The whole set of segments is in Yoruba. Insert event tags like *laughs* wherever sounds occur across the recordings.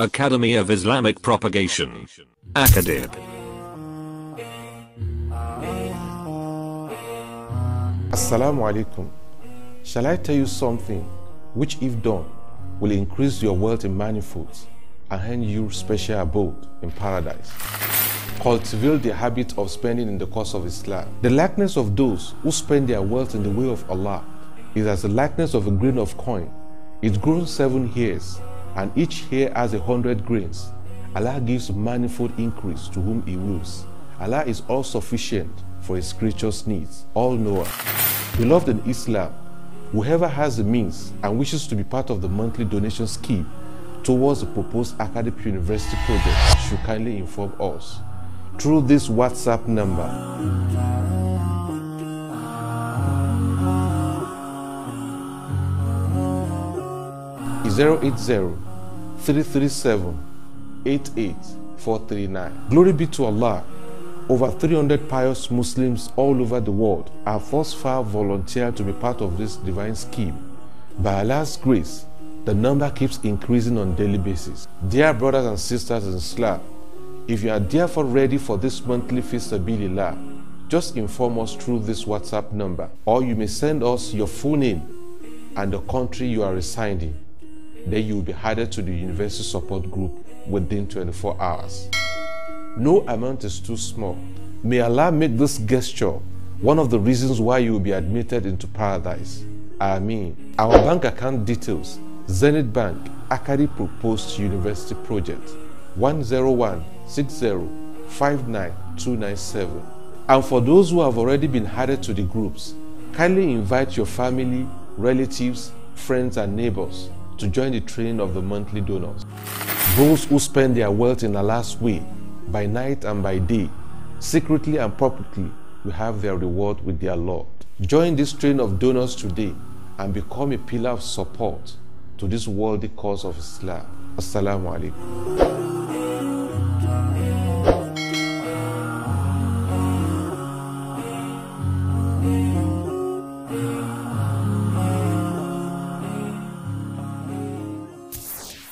Academy of Islamic Propagation. Akadib. Assalamu alaikum. Shall I tell you something which, if done, will increase your wealth in manifold, and hand you special abode in paradise? Cultivate the habit of spending in the cause of Islam. The likeness of those who spend their wealth in the way of Allah is as the likeness of a grain of coin. It grows seven years and each hair has a hundred grains. Allah gives manifold increase to whom He wills. Allah is all sufficient for His creatures' needs, all knower. Beloved in Islam, whoever has the means and wishes to be part of the monthly donation scheme towards the proposed academic university project should kindly inform us through this WhatsApp number. 080 337 88439. Glory be to Allah. Over 300 pious Muslims all over the world have thus far volunteered to be part of this divine scheme. By Allah's grace, the number keeps increasing on daily basis. Dear brothers and sisters in Islam, if you are therefore ready for this monthly feast of Bilillah, just inform us through this WhatsApp number, or you may send us your full name and the country you are residing then you will be added to the university support group within 24 hours. No amount is too small. May Allah make this gesture one of the reasons why you will be admitted into paradise. I mean, Our bank account details Zenit Bank Akari Proposed University Project 101 59297. And for those who have already been added to the groups, kindly invite your family, relatives, friends, and neighbors to join the train of the monthly donors. Those who spend their wealth in Allah's way, by night and by day, secretly and publicly, will have their reward with their Lord. Join this train of donors today and become a pillar of support to this worthy cause of Islam. Assalamu alaikum.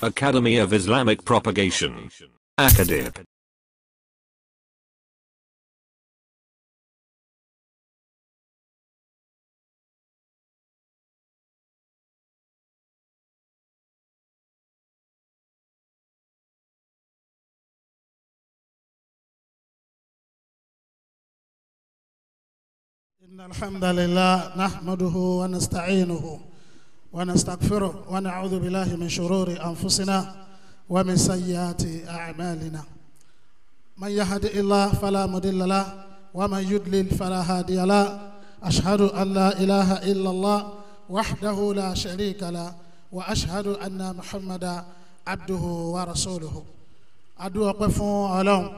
Academy of Islamic Propagation. ACADIP. الحمد لله نحمده ونستعينه ونستغفره ونعوذ بالله من شرور أنفسنا ومن سيئات أعمالنا من يهد الله فلا مضل له ومن يضلل فلا هادي له أشهد أن لا إله إلا الله وحده لا شريك له وأشهد أن محمدا عبده ورسوله أدعو قفون علوم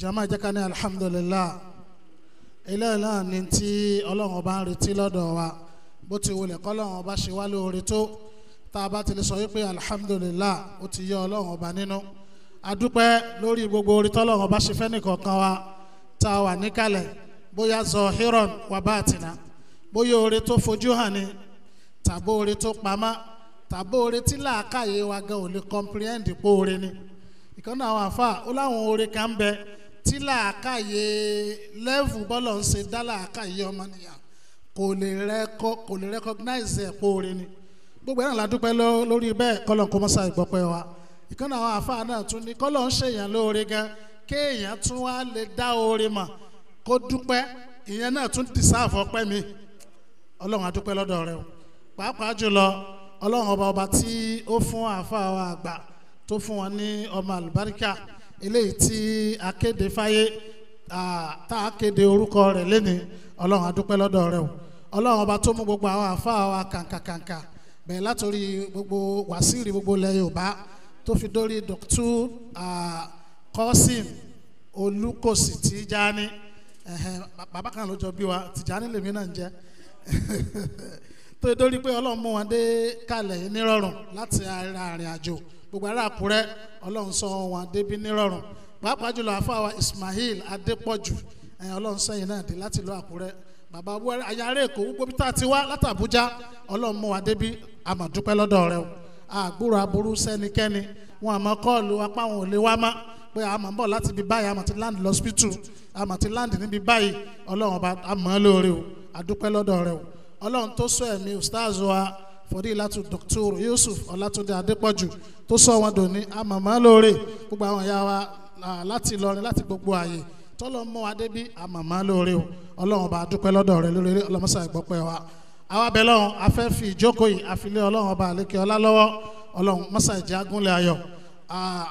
جماعة كان الحمد لله إلى الآن ننتي الله أبان رتي لدوا bó ti wulẹ̀ kọ́ lọ́wọ́n ọba ṣe wá lóore tó tá a bá ti lè sọ wípé alhamdulillah ó ti yọ ọlọ́wọ́n ọba nínú adúpẹ́ lórí gbogbo orí tọ́lọ́wọ́n ọba ṣe fẹ́ nìkọ̀ọ̀kan wa tá a wà níkàlẹ̀ bóyá zahiran wà batina bóyá oore tó fojú hàn ni tàbó oore tó pamá tàbó oore tí làákàyè wa gan ò lè comprehend pó oore ni ìkànnì àwọn àfa ó láwọn oore kan bẹ tí làákàyè lẹ́ẹ̀fù bọ́lọ̀ ń ṣe dá làákàyè ọmọnìyàn kò lè rẹ́kọ́ kò recognize ẹ̀ orin ni gbogbo ẹ̀ràn ládùúpẹ́ lórí bẹ́ẹ̀ kọ́lọ̀ kó mọ́sá ìgbọ́pẹ́ wa ìkànnì àwọn àfáà náà tún ní kọ́lọ̀ ń ṣèyàn lóore gan kéèyàn tún wá lè dá oore mọ̀ kó dúpẹ́ ìyẹn náà tún dìsáàfù ọpẹ́ mi ọlọ́run adúpẹ́ lọ́dọ̀ rẹ o pàápàá jùlọ ọlọ́run ọba ọba tí ó fún àfáà wa àgbà tó fún wọn ní ọmọ àlùbáríkà eléyìí tí akéde fáyé tá a kéde orúkọ rẹ̀ lénìí ọlọ́run adúpẹ́ lọ́dọ̀ rẹ o ọlọ́run ọba tó mú gbogbo àwọn àáfàá wa kàǹkàkàǹkà bẹ̀rẹ̀ látòrí gbogbo wàsíìrì gbogbo ilẹ̀ yorùbá tó fi dórí dr kọ́sìm olùkọ́sì tìjáni bàbá kan ló jọ bí wa tìjáni lèmi náà ń jẹ́ *laughs* tó dórí pé ọlọ́run mú wọn dé kalẹ̀ nírọ̀rùn láti ara àrìn àjò gbogbo ará àkúrẹ́ ọlọ́run sọ wọn débi nírọ̀rùn pàápàá jùlọ àfáà wa ismail adépọ̀jù ọlọ́run sẹ́yìn náà dé láti ìlú àkúrẹ́ bàbá wẹrẹ ayáré èkó gbogbo bí tá a ti wá látàbújá ọlọ́run mú wa débi àmọ̀dúpẹ́ lọ́dọ̀ rẹ o àgbúrò aburú sẹ́nikẹ́ni wọn àmọ́ kọ́ọ̀lù apá wọn ò lè wá má pé àmọ́ bọ̀ láti ibi báyìí àmọ́ ti land lọ́sípítù àmọ́ ti land níbi báyìí ọlọ́run ọba àmọ́ lóore o àdúpẹ́ lọ́dọ̀ rẹ o ọlọ́run tó sọ ẹ̀mí ustaz wa fọdílàtú dr yusuf ọlátúndé adépọ̀jù tó sọ wọn dòní àmọ́ lóore gbogbo àwọn ìyá wa láti ìlọrin láti gbogbo àyè tọ́lọ́ mọ́ wa débi àmàmá lóore o ọlọ́run bá dúpẹ́ lọ́dọ̀ rẹ lórí ọlọ́mọṣà ìgbọ́pẹ́ wa àwa bẹ̀ lọ́hùn afẹ́ fi ìjókòó yìí àfilẹ́ ọlọ́run ọba àlékè ọlá lọ́wọ́ ọlọ́run mọ́ṣà ìjà gúnlẹ̀ ayọ̀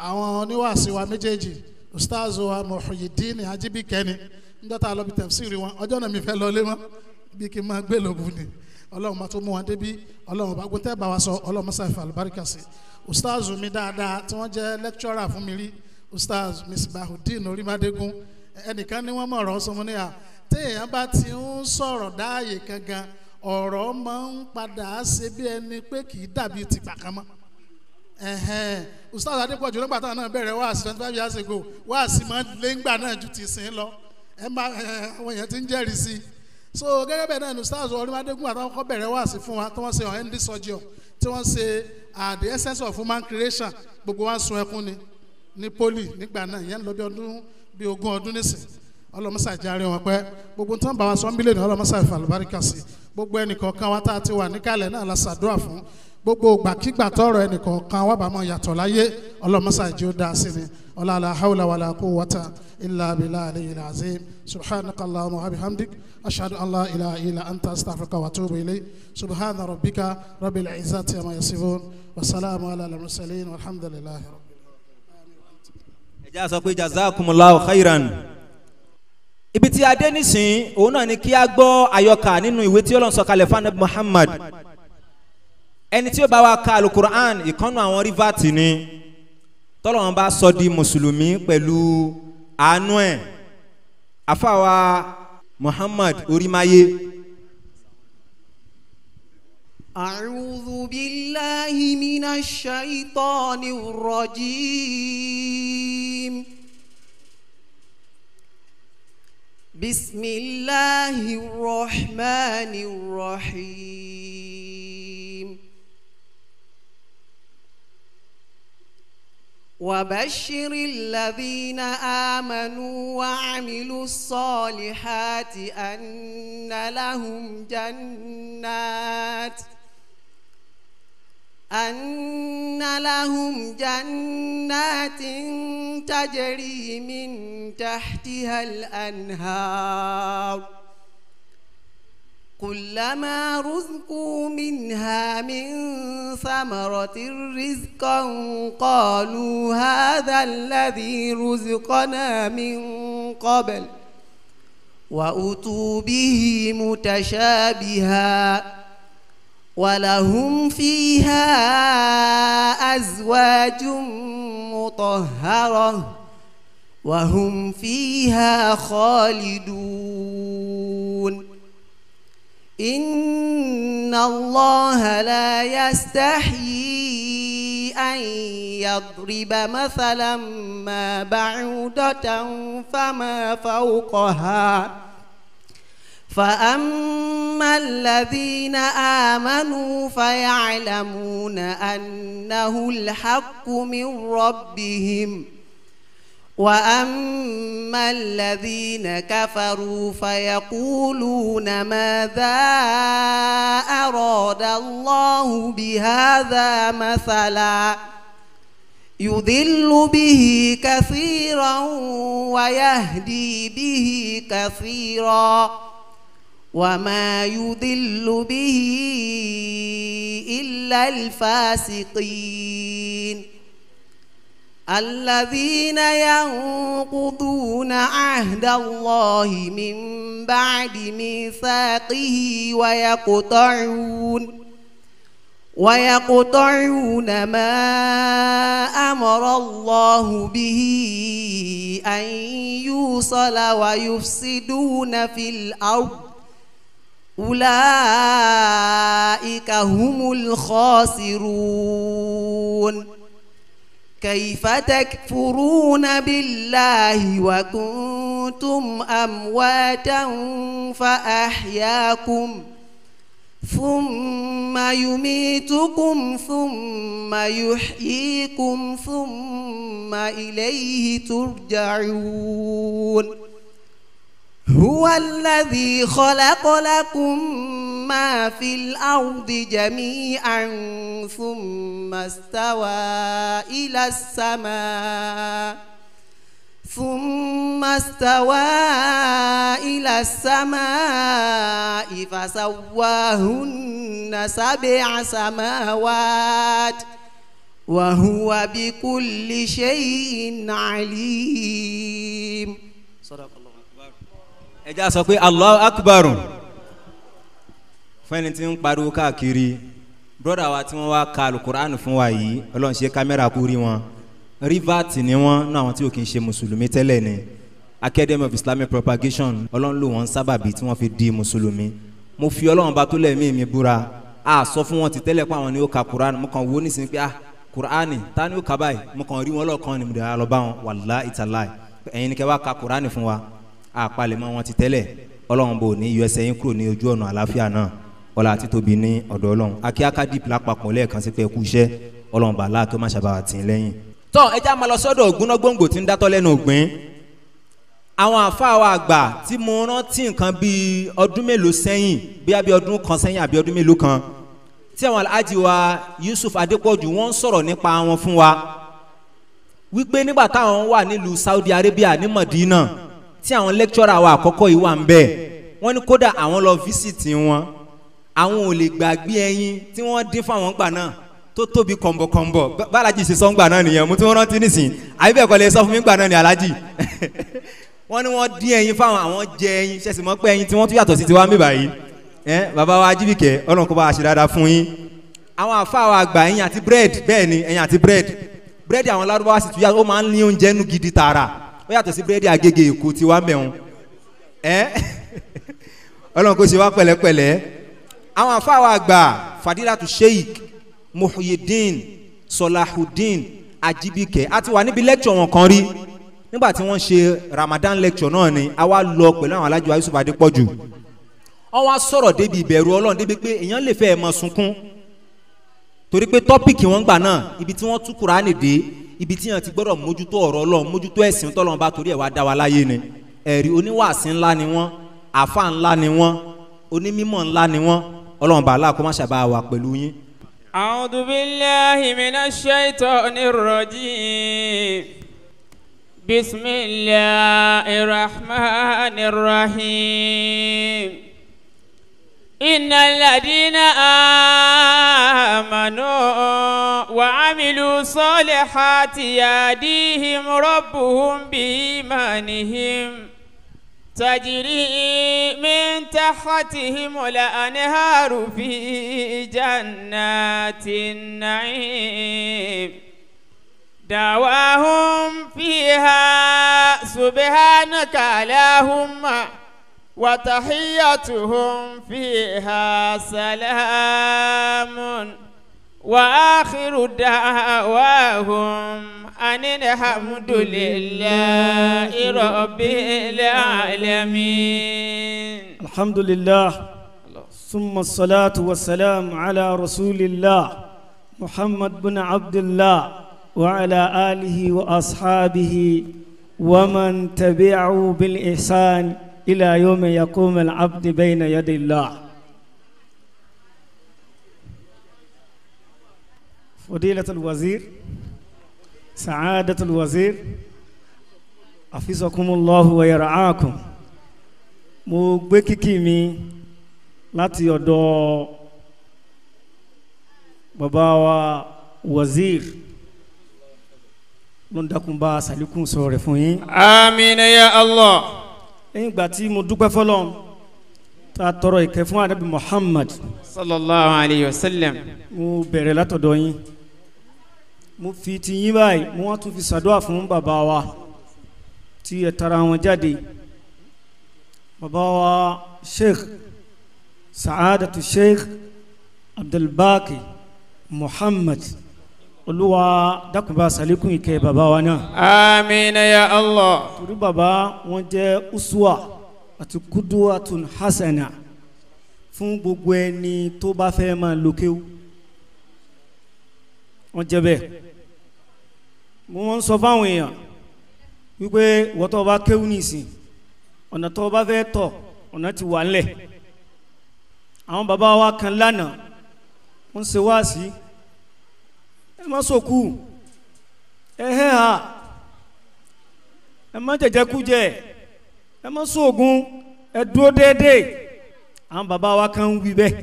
àwọn oníwàásí wa méjèèjì ustaz wa Muhyiddin Ajibikẹni ńdọ́ta lọ́bi tẹ̀síìrì wọn ọjọ́ náà mi fẹ́ lọ lé wọn bí kí n máa gbé lóògùn ni ọlọ́run máa tó mú wọn débi ọlọ́run bá gbọ́tẹ́ bá wa sọ ọlọ́run mọ́ṣà ìfà àlùbáríkà sí ustaz mi dáadáa tí wọ́n jẹ́ lecturer fún mi rí ustaz Misbahuddin Orímádégún ẹnìkan ni wọ́n mọ̀ràn sọmọ ní à téèyàn bá ti ń sọ̀rọ̀ dáàyè kankan ọ̀rọ̀ máa ń padà ṣe bí ẹni pé kì í dàbí tìgbà kan mọ́ ustaz Adépọ̀jù nígbà táwọn náà bẹ̀rẹ̀ wáàsí twenty five years ago wáàsí máa ń lé ńgbà náà ju ti sìn lọ ẹ máa àwọn èèyàn ti ń jẹ́rìí sí i so gẹ́gẹ́ bẹ́ẹ̀ náà ni ustaz Ọ̀rìnmádégún àtàwọn kọ́ bẹ̀rẹ̀ wáàsí fún wa tí wọ́n ṣe ọ̀hẹ́ndì sọ́jọ́ tí wọ́n ṣe the essence of human creation gbogbo wa sun ẹkún ni ní poli nígbà náà ìyẹn lọ bí ọdún bíi ogún ọdún nísìn ọlọmọsà járe wọn pẹ gbogbo tó ń bá wa sọ ń bílẹ̀ ní ọlọmọsà ìfàlùbáríkà sí gbogbo ẹnìkọ̀ọ̀kan wa tá a ti wà níkàlẹ̀ náà la ṣàdúrà fún gbogbo gbàkígbà tọrọ ẹnìkọ̀ọ̀kan wa bá mọ yàtọ̀ láyé ọlọmọsà ìjọ dá sí ni ọlọ́lá haúlá wàlá kó wọ́tà ilà abilà aleyhìlá azim subhanaka allahumma wa bihamdik ashhadu an anta astaghfiruka wa atubu ilayk subhana rabbika rabbil izzati amma yasifun wa ala al-mursalin walhamdulillahi ẹ̀já sọ pé jazakumullahu khairan. ibi tí a dé nísìn òun náà ni kí a gbọ́ àyọkà nínú ìwé tí Ọlọ́run sọ̀kalẹ̀ fún anabi Muhammad ẹni tí ó bá wa ka alukur'an ìkànnù àwọn rivati ni tọ́lọ́run bá sọ di mùsùlùmí pẹ̀lú àánú ẹ̀ àfàwà Muhammad orímáyé. أعوذ بالله من الشيطان الرجيم بسم الله الرحمن الرحيم وبشر الذين آمنوا وعملوا الصالحات أن لهم جنات ۖ أن لهم جنات تجري من تحتها الأنهار كلما رزقوا منها من ثمرة رزقا قالوا هذا الذي رزقنا من قبل وأتوا به متشابهاً ولهم فيها أزواج مطهرة وهم فيها خالدون إن الله لا يستحيي أن يضرب مثلا ما بعودة فما فوقها فأما الذين آمنوا فيعلمون أنه الحق من ربهم وأما الذين كفروا فيقولون ماذا أراد الله بهذا مثلا يضل به كثيرا ويهدي به كثيرا وما يضل به إلا الفاسقين الذين ينقضون عهد الله من بعد ميثاقه ويقطعون ويقطعون ما أمر الله به أن يوصل ويفسدون في الأرض أولئك هم الخاسرون كيف تكفرون بالله وكنتم أمواتا فأحياكم ثم يميتكم ثم يحييكم ثم إليه ترجعون هو الذي خلق لكم ما في الأرض جميعا ثم استوى إلى السماء ثم استوى إلى السماء فسواهن سبع سماوات وهو بكل شيء عليم ẹja sọ pé Allahu Akbar fún ẹni tí ń pariwo káàkiri broda wa tí wọ́n wá ka alukur'an fún wa yìí Ọlọ́run ṣe kámẹ́rà kú rí wọn rivat ni wọ́n náà àwọn tí ò kì í ṣe mùsùlùmí tẹ́lẹ̀ ni academy of islamic propagation Ọlọ́run ló wọ́n sábàbí tí wọ́n fi di mùsùlùmí mo fi Ọlọ́run bá tó lẹ́ẹ̀mí mi búra a sọ fún wọn ti tẹ́lẹ̀ pé àwọn ni ó ka kur'an mo kàn wo nísìnyí pé ah kur'ani ta ni ó ka báyìí mo kàn rí wọn lọ́ọ̀kan ni mo dẹ̀ lọ bá wọn wàlá ìtàláì ẹ̀yin ni kẹ́ wá ka kur'ani fún wa àpalẹ̀mọ́ wọn ti tẹ́lẹ̀ ọlọ́run bò ní usa yín kúrò ní ojú ọ̀nà àlàáfíà náà ọlá àti tóbi ní ọ̀dọ̀ ọlọ́run akíáká dìpì lápapọ̀ lẹ́ẹ̀kan sí pé ẹ kú iṣẹ́ ọlọ́run bàálà kí ó má ṣàbàwà tì í lẹ́yìn. tọ́ ẹ já máa lọ sọ́dọ̀ ògúnná gbòǹgbò tí ń dátọ́ lẹ́nu ògbìn àwọn àfáà àgbà tí mo rántí nǹkan bíi ọdún mélòó sẹ́yìn bíi abí ọdún kan sẹ́yìn àbí ọdún mélòó kan tí àwọn aláàjì wa Yusuf Adépọ̀jù wọ́n ń sọ̀rọ̀ nípa wọn fún wa wípé nígbà táwọn wà nílùú Saudi Arabia ní Madina tí àwọn lecturer wa àkọ́kọ́ yìí wà ń bẹ̀ wọ́n ní kódà àwọn lọ físìtì wọn àwọn ò lè gbàgbé ẹyin tí wọ́n dín fáwọn gbà náà tó tóbi kọ̀m̀bọ̀kọ̀m̀bọ̀ bálájì ṣe sọ ń gbà náà nìyẹn mo ti wọ́n rántí nísìn àbí bẹ́ẹ̀ kọ́ lè sọ fún mi gbà náà ní alájì *laughs* wọ́n ní wọ́n dín ẹyin fáwọn àwọn jẹ ẹyin ṣẹ̀sì mọ́ pé ẹyin tí wọ́n tún yàtọ̀ sí ti wá ń bíbà yìí ẹ bàbá wa ajíbìkẹ́ ọlọ́run bá a ṣe dáadáa fún yín àwọn àfáà wa àgbà ẹyin àti bírèdì bẹ́ẹ̀ ni ẹyin àti bírèdì bírèdì àwọn lárúbáwá sì tún yàtọ̀ ó máa ń ní oúnjẹ nù gidi tààrà ó yàtọ̀ sí búrẹ́dì àgègè èkó tí wàá mẹ́wọ̀n ẹ́ ọlọ́run kò ṣe wá pẹ̀lẹ́pẹ̀lẹ́ àwọn afáwọn àgbà fadilatu sheikh muhyiddin solahudin ajibike a ti wà níbi lecture wọn kan rí nígbà tí wọ́n ṣe ramadan lecture náà ni a wá lọ pẹ̀lú àwọn alájọ yusuf adépọ̀jù wọ́n wá sọ̀rọ̀ débi ìbẹ̀rù ọlọ́run débi pé èèyàn lè fẹ́ ẹ̀ mọ̀ sunkún torí pé tọ́pìkì wọn gbà náà ibi tí wọ́n tú kúránì dé ibi tí yàn ti gbọ́dọ̀ mójútó ọ̀rọ̀ Ọlọ́run mójútó ẹ̀sìn tọ́lọ́run bá torí ẹ̀ wá dá wa láyé ni ẹ̀rí oníwàásí ńlá ni wọ́n àfa ńlá ni wọ́n onímímọ̀ ńlá ni wọ́n Ọlọ́run bá aláàkó má ṣàbá wa pẹ̀lú yín. A'udhu billahi minash shaitonir rajim. Bismillahir rahmanir rahim. إن الذين آمنوا وعملوا صالحات يهديهم ربهم بإيمانهم تجري من تحتهم الأنهار في جنات النعيم دعواهم فيها سبحانك اللهم وتحيتهم فيها سلام وآخر دعواهم أن الحمد لله رب العالمين الحمد لله ثم الصلاة والسلام على رسول الله محمد بن عبد الله وعلى آله وأصحابه ومن تبعوا بالإحسان إلى يوم يقوم العبد بين يدي الله فضيلة الوزير سعادة الوزير حفظكم الله ويرعاكم mo gbé kíkì mi láti ọ̀dọ̀ bàbá wa wazir ló ń dákun bá salikun sọ̀rọ̀ fún yín. amina ya Allah lẹ́yìn ìgbà tí mo dúpẹ́ fọlọ́n ta tọrọ ìkẹ́ fún anabi muhammad. sallallahu alayhi wa sallam. mo bẹ̀rẹ̀ látọ̀dọ̀ yín mo fi ti yín báyìí mo wá tún fi ṣàdúrà fún bàbá wa tí ẹ tara wọn jáde bàbá wa sheikh sa'adatu sheikh abdulbaki muhammad olúwa dákùnbà sàlékún ìkẹ́ bàbá wa náà. amina ya allah. torí Baba wọn jẹ́ uswa àti kuduwatun hasana fún gbogbo ẹni tó bá fẹ́ máa lo kéwú wọn jẹ́ bẹ́ẹ̀ mo máa ń sọ fáwọn èèyàn wípé wọ́tọ̀ bá kéwú nìsín ọ̀nà tó bá fẹ́ tọ̀ ọ̀nà ti wà ńlẹ̀ àwọn bàbá wa kan lánàá wọ́n ń ṣe wáàsí. Si ẹ má sòkù ẹ hẹ́ ha ẹ má jẹjẹkújẹ ẹ má sóògùn ẹ dúró déédéé àwọn bàbá wa kan wí bẹ́ẹ̀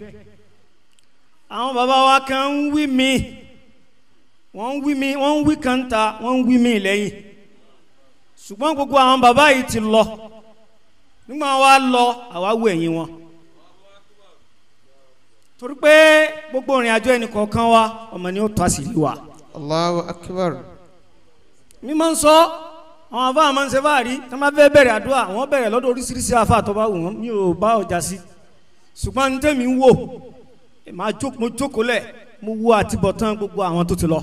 àwọn bàbá wa kan wí mi wọ́n wí mi wọ́n wí kan wọ́n wí mi lẹ́yìn ṣùgbọ́n gbogbo àwọn bàbá yìí ti lọ nígbà wọn wá lọ àwa wú wọn torí pé gbogbo ìrìn àjò ẹnì kọ̀ọ̀kan wa ọmọ ni ó tọ́ àṣírí wa. Allahu akbar. mi máa ń sọ àwọn àfáà máa ń ṣe fáàrí tí wọ́n bá fẹ́ bẹ̀rẹ̀ àdúrà wọ́n bẹ̀rẹ̀ lọ́dọ̀ oríṣiríṣi àfáà tó wù wọ́n mi ò bá ọjà sí ṣùgbọ́n ní tèmi ń wò màá jókòó lẹ̀ mo wo àtibọ̀tán gbogbo àwọn tó ti lọ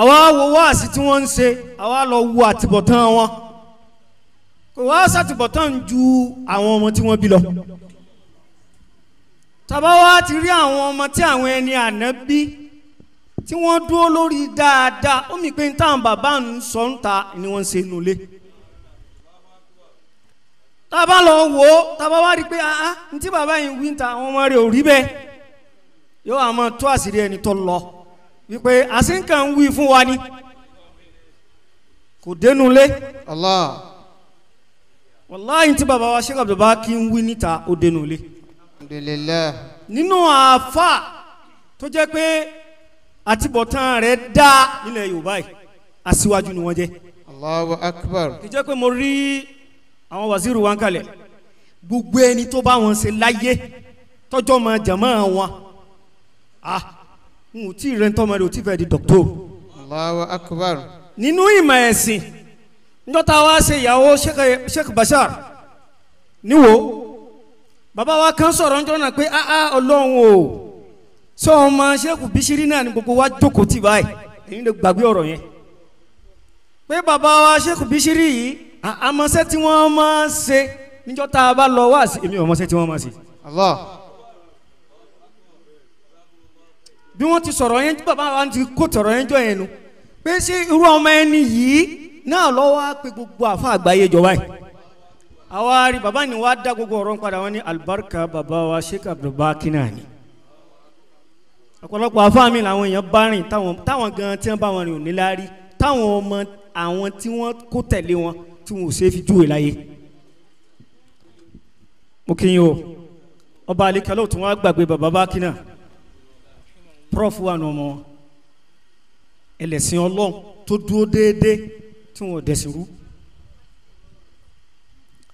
àwa wo wáàsí tí wọ́n ń ṣe àwa lọ wo àtìbọ̀tán wọn kò wá sàtìbọ̀tán ju àwọn ọmọ tí wọ́n bí lọ tàbá wá ti rí àwọn ọmọ tí àwọn ẹni àná bí tí wọ́n dúró lórí dáadáa ó mì pé ní táwọn bàbá ń sọ ń ta ni wọ́n ń ṣe nulẹ̀ tàbá lọ wò ó tàbá wá rí i pé ah, ah ní tí bàbá yìí wí ń ta àwọn ọmọ rẹ̀ ò rí bẹ́ẹ̀ yóò àmọ́ tó àṣírí ẹni tó lọ wípé àṣìǹkan ń wí fún wa ni kò dénúlé. Allah. wàláyé tí bàbá wa Sheikh Abdul Baqi ń wí níta ó dénúlé alhamdulillah. nínú àáfà tó jẹ́ pé àtibọ̀tán rẹ̀ dá nílẹ̀ yorùbá yìí aṣíwájú ni wọ́n jẹ́. allahu akbar. kì í jẹ́ pé mo rí àwọn waziri wa ń kalẹ̀ gbogbo ẹni tó bá wọn ṣe láyé tọjọ́ ma jàmọ́ wọn ah n ò tí ì rẹ́ ń tọ́mọ rẹ ò tí ì fẹ́ di dọ́kítọ́. allahu akbar. nínú ìmọ̀ ẹ̀sìn njọ́ta wa ṣe ìyàwó sheikh bashar níwò bàbá wa kan sọ̀rọ̀ ń jọ́nà pé ah ah ọlọ́run o sọ ọmọ sẹ́kù bíṣírí náà ni gbogbo wa jókòó tì báyìí èyí ló gbàgbé ọ̀rọ̀ yẹn pé bàbá wa sẹ́kù bíṣírí yìí àmọ́sẹ́ tí wọ́n máa ṣe níjọ́ tá a bá lọ wá sí èmi ọmọsẹ́ tí wọ́n máa ṣe. Allah bí wọ́n ti sọ̀rọ̀ yẹn bàbá wa ti kó tọ̀rọ̀ yẹn jọ yẹn nu pé ṣé irú ọmọ ẹni yìí náà lọ́wọ́ á pe gbogbo àfa àgbáyé jọ báyìí àwa rí bàbá ni wàá dá gbogbo ọ̀rọ̀ ń padà wọn ní alibarika bàbá wa sheikh abdulbaki náà ni ọ̀pọ̀lọpọ̀ afáàmì làwọn èèyàn bá rìn táwọn gan tí wọ́n bá wọn rìn ò ní láárí táwọn ọmọ àwọn tí wọ́n kó tẹ̀lé wọn tí wọn ò ṣe fi júwe láyé mo kí yín o ọba àlekẹ́lẹ́ òtún wọn gbàgbé bàbá bákì náà prof wà nù ọmọ wọn ẹlẹ́sìn ọlọ́run tó dúró déédéé tí wọn ò dẹ̀sìn rú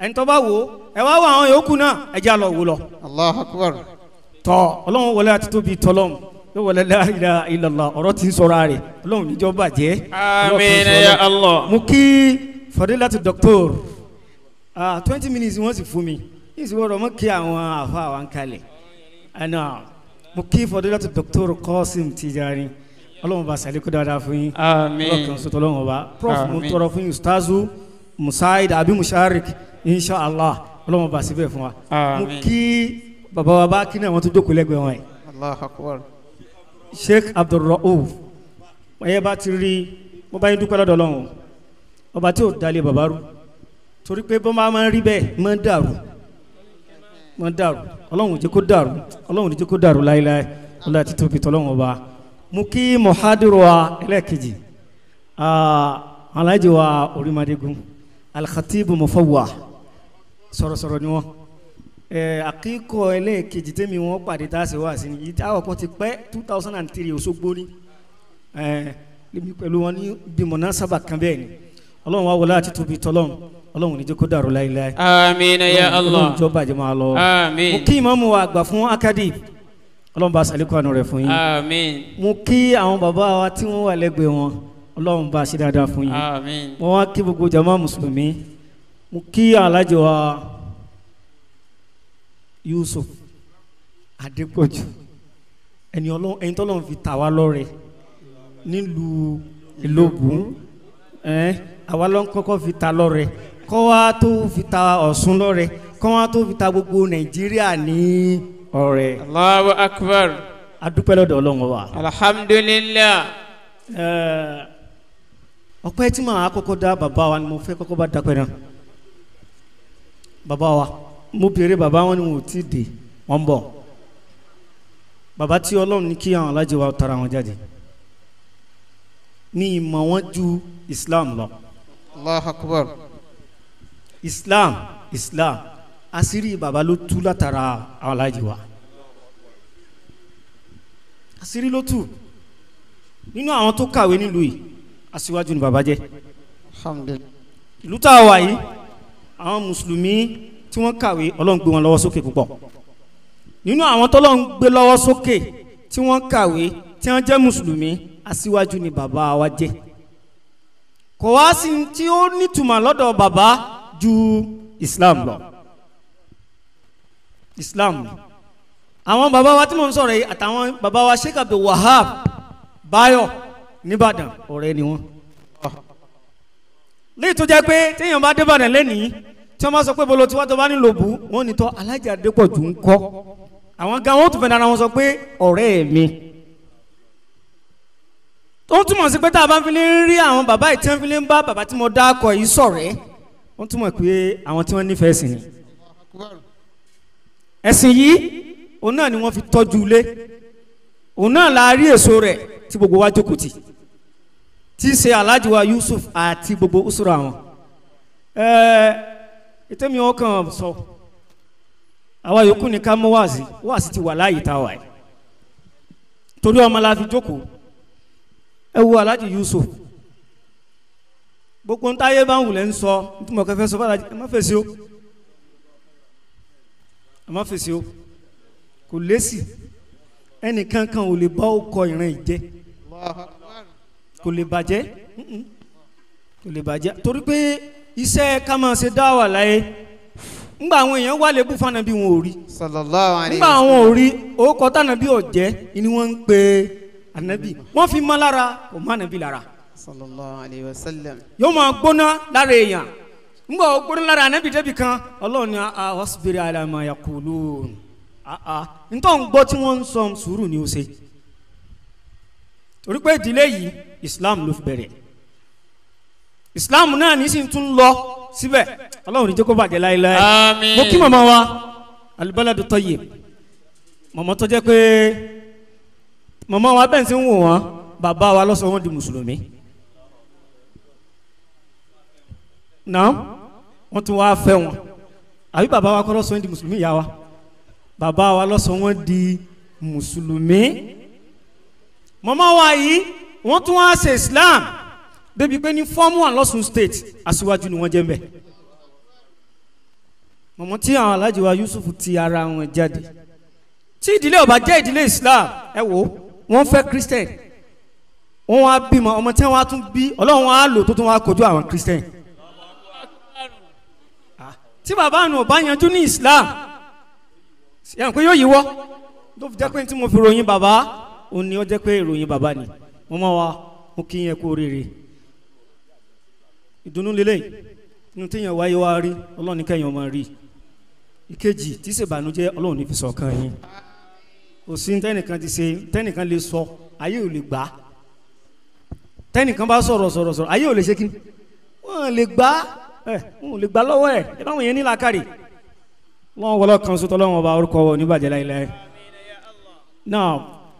ẹni tó bá wò ó ẹ wá wọ àwọn yòókù náà ẹ já lọ wò lọ. Allahu Akbar. tọ Ọlọ́run wọlé àti tóbi tọlọmù yóò wọlé la ilaha illallah ọ̀rọ̀ tí ń sọ̀rọ̀ àrè Ọlọ́run níjọ bàjẹ́. àmín ya Allah. mo kí fadilatu doctor twenty minutes wọ́n sì fún mi yìí sì wọ́n mo kí àwọn àfa àwọn kalẹ̀ ẹnà mo kí fadilatu doctor Qasim Tijani Ọlọ́run bá sàlékò dáadáa fún yín. àmín kan sọ̀tọ̀ Ọlọ́run ọba prof mo tọrọ fún yín ustazu musaid abi musharik insha allah ọlọ́mọ bá síbẹ̀ fún wa mo kí bàbá wa bá kí ní àwọn tó jókòó lẹ́gbẹ̀ẹ́ wọn yìí. Allahu akbar. sheikh abdulrauf ẹ̀yẹ́ bá ti rí mo bá yín dúpẹ́ lọ́dọ̀ ọlọ́run ọba tí ò dalẹ̀ bàbá rú torí pé bọ́n máa ń rí bẹ́ẹ̀ máa ń dàrú máa ń dàrú ọlọ́run ò jẹ́ kó dàrú ọlọ́run ò jẹ́ kó dàrú láéláé ọlọ́run àti tóbi tọ́lọ́run ọba mo kí mohadiru ẹlẹ́ẹ̀kejì ah, alhaji wa orimadegun alkhatibu sọ̀rọ̀sọ̀rọ̀ ni wọ́n àkíkọ ẹlẹ́ẹ̀kejì tẹ́mi wọn pàdé tá a ṣe wá sí ni yìí táwọn kan ti pẹ́ two thousand and three Òṣogbo ni lémi pẹ̀lú wọn ní bímọ náà sábà kan bẹ́ẹ̀ ni ọlọ́run wa wọlé àti tóbi tọ́lọ́run ọlọ́run ní jẹ́ kó dàrú láéláé. amiina ya allah ọlọ́run jọba jẹ́ máa lọ. amiin mo kí ìmọ̀mù wa àgbà fún akadi ọlọ́run bá sàlékún àánú rẹ̀ fún yín. amiin mo kí àwọn bàbá wa tí wọ́n wà lẹ́gbẹ̀ẹ́ wọn ọlọ́run bá ṣe dáadáa fún yín. amiin mo wá kí gbogbo jama mùsùlùmí mo kí alájọ wa Yusuf Adépọ̀jù ẹni ọlọ́run ẹni tọ́lọ́run fi tà wá lọ́rẹ nílùú Ìlógùn ẹ̀ àwa ló ń kọ́kọ́ fi ta lọ́rẹ kọ́ wa tó fi ta Ọ̀ṣun lọ́rẹ kọ́ wa tó fi ta gbogbo Nàìjíríà ní ọrẹ. Allahu Akbar. adúpẹ́ lọ́dọ̀ ọlọ́run wa. alhamdulilayi. ọpẹ́ tí màá kọ́kọ́ dá bàbá wa ni mo fẹ́ kọ́kọ́ bá dápẹ́ náà bàbá wa mo béèrè bàbá wọn ni wọn ò tí ì dé wọn ń bọ̀ bàbá tí ọlọ́run ní kí àwọn alájẹ wa tara wọn jáde ní ìmọ̀ wọn ju islam lọ. allah akbar. islam islam àṣírí bàbá ló tú látara àwọn alájẹ wa àṣírí ló tú nínú àwọn tó kàwé nílùú yìí aṣíwájú ni bàbá jẹ́. ìlú tá a wà yìí àwọn mùsùlùmí tí wọ́n kàwé ọlọ́run gbé wọn lọ́wọ́ sókè púpọ̀ nínú àwọn tọ́lọ́run gbé lọ́wọ́ sókè tí wọ́n kàwé tí wọ́n jẹ́ mùsùlùmí aṣíwájú ni bàbá wa jẹ́ kò wá sí tí ó nítumọ̀ lọ́dọ̀ bàbá ju islam lọ islam àwọn bàbá wa tí mò ń sọ̀rọ̀ yìí àtàwọn bàbá wa sheikh abdul wahab bayo nìbàdàn ọ̀rẹ́ ni wọ́n léyìí tó jẹ́ pé téèyàn bá débàdàn lẹ́nìí tí wọ́n bá sọ pé bolo tiwa tó bá nílò bù wọ́n ní tọ́ alájà Adépọ̀jù ń kọ́ àwọn gan wọn tún fẹ́ dára wọn sọ pé ọ̀rẹ́ mi ó túmọ̀ sí pé tá a bá fi lè rí àwọn bàbá yìí tí wọ́n fi lè ń bá bàbá tí mo dá akọ yìí ṣọ̀rẹ́ ó túmọ̀ pé àwọn tí wọ́n nífẹ̀ẹ́ sí ni ẹ̀sìn yìí òun náà ni wọ́n fi tọ́jú ilé òun náà la rí èso rẹ̀ tí gbogbo wa jókòó tì tí í ṣe Alhaji Yusuf àti gbogbo usura wọn ẹẹ ètèmi ọkàn sọ àwa yòókù ní ká mọ wáàsí wáàsí ti wà láàyè tá a wà yìí torí ọmọ la fi jókòó ẹ wo Alhaji Yusuf gbogbo ń táyé bá ń wulẹ̀ ń sọ ntúmọ̀ kẹfẹ́ sọ fàlàjì ẹ má fèsì o ẹ má fèsì o kò lésì ẹnì kankan ò lè bá ọkọ ìran ìjẹ. kò lè bàjẹ́ kò lè bàjẹ́ torí pé iṣẹ́ ká máa ṣe dáwà láyé ngba àwọn èèyàn wà lébù fànàbí wọn ò rí sallallahu alaihi wasallam ngba àwọn ò rí òkò tànàbí ọ̀jẹ́ ni wọ́n ń pe ànàbí wọ́n fi mọ́ lára kò má nabi lára sallallahu alaihi wasallam yóò máa gbóná lára èèyàn ngba gbóná lára ànàbí débi kan ọlọ́run ni a wasbiri ala ma yaqulun ntọ́ ń gbọ́ tí wọ́n ń sọ sùúrù ni ó ṣe. torí pé ìdílé yìí islam ló fi bẹ̀rẹ̀ islam náà ní sì tún lọ síbẹ̀ ọlọ́run ní jókòó bàjẹ́ láéláé àmín mo kí màmá wa alibaladu tayyib màmá tó jẹ́ pé màmá wa bẹ́ẹ̀ sì ń wò wọ́n bàbá wa ló sọ wọ́n di mùsùlùmí náà wọ́n tún wáá fẹ́ wọn àbí bàbá wa kọ́ ló sọ di mùsùlùmí ìyá wa bàbá wa ló sọ di mùsùlùmí mọ̀mọ́ wa yìí wọ́n tún wá ṣe Islam débi pé ní form one lọ́sùn state aṣíwájú ni wọ́n jẹ́ mbẹ́ mọ̀mọ́ tí àwọn alájì wa Yusuf ti ara wọn jáde tí ìdílé ọba jẹ́ ìdílé Islam ẹ wò wọ́n fẹ́ Christian wọ́n wá bímọ ọmọ tí wọ́n á tún bí ọlọ́run á lò tó tún wá kojú àwọn Christian ah, tí bàbá àná ọba yanjú ní Islam yẹn pé yóò yíwọ́ tó fi jẹ́ pé tí mo fi ròyìn bàbá òun ni ó jẹ́ pé ìròyìn bàbá ni mo mọ̀ wá mo kí yẹn kú oríire ìdùnnú lélẹ̀ inú téèyàn wáyé wá rí ọlọ́run ní kẹ́yìn ọmọ rí ìkejì tí ṣèbànújẹ́ ọlọ́run ní fi sọ̀kan yín kò sí tẹ́nìkan ti ṣe tẹ́nìkan lè sọ ayé ò lè gbà á tẹ́nìkan bá sọ̀rọ̀ sọ̀rọ̀ sọ̀rọ̀ ayé ò lè ṣe kí wọ́n lè gbà ẹ̀ wọ́n lè gbà lọ́wọ́ ẹ̀ ẹ̀ báwọn yẹn ní làákàrè wọ́n wọlé kan sótọ́ lọ́wọ́ ọba orúkọ wọn níbàjẹ́ láìláì náà.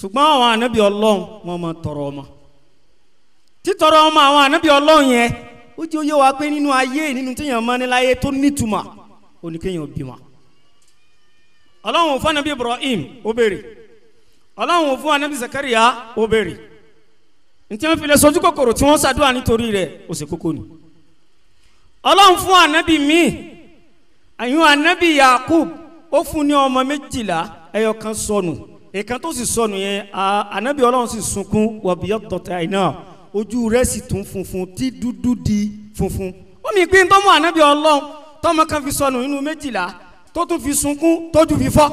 ṣùgbọ́n àwọn ànábì ọlọ́run wọn máa tọrọ ọmọ títọrọ ọmọ àwọn ànábì ọlọ́run yẹn ó jẹ́ oyé wa pé nínú ayé nínú téèyàn mọ́ ní láyé tó nítumọ̀ oníkéèyàn bímọ. ọlọ́run fún ànábì Ibrahim ó béèrè ọlọ́run fún ànábì Zakaria ó béèrè ntí wọn fi lè sojú kòkòrò tí wọn ṣàdúrà nítorí rẹ̀ ó ṣe kókó ni. ọlọ́run fún ànábì míì àyùn ànábì Yakub ó fún ní ọmọ méjìlá ẹyọ kan sọnù. So ìkan tó sì sọnù yẹn anabi ọlọ́run sì sunkún wàbíyọ́ tọ̀tẹ̀ àìná ojú rẹ̀ sì tún funfun tí dúdú di funfun ó mi gbé tó mú anabi ọlọ́run tọmọ kan fi sọnù nínú méjìlá tó tún fi sunkún tójú fi fọ́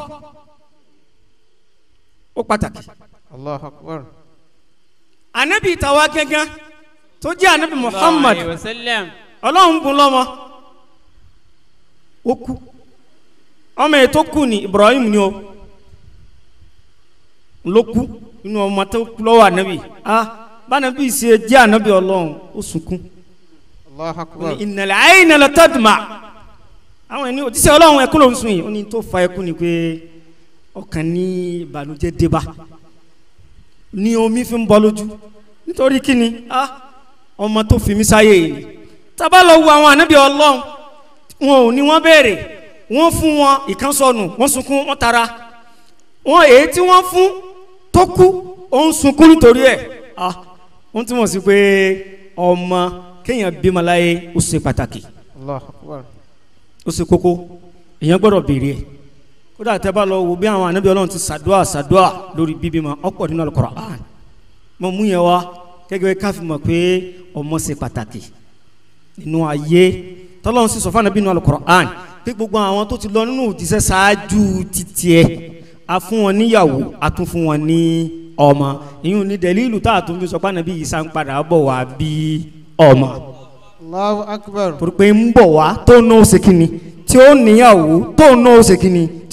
ó pàtàkì. anabi tàwa gángan tó jẹ́ anabi Muhammad ọlọ́run bùn lọ́mọ ó kú ọmọ ètò kù ní Ibrahim ni o ló kú nínú ọmọ tó kú lọ́wọ́ ànábì ah bánabi ṣe jẹ́ ànábì ọlọ́run ó sunkún ìnàlẹ̀ àìnàlẹ̀ tọ́dùmá àwọn ẹni òjíṣẹ́ ọlọ́run ẹkún ló ń sun yìí ó ní tó fa ẹkún ni pé ọkàn ní ìbànújẹ́ débà ní omi fi ń bọ́ lójú nítorí kíni ah ọmọ tó fi mí sáyé yìí tábà lọ wo àwọn ànábì ọlọ́run wọn ò ní wọ́n béèrè wọ́n fún wọn ìkánsọnù wọ́n sunkún wọ́n tara wọn èyí tí wọ́n fún tó kú ó ń sunkún nítorí ẹ̀ ah wọ́n túmọ̀ sí pé ọmọ kéèyàn bímọ láyé ó ṣe pàtàkì ó ṣe kókó èèyàn gbọ́dọ̀ béèrè ẹ̀ kódà tẹ́ bá lọ wo bí àwọn ànábì Ọlọ́run ti ṣàdúà ṣàdúà lórí bíbímọ ọ̀pọ̀ nínú Al-Qur'an mo mú yẹn wá gẹ́gẹ́ bí káfí mọ̀ pé ọmọ ṣe pàtàkì nínú ayé tọ́lọ́run sì sọ fún ànábì nínú Al-Qur'an pé gbogbo àwọn tó ti lọ nínú òjíṣẹ́ ṣáájú títí ẹ̀ a fún wọn níyàwó a tún fún wọn ní ọmọ ìyún ní dẹ̀lílù tá a tún fi sọ pé ànábì yìí sá ń padà bọ̀ wá bí ọmọ. Allahu akbar. pòròpé ń bọ̀ wá tó ná ó ṣe tí ó níyàwó tó ná ó ṣe tí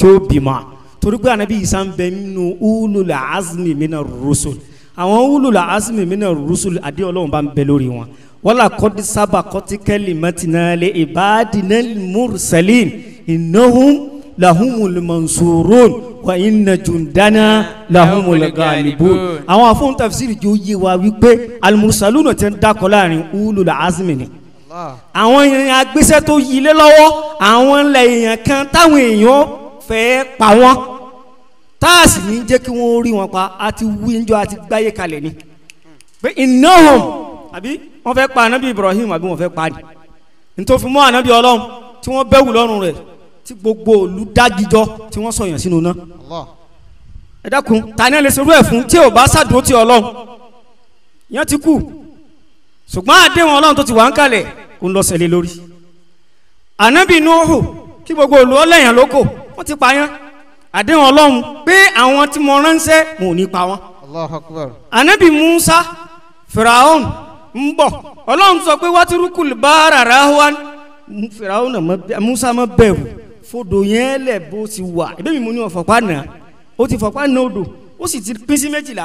ó bímọ torí pé ànábì yìí sá ń bẹ nínú ulul azmi minar rusul àwọn ulul azmi minar rusul adé ọlọ́run bá ń bẹ lórí wọn wala kọ́dí sábà kọ́tí kẹ́lì mẹ́tìnálẹ̀ ìbádìnnẹ́lì mùrùsẹ̀lìn innahum lahumul mansurun wa inna jundana lahumul ghalibun àwọn afọ́n tafsiri jẹ́ oyé wa wípé alimusaluna ti ń dakọ̀ láàrin ulul azmi ni àwọn èèyàn agbésẹ́ tó yilé lọ́wọ́ àwọn ilẹ̀ èèyàn kan táwọn èèyàn fẹ́ pa wọ́n táàsì ní jẹ́ kí wọ́n rí wọn pa àti wíńjọ àti gbáyé kalẹ̀ ni pé innahum àbí wọ́n fẹ́ pa anabi Ibrahim àbí wọ́n fẹ́ pa ni ntòfin anabi ọlọ́run tí wọ́n bẹ́ wù lọ́rùn rẹ̀ tí gbogbo òlu dágijọ́ tí wọ́n sọ̀yàn sínú ná. ẹ dákun ta ni ẹ lè ṣerú ẹ fún tí ò bá ṣàdúró ti ọlọ́run yẹn ti kú ṣùgbọ́n àdéhùn ọlọ́run tó ti wà ń kalẹ̀ kò ń lọ sẹ́lẹ̀ lórí. ànábì nuhu kí gbogbo òlu ọlẹ́yàn lóko wọ́n ti pa yẹn àdéhùn ọlọ́run pé àwọn tí mo ránṣẹ́ mo ò ní pa wọn. ànábì musa firaun ń bọ̀ ọlọ́run sọ pé wátírúkú bá rárá wa firaun musa má bẹ̀rù fodò yẹn lẹ̀ bó ti wà ẹ̀bẹ́ mi mo ní ọ̀fọ̀pá nà ó ti fọ̀pá nà odò ó sì ti pín sí méjìlá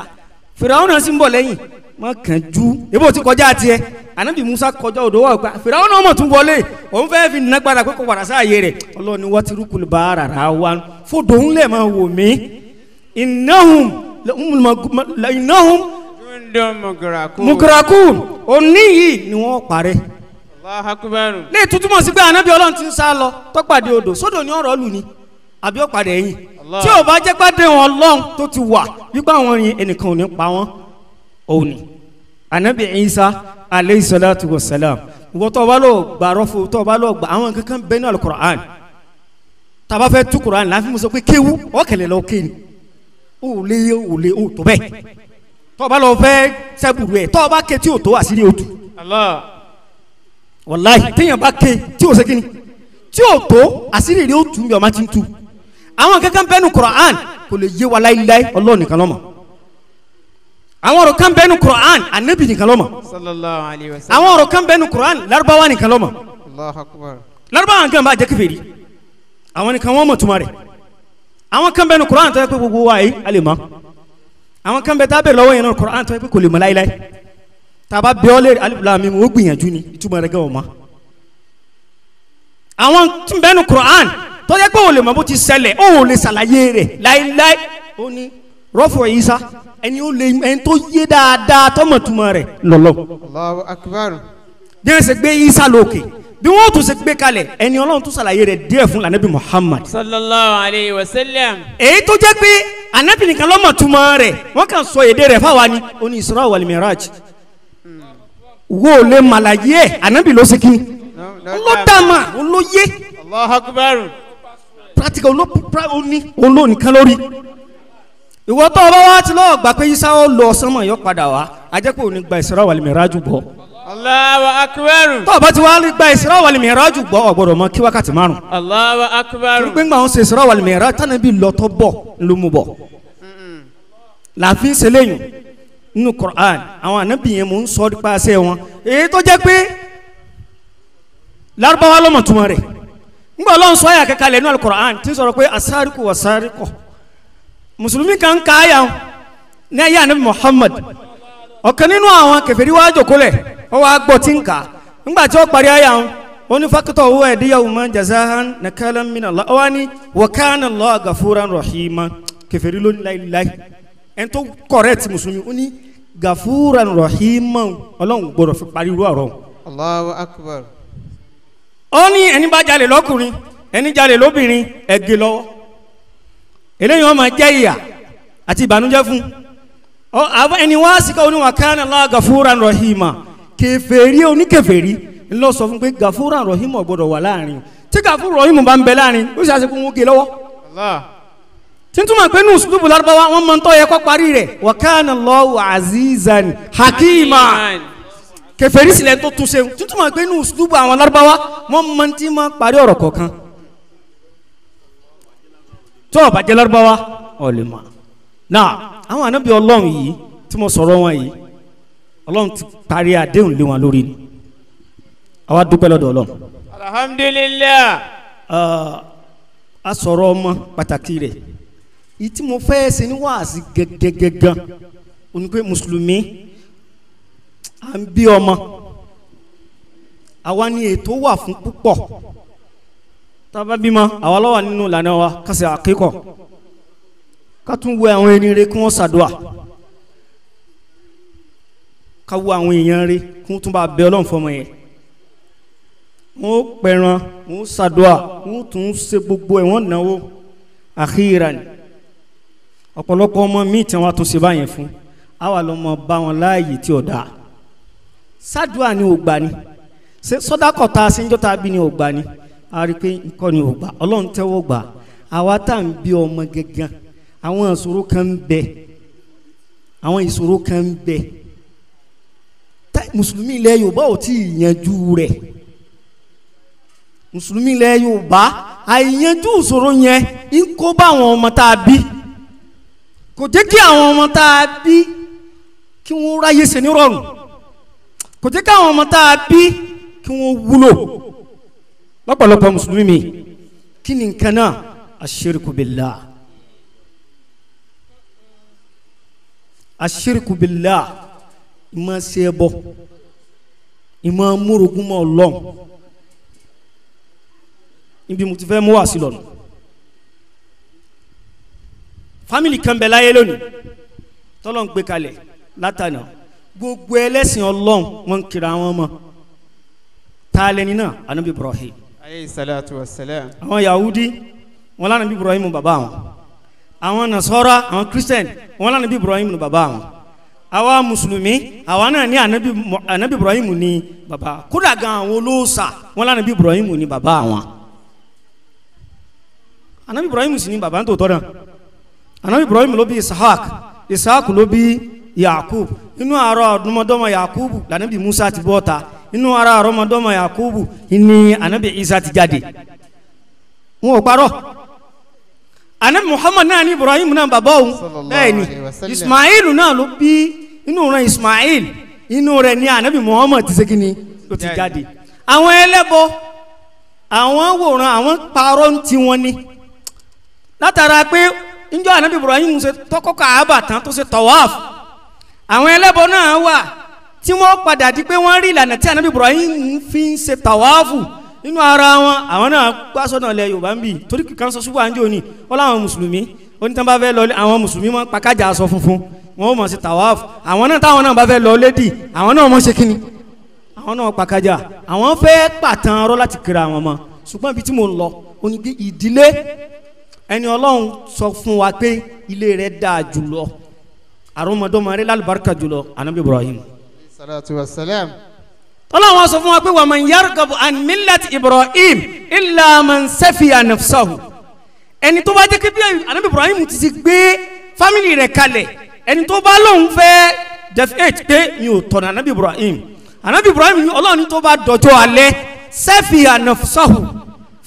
fìràwọn náà sì ń bọ̀ lẹ́yìn má kàn ju ebó ti kọjá tiẹ̀ anabi musa kọjá odò wà gba fìràwọn náà mọ̀ tún wọlé òun fẹ́ fi nàgbára pé kò wàrà sáàyè rẹ̀ ọlọ́ni wọ́n ti rúkú bá rárá wa fodò ńlẹ̀ máa wò mí ìnáhùn ìnáhùn òní yìí ni wọ́n parẹ́ lè tútúmọ̀ sí pé ànábì ọlọ́run ti ń sá lọ tọ́pàdé odò sódò ní ọ̀rọ̀ lù ni àbí ọ̀pàdé ẹ̀yìn tí ò bá jẹ́ pàdé wọn ọlọ́run tó ti wà wípé àwọn yin ẹnìkan ò ní pa wọ́n òun ni ànábì Ìsá aleyhi salatu wa salam wọ́n tó bá lọ gbà rọ́fò tó bá lọ gbà àwọn kankan bẹ́ẹ̀ ní alukur'an tàbá fẹ́ tú kur'an láfi mú sọ pé kéwu ọ̀kẹ́lẹ́ lọ kéwì ó lé ó lé ó tó bẹ́ẹ̀ tó bá lọ fẹ́ sẹ́bùrù ẹ̀ tó bá ké tí ò tó àṣírí òtù. Allah wàláì téèyàn bá ké tí o ṣe kí ni tí o tó àṣírí rẹ o tù mí ọmọ ti ń tu àwọn kankan bẹ́ẹ̀ nu Quran kò lè yé wa láíláí Ọlọ́run nìkan ló mọ̀ àwọn ọ̀rọ̀ kan bẹ́ẹ̀ nu Quran anabi nìkan ló mọ̀ àwọn ọ̀rọ̀ kan bẹ́ẹ̀ nu Quran Lárúbáwá nìkan ló mọ̀ Lárúbáwá nìkan bá jẹ́ kèfèrí àwọn nìkan wọ́n mọ̀ tuma rẹ̀ àwọn kan bẹ́ẹ̀ nu tó yẹ pé gbogbo wa yìí a lè àwọn kan bẹ́ẹ̀ tá lọ́wọ́ yẹn nu Quran tó yẹ pé kò lè mọ̀ láíláí tàbá bẹ ọ léèrè alifula mi mo gbìyànjú ni ìtumọ̀ rẹ̀ gẹ́wọ̀n mọ́. àwọn tún bẹ́ẹ̀ nu Quran tó jẹ́ pé òun lè mọ bó ti ṣẹlẹ̀ òun lè ṣàlàyé rẹ̀ láéláé ó ní rọ́fù Ìsá ẹni ó lè ẹni tó yé dáadáa tọmọtumọ rẹ̀ lọ́lọ́. Allahu Akbar. bí wọ́n ṣe gbé Ìsá lókè bí wọ́n tún ṣe gbé kalẹ̀ ẹni Ọlọ́run tún ṣàlàyé rẹ̀ díẹ̀ fún anabi Muhammad. sallallahu alayhi wa sallam. èyí tó jẹ́ pé anabi nìkan lọ́mọtumọ rẹ̀ wọ́n kàn sọ èdè rẹ̀ fáwa ni ó ní Isra wal Miraj wo le màlàyé ẹ̀ ànábì ló ṣe kí ni olódàmà olóyè practical olóní olónìkan lórí ìwọ tó o bá wá ti lọ́ọ̀ gbà pé isa ó lọ sánmọ̀ yóò padà wá ajẹ́pẹ́ òní gba Isra wal Miraju bọ̀. Allahu akbar. tó o bá ti wá gba Isra wal Miraju bọ̀ o gbọ́dọ̀ mọ kí wákàtí márùn. Allahu akbar. torí pé ńgbà wọn ṣe Isra wal Miraju tánà bí lọ́tọ́ bọ̀ ló mú bọ̀. làáfin ṣe nínú Quran àwọn ànábì yẹn mò ń sọ nípa àṣẹ wọn èyí tó jẹ́ pé lárúbáwá lọ́mọ túmọ̀ rẹ̀ ńgbà ọlọ́run sọ àyà kẹkẹ alẹ́ nínú Quran tí ń sọ̀rọ̀ pé asárikù wasárikù mùsùlùmí kan ká àyà ní ayé ànábì Muhammad ọ̀kan nínú àwọn kèfèrí wá jòkólẹ̀ ó wá gbọ́ tí ń kà ńgbà tí ó parí àyà ó ní fakitọ̀ owó ẹ̀díyàwó máa jazahan nakalan min Allah ó wá rahima kèfèrí lónìí láìláì ẹni tó correct mùsùlùmí ó ní gafuran rahiman ọlọ́run gbọ́dọ̀ fi parí irú ọ̀rọ̀. Allahu akbar. ó ní ẹni bá jalè lọ́kùnrin ẹni jalè lóbìnrin ẹ̀gẹ́ lọ́wọ́ eléyìí wọn máa jẹ́ ìyà àti ìbànújẹ́ fún un ẹni wá síkà oníwà kánà Allah gafuran rahiman kèfèrí oníkèfèrí ńlọ sọ fún pé gafuran rahiman gbọ́dọ̀ wà láàrin tí gafuran rahiman bá ń bẹ láàrin ó sì àṣekú wọn gé lọ́wọ́. Allah tintuma pe nu sulubu Lárúbáwá wọn mọ ntọ yẹ kọ parí rẹ̀ wa kana azizan hakima kèfèrí sílẹ̀ tó tún sẹun tintuma pe nu sulubu àwọn Lárúbáwá wọn mọ ntí ma parí ọ̀rọ̀ kọ̀ọ̀kan tó bàjẹ́ Lárúbáwá ọlẹmọ náà àwọn ànábì Ọlọ́run yìí tí mo sọ̀rọ̀ wọn yìí Ọlọ́run ti parí àdéhùn lé wọn lórí ni àwa dúpẹ́ lọ́dọ̀ Ọlọ́run. a sọ̀rọ̀ ọmọ pàtàkì rẹ̀ ìtí mo fẹ́ ṣe ní wàásì gẹ́gẹ́gẹ́gán ó ní pé mùsùlùmí à ń bí ọmọ àwa ni ètò wà fún púpọ̀ tá a bá bímọ àwa ló wà nínú ìlànà wa ká ṣe àkíkà ká tún wo àwọn ẹni rẹ kí wọ́n ṣàdúà ká wo àwọn èèyàn rẹ kí wọ́n tún bá bẹ ọlọ́run fọmọ yẹn wọ́n pẹ̀ràn wọ́n ṣàdúà wọ́n tún ṣe gbogbo ẹ̀ wọ́n náwó àkíyèrà ni ọ̀pọ̀lọpọ̀ ọmọ míì tí wọ́n á tún ṣe báyẹn fún àwa lọ́mọ bá wọn láàyè tí ò dáa sádùá ni ò gbà ni sọdákọ̀ tá a ṣe ń jọ́ta bí ni ò gbà ni a rí i pé nǹkan ni ò gbà ọlọ́run tẹ́wọ́ gbà àwa tá à ń bí ọmọ gẹ́gẹ́ àwọn ìṣòro kan ń bẹ àwọn ìṣòro kan ń bẹ mùsùlùmí ilẹ̀ yorùbá ò tí ì yanjú rẹ̀ mùsùlùmí ilẹ̀ yorùbá àìyanjú ìṣòro yẹn ń kó bá àwọn ọmọ tá a bí kò jẹ́ kí àwọn ọmọ tá a bí kí wọ́n ráyè ṣe nírọ̀rùn kò jẹ́ kí àwọn ọmọ tá a bí kí wọ́n wúlò lọ́pọ̀lọpọ̀ mùsùlùmí mi kí ni nǹkan náà aṣiriku billah ìmọ̀ ṣe é bọ̀ ìmọ̀ múrogún mọ́ ibi mo ti fẹ́ mú wá sí lọ́nà family kan bẹ̀ láyé lónìí tọ́lọ́n gbé kalẹ̀ látànà gbogbo ẹlẹ́sìn ọlọ́run wọn kiri àwọn ọmọ ta lẹni anabi ibrahim. ayé salatu wa salam. àwọn yahudi wọn lànà bí ibrahim bàbá àwọn àwọn nasara àwọn christian wọn lànà bí ibrahim bàbá àwọn àwa mùsùlùmí àwa náà anabi anabi ibrahim ní baba. kódà gan àwọn olóòṣà wọn lànà bí ibrahim ní baba àwọn anabi ibrahim sì ní bàbá ń tòótọ́ náà anabi ibrahim ló bí isahak isahak ló bí yakub inú àárọ̀ ọ̀dọ́mọdọ́mọ yakubu lànàbí musa ti bọ́ ta inú ara ọ̀rọ̀mọdọ́mọ yakubu ni anabi isa ti jáde wọn ò parọ́ anabi muhammad náà ni ibrahim náà bàbá òun bẹ́ẹ̀ ni ismail náà ló bí inú rẹ̀ ismail inú rẹ̀ ni anabi muhammad ti segin ni ló ti jáde àwọn ẹlẹ́bọ àwọn wòran àwọn parọ́ tiwọn ni látara pé njọ́ ànábì Ibrahim ṣe tọ́kọ́ Káàbà tán tó ṣe tawaf àwọn ẹlẹ́bọ náà wà tí wọ́n padà di pé wọ́n rí ìlànà tí ànábì Ibrahim fi ń ṣe tawafu nínú ara wọn àwọn náà gbàsọ̀nà ilẹ̀ Yorùbá ń bì torí kìkan sọ ṣubú àǹjẹ́ òní wọ́n láwọn mùsùlùmí onítàn bá fẹ́ lọlé àwọn mùsùlùmí mọ́ pàkájà aṣọ funfun wọn ò mọ̀ sí tawaf àwọn náà táwọn náà bá fẹ́ lọlé dì àwọn náà mọ̀ ṣe kíni àwọn náà pàkájà àwọn fẹ́ pàtàn ọ̀rọ̀ láti kiri àwọn ọmọ ṣùgbọ́n ibi tí mo lọ oníbi ìdílé ẹni ọlọ́run sọ fún wa pé ilé rẹ̀ dáa jùlọ àrùnmọdọ́mọ rẹ̀ lálùbáríkà jùlọ anabi ibrahim. salatu wa salam. ọlọ́run sọ fún wa pé wa man yargabu an millat ibrahim illa man safiya nafsahu ẹni tó bá jẹ́ kí bí anabi ibrahim ti ti gbé fámìlì rẹ̀ kalẹ̀ ẹni tó bá lóun fẹ́ defiate pé mi ò tọ̀nà anabi ibrahim anabi ibrahim ọlọ́run tó bá dọjọ́ alẹ́ safiya nafsahu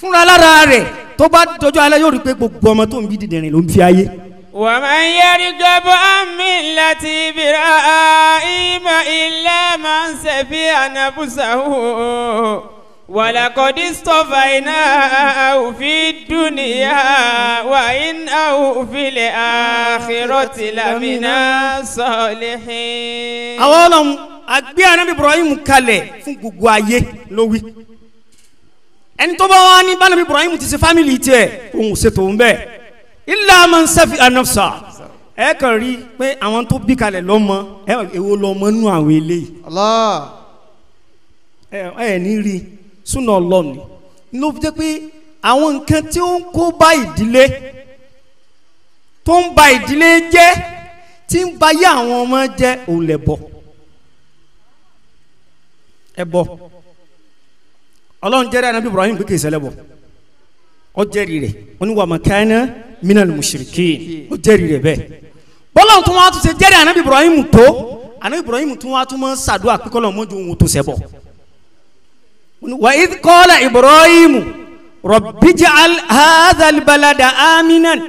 fúnra lára rẹ̀ tó bá dọjọ́ alẹ́ yóò rí pé gbogbo ọmọ tó ń bí dìdìrín ló ń fi ayé. wa man yarghabu an millati Ibrahim illa man safiha nafsahu. ولقد اصطفيناه في الدنيا وإنه في الآخرة لمن الصالحين. àwọn ọlọ́run àgbé anabi Ibrahim kalẹ̀ fún gbogbo ayé ló ẹni tó bá wá ní bánàbí Ibrahim ti ṣe fámìlì tiẹ̀ òun ṣe tòun bẹ́ẹ̀ illa man safi anafsa ẹ kàn rí pé àwọn tó bí kalẹ̀ lọ́mọ ẹ èwo lọ́mọ nú àwọn eléyìí. Allah. ẹ ẹ ní rí súnà ọlọ́ọ̀ni ló jẹ́ pé àwọn nǹkan tí ó ń kó bá ìdílé tó ń ba ìdílé jẹ́ tí ń ba yé àwọn ọmọ jẹ́ òun lẹ̀ bọ̀ ẹ bọ̀ ọlọ́run jẹ́rìí anabi ibrahim pé kìí ṣẹlẹ́bọ ó jẹ́rìí rẹ̀ ó ní wa ma kana minal mushrikin ó jẹ́rìí rẹ̀ bẹ́ẹ̀ bọ́lọ́run tún wá tún ṣe jẹ́rìí anabi ibrahim tó anabi ibrahim tún wá tún máa ń ṣàdúrà pé kọ́lọ́ mọ́jú òun tó ṣẹbọ wa idh qala ibrahim rabbi j'al hadha albalada aminan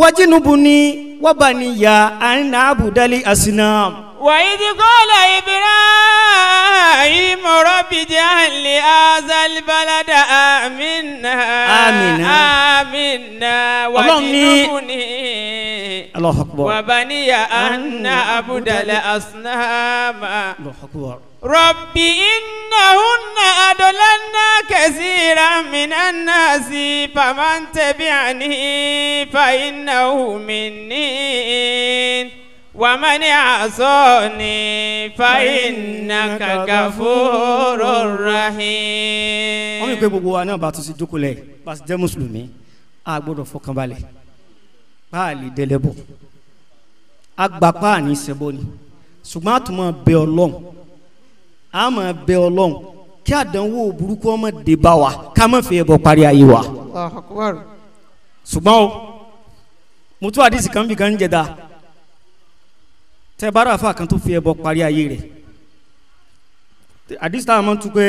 wajnubni wa baniya an na'budal asnam. وإذ قال إبراهيم رب اجعل لي هذا البلد آمنا آمنا آمنا واجنبني الله أكبر وبني أن أعبد الأصنام الله أكبر رب إنهن أضللن كثيرا من الناس فمن تبعني فإنه مني ومن عصاني فإنك غفور رحيم. wọ́n mi pé gbogbo wa náà bá tún sí jókòó lẹ̀ bá sì jẹ́ mùsùlùmí a gbọ́dọ̀ fọkànbalẹ̀ bá a lè délẹ̀ ni ṣùgbọ́n a tún máa bẹ ọlọ́run a máa bẹ ọlọ́run kí àdánwò burúkú ọmọ dé bá wa ká má fi ẹbọ parí ayé wa. ṣùgbọ́n o mo tún àdìsí kan bí kan ń jẹ tẹ bá ràfà kan tó fi ẹbọ parí ayé rẹ̀ àdìsítà àmọ́ tún pé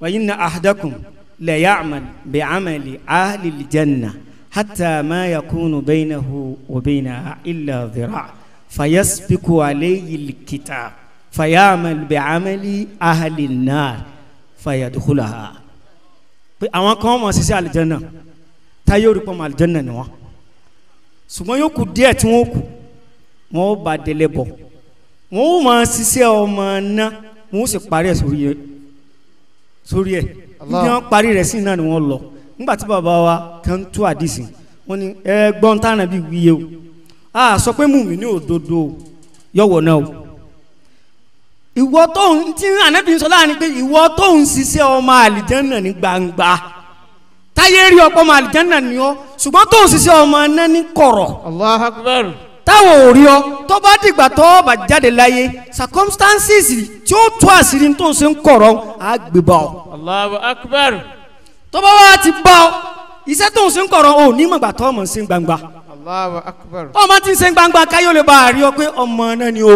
wa inna ahadakum la ya'mal bi 'amali ahli al-jannah hatta ma yakunu baynahu wa baynaha illa dhira' fayasbiqu alayhi al-kitab fayamal bi 'amali ahli an-nar fayadkhulaha pé àwọn kan mọ̀ ṣiṣẹ́ àlìjẹ́nà táyé orí pọ̀ mọ́ àlìjẹ́nà ni wọ́n ṣùgbọ́n yóò kù díẹ̀ tí wọ́n kù wọn ó ba délé bọ̀ wọn ó máa ṣiṣẹ́ ọmọ náà wọn ó sì parí ẹ̀ sórí ẹ̀ sórí ẹ̀ bí wọ́n parí rẹ̀ sí náà ni wọ́n lọ nígbà tí bàbá wa kan tú àdìsí wọn ni ẹ gbọ́n tánà bí wíyẹ o a sọ pé mùmí ní òdodo yọ̀wọ̀ náà o ìwọ tó ń tí ànábì sọ láàrin pé ìwọ tó ń ṣiṣẹ́ ọmọ àlìjánà ní gbangba táyé rí ọ̀pọ̀ ọmọ àlìjánà ni ọ ṣùgbọ́n tó ń ṣiṣẹ́ ọmọ náà ní kọ̀rọ̀. Allahu Akbar táwọn ò rí ọ tó bá dìgbà tó bá jáde láyé circumstances tí ó tó àṣírí tó ń ṣe ń kọ̀rọ̀ á gbé bá ọ. Allahu akbar. tó bá wá ti bá ọ iṣẹ́ tó ń ṣe ń kọ̀rọ̀ ò ní mọ̀gbà tó ọmọ ń gbangba. Allahu akbar. ọmọ tí ń ṣe gbangba káyọ̀ lè bá a rí ọ pé ọmọ náà ni o.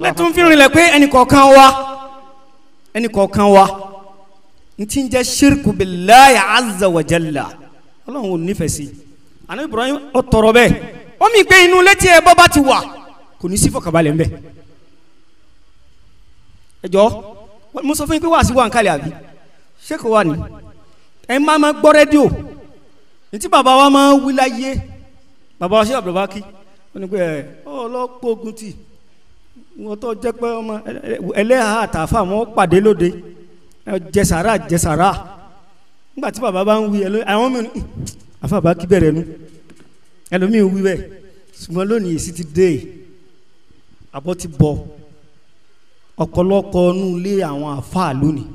lẹ́tún fi rinlẹ̀ pé ẹnì wa ẹnì kọ̀ọ̀kan wa n ti ń jẹ́ shirku billahi azza wa jalla ọlọ́run ò nífẹ̀ẹ́ sí àná Ibrahim ó tọrọ bẹ́ẹ̀ ó mì pé inú létí ẹ bọ́ bá ti wà kò ní sí fọkàbalẹ̀ ńbẹ ẹ jọ mo sọ fún yín pé wàásù wà ń kalẹ̀ àbí ṣé kò wà ní ẹ má má gbọ́ rédíò ní tí bàbá wa máa wí láyé bàbá wa ṣé bàbá wa kí wọ́n ní pé ẹ ọlọ́pọ̀ ogun tì wọ́n tó jẹ́ pé ọmọ ẹlẹ́hà àtàfà wọn pàdé lóde jẹsàrà jẹsàrà nígbà tí bàbá bá ń wí ẹlòmíì àwọn mìíràn hmm, àfa bá kí bẹ̀rẹ̀ nu ẹlòmíì wí bẹ́ẹ̀ ṣùgbọ́n lónìí èsì ti dé àbọ̀ ti bọ̀ ọ̀pọ̀lọpọ̀ nù lé àwọn àfa lónìí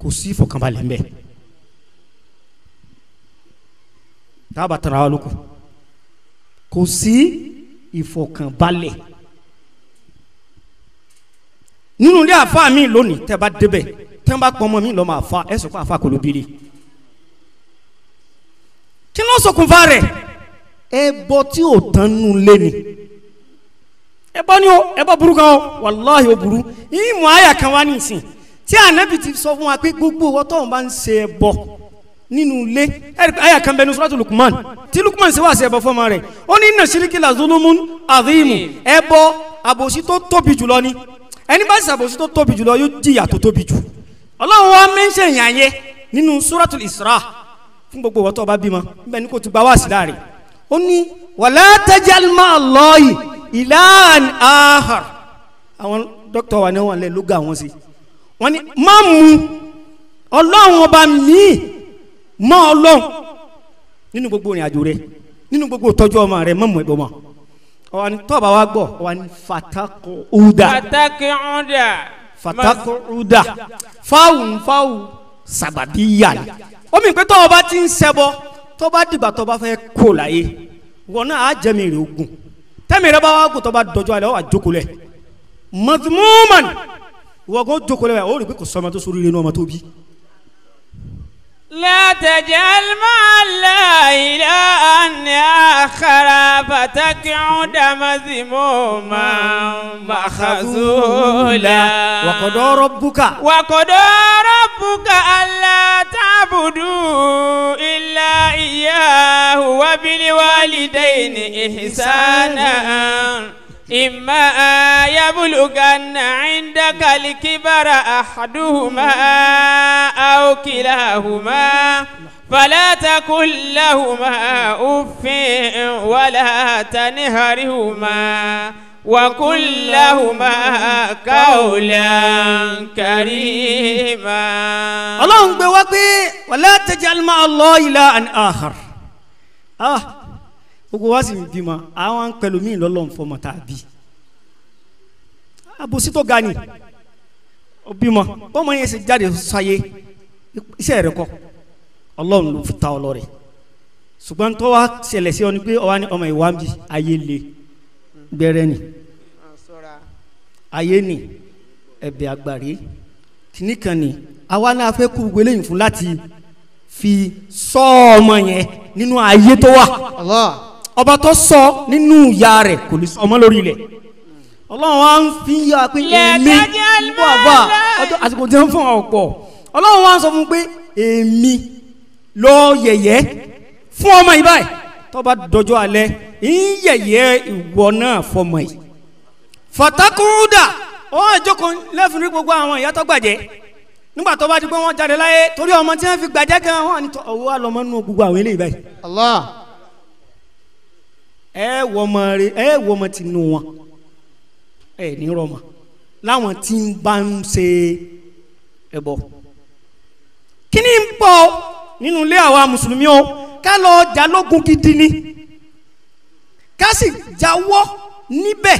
kò sí ìfọ̀kànbalẹ̀ ń bẹ tábà tara wa lóko kò sí ìfọ̀kànbalẹ̀ nínú ilé àfa mi lónìí tẹ́ bá débẹ̀ tẹ́ bá pọ̀ ọmọ mi lọ́mọ àfa ẹ̀ sọ pé àfa kò ló bìrì kí ló ṣokùnfà rẹ̀. ẹbọ tí ò tán nù lé ni. ẹbọ ni o ẹbọ burú kan o wàláhì o burú ìmọ̀ àyà kan wá nìsín tí ànábì ti sọ fún wa pé gbogbo owó tó ń bá ń ṣe ẹbọ nínú ilé àyà kan bẹnu sọ́dọ̀ Lukman tí Lukman ṣe wá ṣe ẹbọ fọmọ rẹ̀ ó ní inna ṣíríkì la zulumun azimu ẹbọ àbòsí tó tóbi jùlọ ni ẹni bá ṣàbòsí tó tóbi jùlọ yóò jìyà tó tóbi jù ọlọ́run wa mẹ́ńṣẹ̀ yàn yẹ nínú suratul Isra fún gbogbo ìwọ tó bá bímọ níbẹ̀ ni kò ti gba wáàsí láàrin ó ní wala tajal ma'a Allahi ilahan ahar àwọn dókítà wa ní wọn lẹ ló ga wọn sí wọn ni má mú ọlọ́run ọba míì mọ́ ọlọ́run nínú gbogbo ìrìn àjò rẹ nínú gbogbo ìtọ́jú ọmọ rẹ mọ́ mọ́ ẹ̀bọ̀ mọ́ ọwọ́ ni tọ́ọ̀bà wa gbọ́ ọwọ́ ni fatako uda fataki uda fatako uda fáwù ó mì pé tọ́wọ́ bá ti ń ṣẹbọ tó bá dìgbà tó bá fẹ́ kó láyé wọn náà á jẹ́mi rè ogun tẹ́mi rẹ bá wá gùn tó bá dọjọ́ àlẹ́ ó wà jókòó lẹ̀ mọ̀tìmọ́mọ́ni ìwọ̀gùn jókòó lẹ̀ ó rí pé kò sọ́mọ tó sórí rẹ̀ ní ọmọ tó bí. لا تجعل مع الله إلها آخر فتقعد مذموما مخذولا وقضى ربك وقضى ربك ألا تعبدوا إلا إياه وبالوالدين إحسانا إما يبلغن عندك الكبر أحدهما أو كلاهما فلا تقل لهما أف ولا تنهرهما وقل لهما قولا كريما ọlọ́run gbé ولا تجعل مع الله إلها آخر ah gbogbo wa sì bímọ àwọn pẹ̀lú míì lọ́lọ́ nfọmọ tá a bí àbòsí tó ga ni ó bímọ bọ́mọ yẹn ṣe jáde sáyé iṣẹ́ rẹ̀ kọ́ ọlọ́run ló fi ta ọ lọ́rẹ̀ ṣùgbọ́n tó wá sí ọ ni pé ọwá ni ọmọ ìwà mi ayé le gbẹrẹ ni ayé ni ẹ̀bẹ̀ àgbàrí kìnnìkan ni àwa náà fẹ́ kú gbogbo eléyìí fún láti fi sọ ọmọ yẹn nínú ayé tó wà ọba tó sọ nínú ìyá rẹ̀ kò lè sọ ọmọ lórí ilẹ̀ ọlọ́run wa ń fi yà pé èmi bàbá ọjọ́ àsìkò tí wọ́n fún ọ pọ̀ ọlọ́run wa ń sọ fún pé èmi lọ yẹ̀yẹ́ fún ọmọ yìí báyìí tọ́ba dọjọ́ alẹ́ ń yẹ̀yẹ́ ìwọ náà fọmọ yìí fatakuruda ó ìjókòó lẹ́fìrí gbogbo àwọn ìyá tó gbàjẹ́ nígbà tó bá di pé wọ́n jáde láyé torí ọmọ tí wọ́n fi gbàjẹ́ gan-an wọ́n ní ọwọ́ àlọ́mọ́nú gbogbo àwọn eléyìí báyìí. Allah ẹ wọ ọmọ rẹ ẹ wọ ọmọ tìǹú wọn ẹ ní rọmọ láwọn tí ń bá ń ṣe ẹ bọ. kí ni ń bọ̀ nínú ilé àwa mùsùlùmí o ká lọ jalógun gidi ni ká sì jáwọ́ níbẹ̀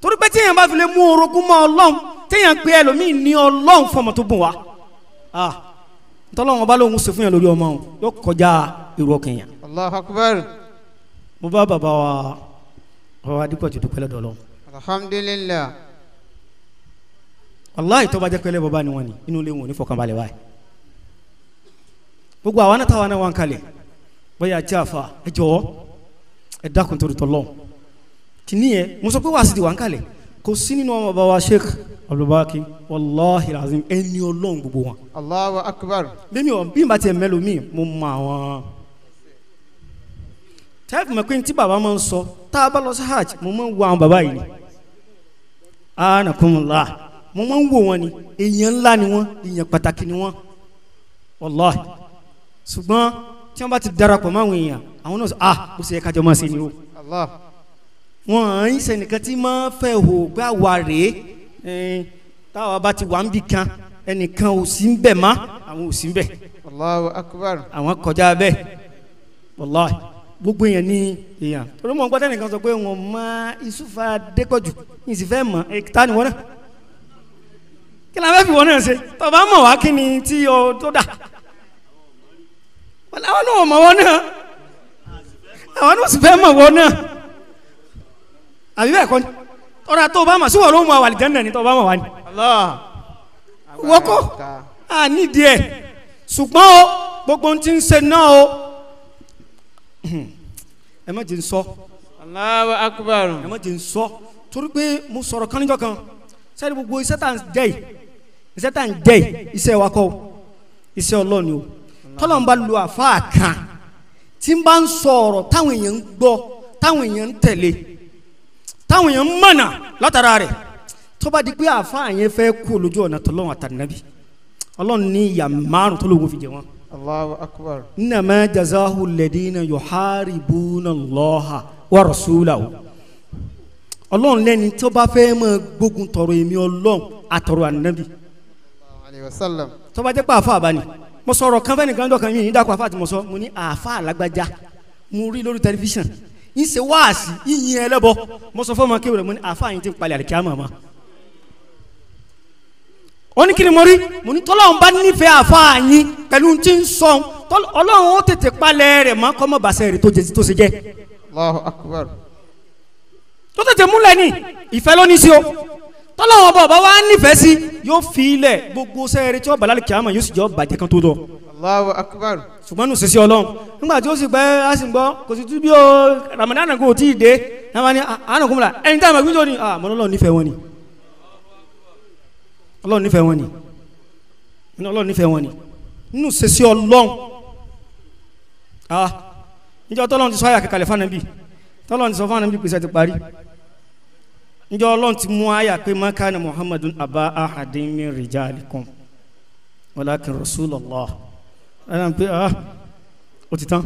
torí pé téèyàn bá fi lè mú orogún mọ́ ọlọ́run téèyàn pé ẹlòmíì ní ọlọ́run fọmọ tó bùn wá ah, ntọ́lọ́wọ́n bá lóun ṣe fún yàn lórí ọmọ òun yóò kọjá èrò ọkàn yàn. Allahu akbar. mo bá bàbá wa ọ̀rọ̀ adípọ̀ ti dúpẹ́ lọ́dọ̀ lọ. alhamdulilayi. wàláyé tó bá jẹ́ pẹ́lẹ́ bàbá ni wọ́n ni inú ilé wọn ò ní fọkànbalẹ̀ báyìí. gbogbo àwọn náà táwọn náà wà ń kalẹ̀ bóyá ajé àfa ẹ jọ̀wọ́ ẹ dákun torí tọ́lọ́ kìíní yẹn mo sọ pé wàásù ti wà ń kalẹ̀ kò sí nínú ọmọ bàbá wa sheikh abdulbaki wàláhi razim ẹni ọlọ́run gbogbo wọn. Allahu akbar. bí mi ò bí n bá tiẹ̀ mẹ́lòmíì mo mọ àwọn tẹ́ẹ̀fì mọ̀ pé ní tí bàbá máa ń sọ tá a bá lọ sí hajj mo máa ń wo àwọn bàbá yìí ni anakunla mo máa ń wo wọn ni èèyàn ńlá ni wọn èèyàn pàtàkì ni wọn wallahi ṣùgbọ́n tí wọ́n bá ti darapọ̀ máwọn èèyàn àwọn náà sọ ah ó sì yẹ kájọ máa ṣe ni o wọn à ń sẹnìkan tí máa fẹ́ hò gbá wa rèé táwa bá ti wà ń bì kan ẹnìkan ò sí ń bẹ̀ má àwọn ò sí ń bẹ̀ àwọn kọjá bẹ́ẹ̀ wallahi gbogbo èèyàn ní èèyàn torí mọ̀ ń gbọ́dọ̀ nìkan sọ pé wọ́n mọ isufa dépọ̀jù ní sì fẹ́ mọ̀ ta ni wọ́n náà kí ni a fẹ́ fi wọ́n náà ṣe tó mọ̀ wá kí ni tí o tó dà wọ́n láwọn náà mọ̀ wọ́n náà àwọn náà sì fẹ́ mọ̀ wọ́n náà àbí bẹ́ẹ̀ kọ́ ni tọ́ra tó bá mọ̀ sí wọ́n ló mọ̀ àwàlì jẹ́nìyàn ni tó bá mọ̀ wá ni. wọ́kọ́ ànídìí ẹ̀ ṣùgbọ́n o gbogbo ohun tí ẹ má jẹ́ n sọ. Allahu akbar. ẹ má jẹ́ n sọ torí pé mo sọ̀rọ̀ kánijọ́ kan sẹ́ni gbogbo iṣẹ́ tá à ń jẹ́ yìí iṣẹ́ tá à ń jẹ́ yìí iṣẹ́ wa kọ́ iṣẹ́ ọlọ́ọ̀ni o tọ́lọ́n bá lu àfáà kan tí n bá ń sọ ọ̀rọ̀ táwọn èèyàn ń gbọ́ táwọn èèyàn ń tẹ̀lé táwọn èèyàn ń mọ̀nà látara rẹ̀ tó bá di pé àfáà yẹn fẹ́ kú lójú ọ̀nà tọ́lọ́run Allahu akbar. Innama jazahu alladhina yuharibuna Allaha wa rasulahu. Ọlọ́run lẹ́ni tó bá fẹ́ máa gbógun tọrọ èmi Ọlọ́run àtọrọ ànábì. Tó bá jẹ́ pé àfa àbáni. Mo sọ̀rọ̀ kan fẹ́ nìkan dọ̀kan yìí ní dàkú àfa àti mo sọ. Mo ní àfa alágbájá. Mo rí lórí tẹlifíṣàn. Ń ṣe wáàsì yíyin ẹlẹ́bọ. Mo sọ fún ọmọ kéwìrẹ́ mo ní àfa yìí ti ń palẹ̀ àríkí àmọ́ àmọ́ ó ní kí ni mo rí mo ní tọ́lọ́run bá nífẹ̀ẹ́ àfa yín pẹ̀lú tí ń sọ ọlọ́run ó tètè palẹ̀ rẹ̀ mọ́ kọ́mọ bàṣẹ rẹ̀ tó jẹ tó ṣe jẹ́. Allahu akbar. tó tètè múlẹ̀ ní ìfẹ́ ló ní sí o tọ́lọ́run ọba ọba wa nífẹ̀ẹ́ sí yóò fi ilẹ̀ gbogbo sẹ́ẹ̀rẹ́ tí ó bàlá lè kí àmọ́ yóò sì jọ bàjẹ́ kan tó dọ̀. Allahu akbar. ṣùgbọ́n nù sísí ọlọ́run nígbà tí ó sì gbẹ́ á sì gbọ́ kò sì tún o Ramadan kò tí ì dé ẹni tí a máa gbé jọ ni àmọ́ ọlọ́run nífẹ̀ẹ́ wọn ni ọlọ́run nífẹ̀ẹ́ wọn ni nínú ọlọ́run nífẹ̀ẹ́ wọn ni nínú sẹ́sẹ́ ọlọ́run ah níjọ́ tọ́lọ́run ti sọ àyà kẹkàlẹ̀ fáwọn ẹbí tọ́lọ́run ti sọ fáwọn ẹbí pèsè ti parí níjọ́ ọlọ́run ti mú àyà pé makana abba ahadin min rijalikum walakin rasulullah ẹ̀rọ pé ah ó ti tán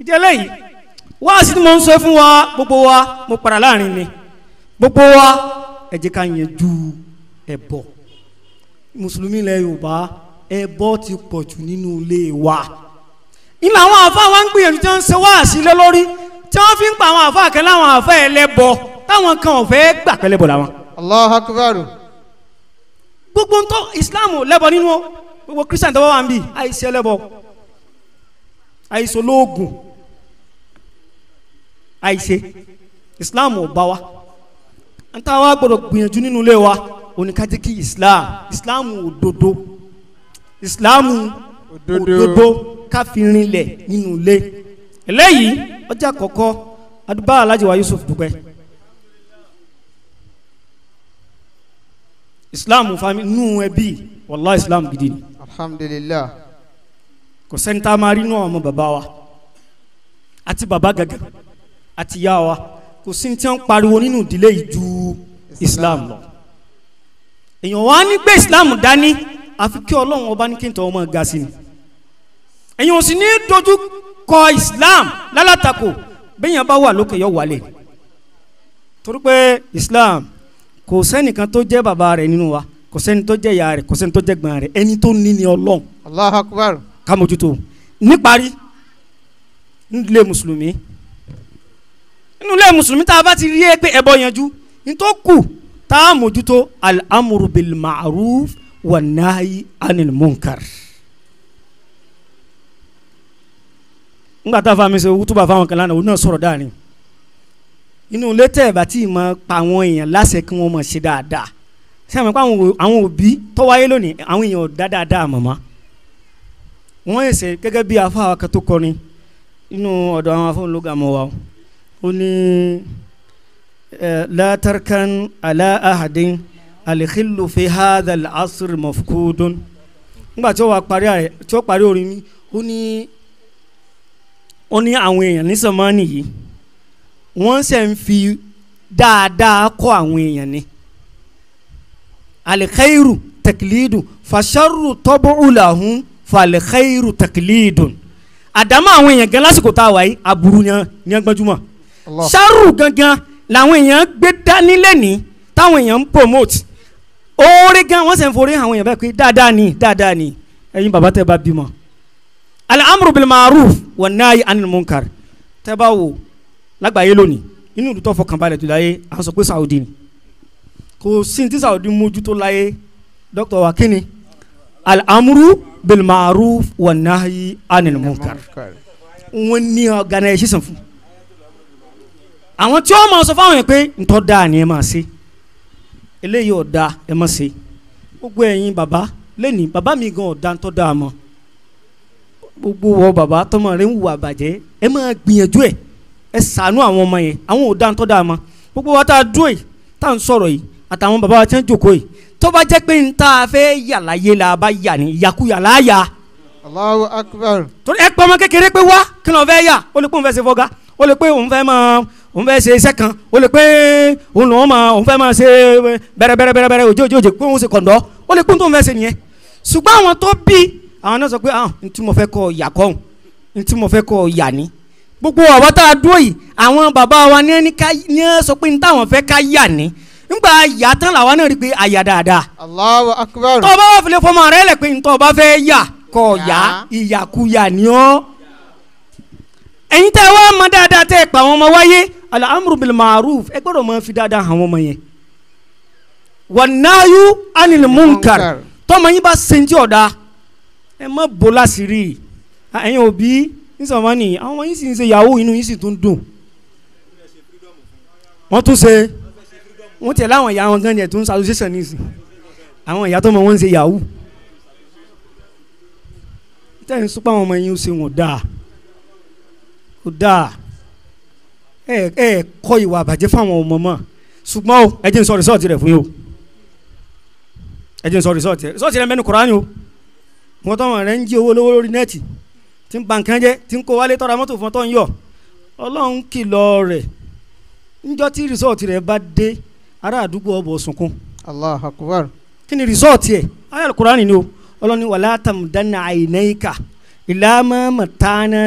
ìdílé yìí wáàsí tí mo ń sọ fún wa gbogbo wa mo para láàrin ni gbogbo wa ẹ jẹ́ ká yẹn jù ẹbọ mùsùlùmí ilẹ̀ yorùbá ẹbọ ti pọ̀ jù nínú ilé wa ilé àwọn àfáà wa ń gbìyànjú tí wọ́n ń ṣe wá àṣìlẹ̀ lórí tí wọ́n fi ń pa àwọn àfáà kẹ́ láwọn àfáà ẹlẹ́bọ táwọn kan ò fẹ́ gbà pẹ́lẹ́bọ làwọn. Allahu gbogbo ntọ́ islam lẹ́bọ nínú gbogbo christian tó bá wà ń bì àìsí ẹlẹ́bọ àìsí olóògùn àìsí islam ò bá wa ń tá gbìyànjú nínú ilé wa oníkàjíkì islam islam òdodo islam òdodo káfírinlẹ̀ nínú ilé eléyìí ọjà kọ̀kọ́ adúbà alájọwà yusuf dùgbẹ́ islam fami nù ẹbí wàllá islam gidi ni. alhamdulilah. kò sẹ́ni tá a máa rí nù ọmọ bàbá wa àti bàbá gàgà àti ìyá wa kò sí ní tí wọ́n pariwo nínú ìdílé yìí ju islam lọ èèyàn wá ní gbé islam dání àfi kí ọlọ́run ọba ní kí n tọ́ ọmọ ga sí ni èèyàn ò sì ní dojú kọ islam lálátakò béèyàn bá wà lókè yọ wálé torí pé islam kò sẹ́nìkan tó jẹ́ bàbá rẹ̀ nínú wa kò sẹ́ni tó jẹ́ ìyá rẹ̀ kò sẹ́ni tó jẹ́ gbọ́n rẹ̀ ẹni tó ní ni ọlọ́run Allahu Akbar ká mójútó níparí nílé mùsùlùmí nílé mùsùlùmí tá a bá ti rí ẹ pé ẹbọ yanjú ní tó kù tá a mójútó al-amru bil anil munkar. ngba tá a wútúbà fáwọn kan lánàá òun náà sọ̀rọ̀ dáa ni inú ilé tẹ̀ bá pa àwọn èèyàn láṣẹ kí wọ́n mọ̀ ṣe dáadáa ṣé àmọ́ pé àwọn òbí tó lónìí àwọn èèyàn ò dá dáadáa màmá wọ́n ẹ̀sẹ̀ gẹ́gẹ́ bí afọ àwọn kan kọrin inú ọ̀dọ̀ àwọn afọ́nlógà mọ̀ wa ó ní. لا تركن على أحد الخل في هذا العصر مفقود nígbà tí ó wà parí ààrẹ tí ó parí orin mi ó ní ó ní àwọn èèyàn ní sọmọ́nì yìí wọ́n ṣe ń fi dáadáa kọ́ àwọn èèyàn ni alikairu takilidu fasharu tọ́bọ̀ọ́làhún falikairu takilidun àdámọ́ àwọn èèyàn gan lásìkò tá a wà yìí ni wọ́n sharu gangan làwọn èèyàn gbé dání lẹ́ni táwọn èèyàn ń promote oore gan wọ́n sì ń forí àwọn èèyàn bẹ́ẹ̀ pé dáadáa ni dáadáa ni ẹ̀yin bàbá tẹ́ bá bímọ. al-amru bil ma'ruf wa nahi anil munkar tẹ́ bá wò lágbàáyé lónìí inú ìlú tó fọkànbalẹ̀ tó láyé à sọ pé Saudi ni kò sí ti Saudi mójútó láyé dr wa kíni al-amru bil ma'ruf wa nahi anil munkar wọ́n ní organisation fún àwọn tí ó máa sọ fáwọn yẹn pé ntọ́ dáa ni ẹ máa ṣe eléyìí ọ̀dà ẹ máa ṣe gbogbo ẹ̀yin bàbá lẹ́ni bàbá mi gan ọ̀dà ntọ́ dáa mọ́ gbogbo wọ bàbá tọmọ rẹ ń wù àbàjẹ́ ẹ máa gbìyànjú ẹ ẹ ṣàánú àwọn ọmọ yẹn àwọn ọ̀dà ntọ́ dáa mọ́ gbogbo wa tá a dúró yìí tá à ń sọ̀rọ̀ yìí àtàwọn bàbá wa ti ń jòkó yìí tó bá jẹ́ pé n ta fẹ́ yàlàyé la bá yà ní yakuya láàyà. Allahu akbar. torí ẹ pẹ́ ọmọ kékeré pé wá kí ló fẹ́ yà ó lè pé òun fẹ́ ṣe fọ́gá ó lè pé òun fẹ́ máa òun fẹ́ ṣe iṣẹ́ kan ó lè pé òun lòun máa òun fẹ́ máa ṣe bẹ̀rẹ̀ bẹ̀rẹ̀ bẹ̀rẹ̀ bẹ̀rẹ̀ òjò òjò òjò pé òun ṣe kọ̀ǹdọ́ ó lè kún tó ń fẹ́ ṣe nìyẹn ṣùgbọ́n àwọn tó bí àwọn náà sọ pé ah ntí mo fẹ́ kọ ìyà kọ́ òun ntí mo fẹ́ kọ ìyà ni gbogbo ọ̀wọ́ tá a dúró yìí àwọn bàbá wa ní ẹni ká ní ẹ sọ pé ntáwọn fẹ́ ká yà ni nígbà yà tán làwa náà rí pé àyà dáadáa. Allahu akbar. tọ́ ọ bá wà fìlẹ̀ fọmọ rẹ lẹ̀ pé ntọ́ ọ bá fẹ́ yà kọ̀ yà ìyàkuyà ni ọ́. ẹ̀yin tẹ́ wá mọ dáadáa tẹ́ ẹ̀ pa àwọn ọmọ wáyé al-amru bil ma'ruf ẹ gbọ́dọ̀ máa fi dáadáa hàn wọ́n mọ̀ yẹn wànáyú anil munkar tọ́mọ yín bá sentí ọ̀dà ẹ má bò láṣìírí ẹ̀yin òbí nísàmá ni àwọn yín sì ń ṣe yahoo inú yín sì tún dùn wọ́n tún ṣe wọ́n tẹ̀ láwọn ìyá wọn gan ni ẹ̀ tún association nísìn àwọn ìyá tọ́mọ wọn ń ṣe yahoo tẹ́ ń súpá àwọn yín ṣe wọ́n dáa ó dáa. ẹ ẹ kọ ìwà àbàjẹ́ fáwọn ọmọ mọ́ ṣùgbọ́n o ẹ jẹ́ n sọ rìsọ́ọ̀tì rẹ̀ fún yín o ẹ jẹ́ n sọ rìsọ́ọ̀tì rẹ̀ o wọn tọ́wọ̀n rẹ̀ ń jí owó lówó lórí nẹ́ẹ̀tì tí ń ba nǹkan jẹ́ tí ń kó wálé tọ́ra mọ́tò fún ọ ń yọ Ọlọ́run kìlọ̀ rẹ níjọ́ tí rìsọ́ọ̀tì rẹ̀ bá dé ará àdúgbò sunkún. Allah akubar. kí ni rìsọ́ọ̀tì ẹ̀ ayọ̀ Kùránì ni o Ọlọ́run wàlá tàmùdánà àìnáyíkà ìlàmọ́ mọ̀tánà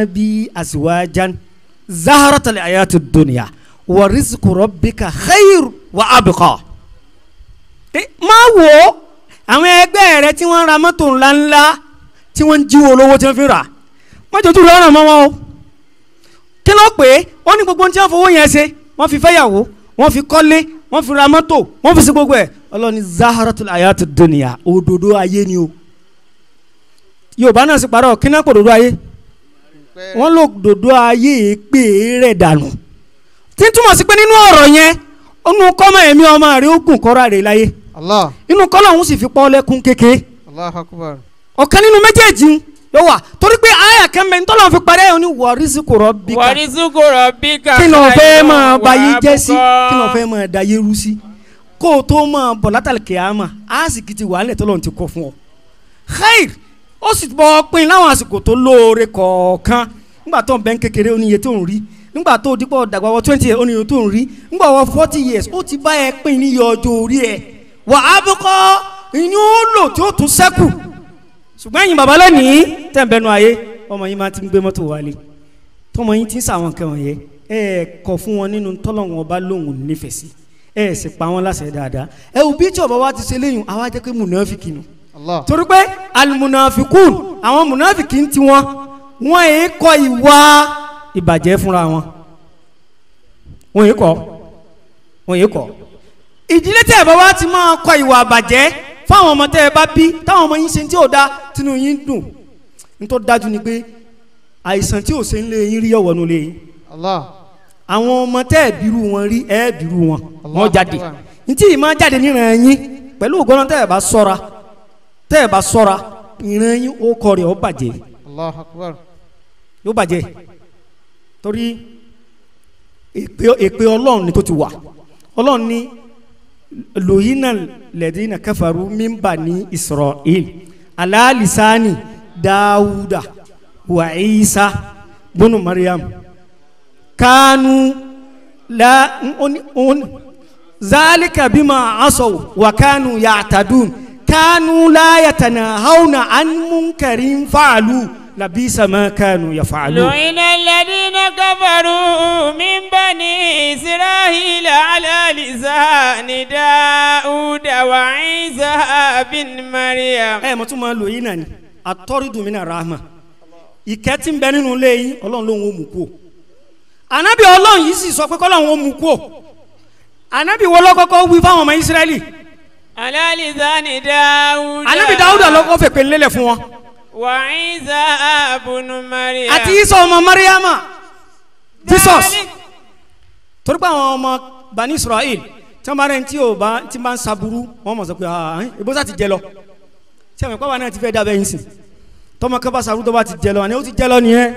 zaharat الآيات الدنيا ورزق rizqu rabbika khayr wa abqa. máa wo àwọn ẹgbẹ́ rẹ tí wọ́n ra mọ́tò ńláńlá tí wọ́n ń jíwó lówó tí wọ́n fi rà mọ́jọ́jú rẹ̀ ràn mọ́ wọn o kí ló pé ó ní gbogbo ohun tí wọ́n fowó yẹn ṣe wọ́n fi fẹ́yàwó wọ́n fi kọ́lé wọ́n fi ra mọ́tò wọ́n fi ṣe gbogbo ẹ̀ ọlọ́ni zaharatul ayati òdodo ayé ni o yorùbá náà sì parọ́ kí náà kò dodo ayé wọ́n lò dòdò ayé pé rẹ̀ dànù tí ń túmọ̀ sí pé nínú ọ̀rọ̀ yẹn inú kọ́mọ ẹ̀mí ọmọ rẹ̀ ó gùn kọ́ra rẹ̀ láyé inú kọ́lọ̀ òun sì fi pọ́ lẹ́kún kéke ọ̀kan nínú méjèèjì yóò wà torí pé àyà kẹ́mẹ́ ń tọ́lọ́ fi parí ẹ̀yọ́ ní wọ̀rísìkò rọ̀bíkà wọ̀rísìkò rọ̀bíkà kí ló fẹ́ máa bayé jẹ́ sí kí ló fẹ́ máa dayé rú sí kó o tó máa bọ̀ látàlí kìámà á sì kìtì ó sì bọ́ pín láwọn àsìkò tó lóore kọ̀ọ̀kan nígbà tó ń bẹ́ ń kékeré ó tó ń rí nígbà tó dípò dàgbà wọ twenty years ó ní iye tó ń rí nígbà wọ forty years ó ti bá ẹ pín níyọ ọjọ́ orí ẹ wà á bọ́kọ́ ìyún ó lò tí ó tún sẹ́kù ṣùgbọ́n ẹ̀yin bàbá lẹ́nìí tẹ̀ ń bẹnu ayé ọmọ yín máa ti ń gbé mọ́tò wálé tọmọ yín ti ń sàwọn kẹwọn yẹ ẹ kọ fún wọn nínú tọ́lọ́wọ́n ọba lóhùn nífẹ̀ẹ́ sí ẹ sì pa wọn láṣẹ dáadáa ẹ òbí tí ọba wa ti ṣe léyìn àwa jẹ́ pé mùnà fi kìnnìún torí pé alimunafikun àwọn munafiki ń ti wọn wọn èé kọ ìwà ìbàjẹ́ fúnra wọn wọn èé kọ wọn èé kọ ìdílé tẹ́ ẹ bá wá ti máa kọ ìwà àbàjẹ́ fáwọn ọmọ tẹ́ ẹ bá bí táwọn ọmọ yín ṣe tí ò da tinú yín dùn nítorí dájú ni pé àìsàn tí ò ṣe ń lé yín rí ọ̀wọ́nú lé yín àwọn ọmọ tẹ́ ẹ bírú wọn rí ẹ bírú wọn wọn jáde ntí yìí máa jáde níran yín pẹ̀lú ògbọ́n tẹ́ ẹ bá sọ́ra tẹ́ ẹ bá sọ́ra ìran yín ó kọ rẹ̀ ó bàjẹ́ Allahu Akbar yóò bàjẹ́ torí èpè èpè ọlọ́run ni tó ti wà ọlọ́run ni lòyìnà lẹ́dínà kafaru min bani Isra'il ala lisani Dawuda wa Isa bunu Maryam kanu la zalika bima asaw wa kanu ya'tadun kanu la yatanahawna an munkarin fa'alu labisa ma kanu yaf'alu. lu'ina alladhina kafaru min bani israhila ala lisani dauda wa isa bin mariam. ẹ eh, mo tún máa lu'ina ni atọ́rìdùn mi náà rahma ìkẹ́ tí ń bẹ nínú ilé yín ọlọ́run ló ń wọ́n mú kú o pé kọ́lọ́run ó mú kú o ànábì wọlọ́kọ́kọ́ fáwọn ọmọ ìsírẹ́lì alalizani dawuda. anabi dawuda ló kọ́ fèpè lélẹ̀ fún wọn. wa Isa abunu mariam. àti Isa ọmọ mariama jesus torí pé àwọn ọmọ bani israel tí wọn bá rẹ ní tí o bá ti máa ń saburú wọn mọ̀ sọ pé ìbúsà ah, ah, ti jẹ lọ tí àwọn ìpáwá náà ti fẹ́ dábẹ́ yín sìn tọmọ kan saburú tó bá ti jẹ lọ àní ó ti jẹ lọ nìyẹn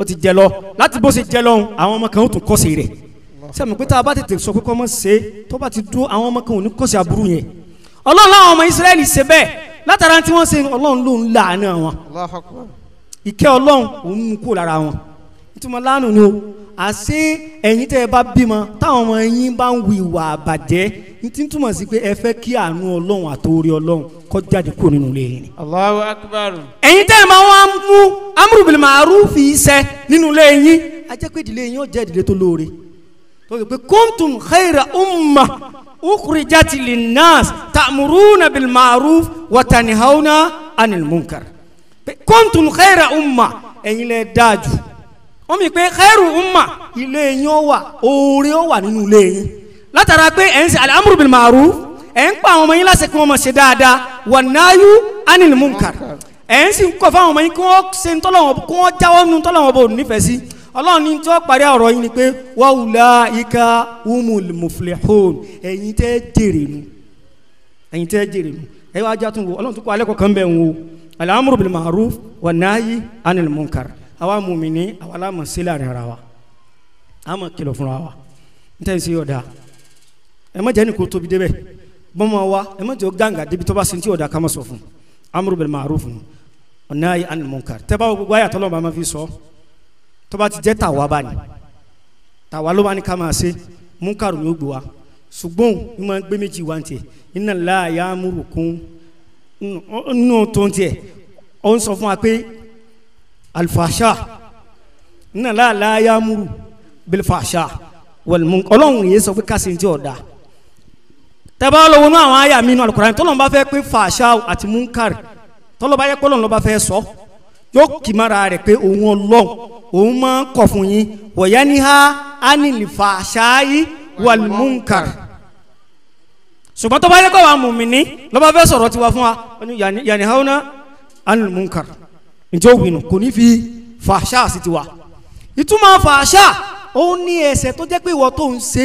ó ti jẹ lọ láti bó ṣe jẹ lọ àwọn ọmọ kan ó tún kọ́ sí rẹ̀ sẹ́mi pé tá a bá tètè sọ pé kọ́ mọ́ ṣe tó bá ti dún àwọn ọmọ kan ò ní kọ́sí aburú yẹn ọlọ́run láwọn ọmọ israẹli ṣe bẹ́ẹ̀ látara tí wọ́n ṣe ọlọ́run ló ń láàánú àwọn ìkẹ́ ọlọ́run òun mú kó lára wọn ìtumọ̀ lánàá ni o àṣé ẹ̀yin tẹ́ ẹ bá bímọ táwọn ọmọ yín bá ń wu ìwà àbàjẹ́ ní ti ń túmọ̀ sí pé ẹ fẹ́ kí àánú ọlọ́run àtòrí ọlọ́run kọ́ jáde kúrò nínú ilé yín. Allahu akbar. ẹ̀yin tẹ́ ẹ máa wá mú amúrúbìlì màrú fi iṣẹ́ nínú ilé yín a jẹ́ pé ìdílé yín ó jẹ́ ìdílé tó lóore torí pé kuntum khayra umma ukhrijat linnas ta'muruna bil ma'ruf wa tanihawna anil munkar kuntum khayra umma ẹ̀yin lẹ dájú wọ́n mi pé khayru umma ilé yín ó wà oore ó wà nínú ilé yín látara pé ẹ̀ ń ṣe al-amru bil ma'ruf ẹ̀ pa àwọn ọmọ yín láṣẹ kí wọ́n máa ṣe wa nayu anil munkar ẹ̀ ń sì ń kọ̀ fáwọn ọmọ yín kí wọ́n ṣe ń tọ́lọ̀ wọn kí wọ́n ọlọ́run ní tí wọ́n parí ọ̀rọ̀ yìí ni pé wa ulaika humul muflihun ẹ̀yin tẹ́ jèrè nu ẹ̀yin tẹ́ jèrè nu ẹ̀ wá játun wo ọlọ́run tó kọ́ alẹ́ kọ̀ọ̀kan bẹ̀ ń wo al-amru bil ma'ruf wa nahi anil munkar àwa mùmíní àwa láàmú sílẹ̀ àrẹ ara wa àmọ̀ kìlọ̀ fúnra wa n tẹ́ sí ọ̀dà ẹ má jẹ́ ní kó tóbi débẹ̀ bọ́mọ wa ẹ má jẹ́ ó tó bá ti jẹ́ tàwa bá ní tàwa ló bá ní ká máa ṣe múkàrú ló gbé wa ṣùgbọ́n ní máa ń gbé méjì wá tiẹ̀ iná láàyè amúrùkún nínú tó ń tiẹ̀ ó ń sọ fún wa pé alifasha iná láàyè amúrù bilifasha wàlúmú ọlọ́run yìí sọ pé káṣí ti ọ̀dà tẹ́bá lọ wọnú àwọn àyà mi nínú Al-Qur'an tọ́lọ́mùbá fẹ́ pé fàṣà àti múkàrú tọ́lọ́mùbá yẹ kọ́lọ́mùbá fẹ́ sọ. So yóò kì mára rẹ̀ pé òun ọlọ́run òun máa ń kọ̀ fún yín wọ̀yá ní ha ánìlìfà ṣááyí wàlmúnkàr ṣùgbọ́n tó bá yẹ kó wa mùmíní lọ́ba fẹ́ sọ̀rọ̀ tiwa fún wa yàní hauna ánìlìmúnkàr njẹ́ òwìnà kò ní fi fàṣà sí tiwa ìtumọ̀ fàṣà ó ní ẹsẹ̀ tó jẹ́ pé ìwọ tó ń ṣe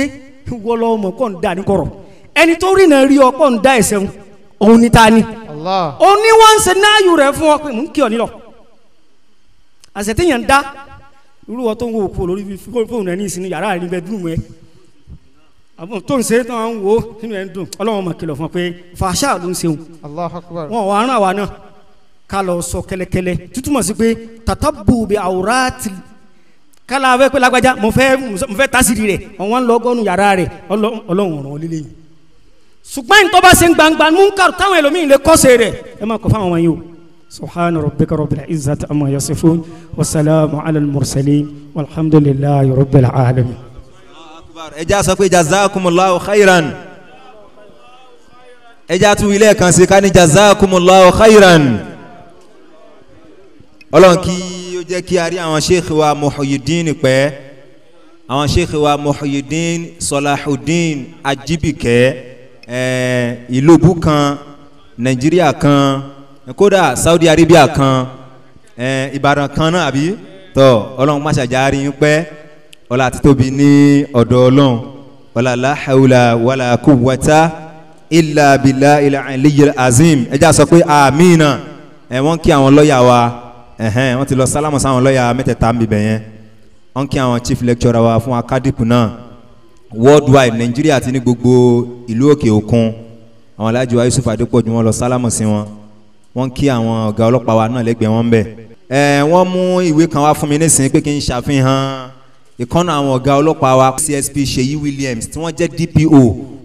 ìwọ lọ́wọ́ mọ̀ ń dà ní ẹni tó rìnà rí ọ kọ́ ń dà ẹ̀sẹ̀ òun ní ta ni òun ní wọ́n ń ṣe náàyù rẹ̀ fún ọ pé mò ń kí ọ nílọ àṣẹ téèyàn ń dá irú wọn tó ń wo òkú lórí fóònù ẹ ní ìsinmi yàrá rẹ ní bẹẹdúrúmù ẹ àbọ̀ tó ń ṣe tó ń wo nínú ẹ ń dùn ọlọ́run mọ̀ kìlọ̀ fún ọ pé fàṣà ló ń ṣeun wọn ò aràn àwa náà ká lọ sọ kẹ́lẹ́kẹ́lẹ́ tútùmọ̀ sí pé tatabu bi awrati kálá abẹ́ pé lágbájá mo fẹ́ mo fẹ́ tásìrì rẹ̀ ọ̀wọ́n lọ gọ́nu yàrá rẹ̀ ọlọ́run ọ̀ràn líle yìí ṣùgbọ́n ìtọ́ bá ṣe ń gbangba múnkàrú táwọn ẹlòmíín lè kọ́ ṣe rẹ̀ ẹ má kọ́ fáwọn wọ̀nyí o سبحان ربك رب العزة أما يصفون والسلام على المرسلين والحمد لله رب العالمين ẹja sọ pé jazakumullahu khairan ẹja tún ilé kan sí ká ní jazakumullahu khairan ọlọ́run kí ó jẹ́ kí a rí àwọn sheikh wa muhyiddin pẹ́ àwọn sheikh wa muhyiddin salahuddin ajibike eh, ìlú kan nàìjíríà kan kódà Saudi Arabia kan Ìbàdàn kan náà àbí tọ Ọlọ́run má ṣàjárí yín pẹ́ ọlá àti tóbi ní ọ̀dọ̀ Ọlọ́run ọlá la hawla wala quwwata illa billahi al-aliyyil azim ẹjá sọ pé amina ẹ wọ́n kí àwọn lọ́ọ̀yà wa ẹ̀hẹ́n wọ́n ti lọ sálámù sáwọn lọ́ọ̀yà mẹ́tẹ̀ẹ̀ta ń bibẹ̀ yẹn wọ́n kí àwọn chief lecturer wa fún akadipu náà worldwide Nàìjíríà àti ní gbogbo ìlú òkè òkun àwọn alájọ Yusuf Adépọ̀jù wọ́n lọ sálámù sí wọn wọ́n kí àwọn ọ̀gá ọlọ́pàá wa náà lẹ́gbẹ̀ẹ́ wọn bẹ̀. ẹ wọ́n mú ìwé kan wá fún mi nísìnyí pé kí n ṣàfihàn ìkànnà àwọn ọ̀gá ọlọ́pàá wa CSP Ṣèyí Williams tí wọ́n jẹ́ DPO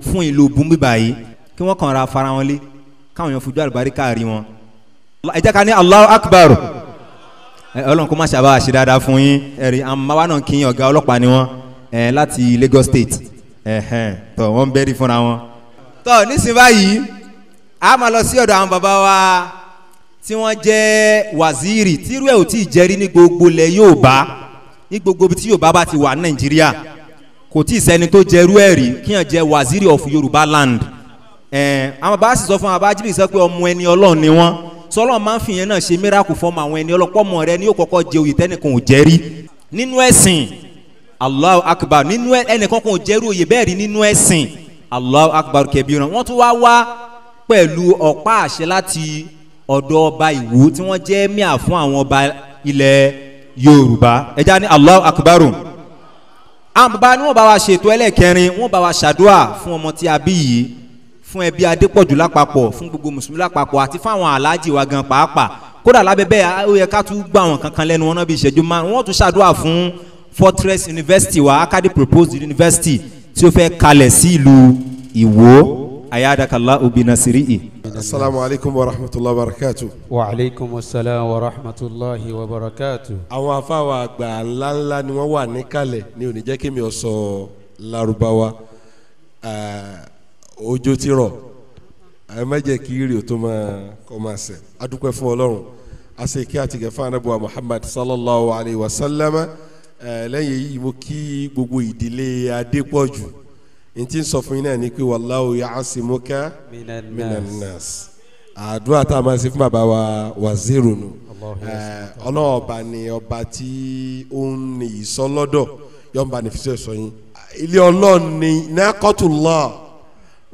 fún ìlú bùnbí báyìí kí wọ́n kàn ra fara wọn lé káwọn èèyàn fojú àlùbáríkà rí wọn. ẹ jẹ́ ká ní Allahu Akbar ọlọ́run kó má ṣàbá ṣe dáadáa fún yín ẹ̀rí àmàwá náà kí ọ̀gá ọlọ́pàá ni wọ́n láti Lagos State tó wọ́n ń bẹ́rí fúnra wọn. tó nísìnyí a máa lọ sí ọ̀dọ̀ àwọn bàbá wa tí wọ́n jẹ́ waziri tírú ẹ̀ ò tí ì jẹ́rí ní gbogbo ilẹ̀ Yorùbá ní gbogbo ibi tí Yorùbá bá ti wà Nàìjíríà kò tí ì sẹ́ni tó jẹ́rú ẹ̀ rí kíyàn jẹ́ waziri of Yorùbá land ẹ̀ẹ́n àwọn bá sì sọ fún àwọn abájírí sọ pé ọmọ ẹni Ọlọ́run ni wọ́n sọlọ́ máa ń fìyẹn náà ṣe miracle fọ́ọ̀mù àwọn ẹni ọlọ́pọ̀mọ rẹ ní yóò kọ́kọ́ Akbar nínú ẹnìkan kan ò jẹ́rú òye bẹ́ẹ̀ rí Akbar kẹbí rán wọ́n tún wá wá pẹ̀lú ọ̀pá àṣẹ láti ọ̀dọ̀ ọba ìwú tí wọ́n jẹ́ mìà fún àwọn ọba ilẹ̀ yorùbá ẹja ní allah akubaru àwọn bàbá ni wọ́n bá wa ṣètò ẹlẹ́kẹrin wọ́n bá wa ṣàdúà fún ọmọ tí a bí yìí fún ẹbí adépọ̀jù lápapọ̀ fún gbogbo mùsùlùmí lápapọ̀ àti fún àwọn aláàjì wa gan pàápàá kódà lábẹ́ bẹ́ẹ̀ ó yẹ ká tún gbà wọn kankan lẹ́nu wọn náà bí ìṣẹ́jú márùn wọ́n tún ṣàdúà fún fortress university wa akadi proposed university tí ó fẹ́ kalẹ̀ sí ìlú ìwó ayadakallah obìnrin siri yìí. من السلام عليكم ورحمة الله وبركاته وعليكم السلام ورحمة الله وبركاته àwọn afáwa àgbà ńláńlá ni wọ́n wà níkàlẹ̀ ní ó ní jẹ́ kí mi ò sọ Lárúbáwá ọjọ́ ti rọ̀ ẹ má jẹ́ kí rí o tó máa kọ́ máa sẹ̀ adúpẹ́ fún Ọlọ́run ase kí àti gẹ̀fà anábọ̀ Muhammad sallallahu alayhi wa sallam lẹ́yìn èyí mo kí gbogbo ìdílé Adépọ̀jù n ti sọ fún yín náà ni pé wallahu ya'asimuka minan nas àdúrà tá a máa ṣe fún bàbá wa waziri nù ọlọ́wọ́ ọba ni ọba tí ó ń ní ìsọlọ́dọ̀ yóò bá ní fisẹ̀ sọ yín ilé ọlọ́run ni naqatullah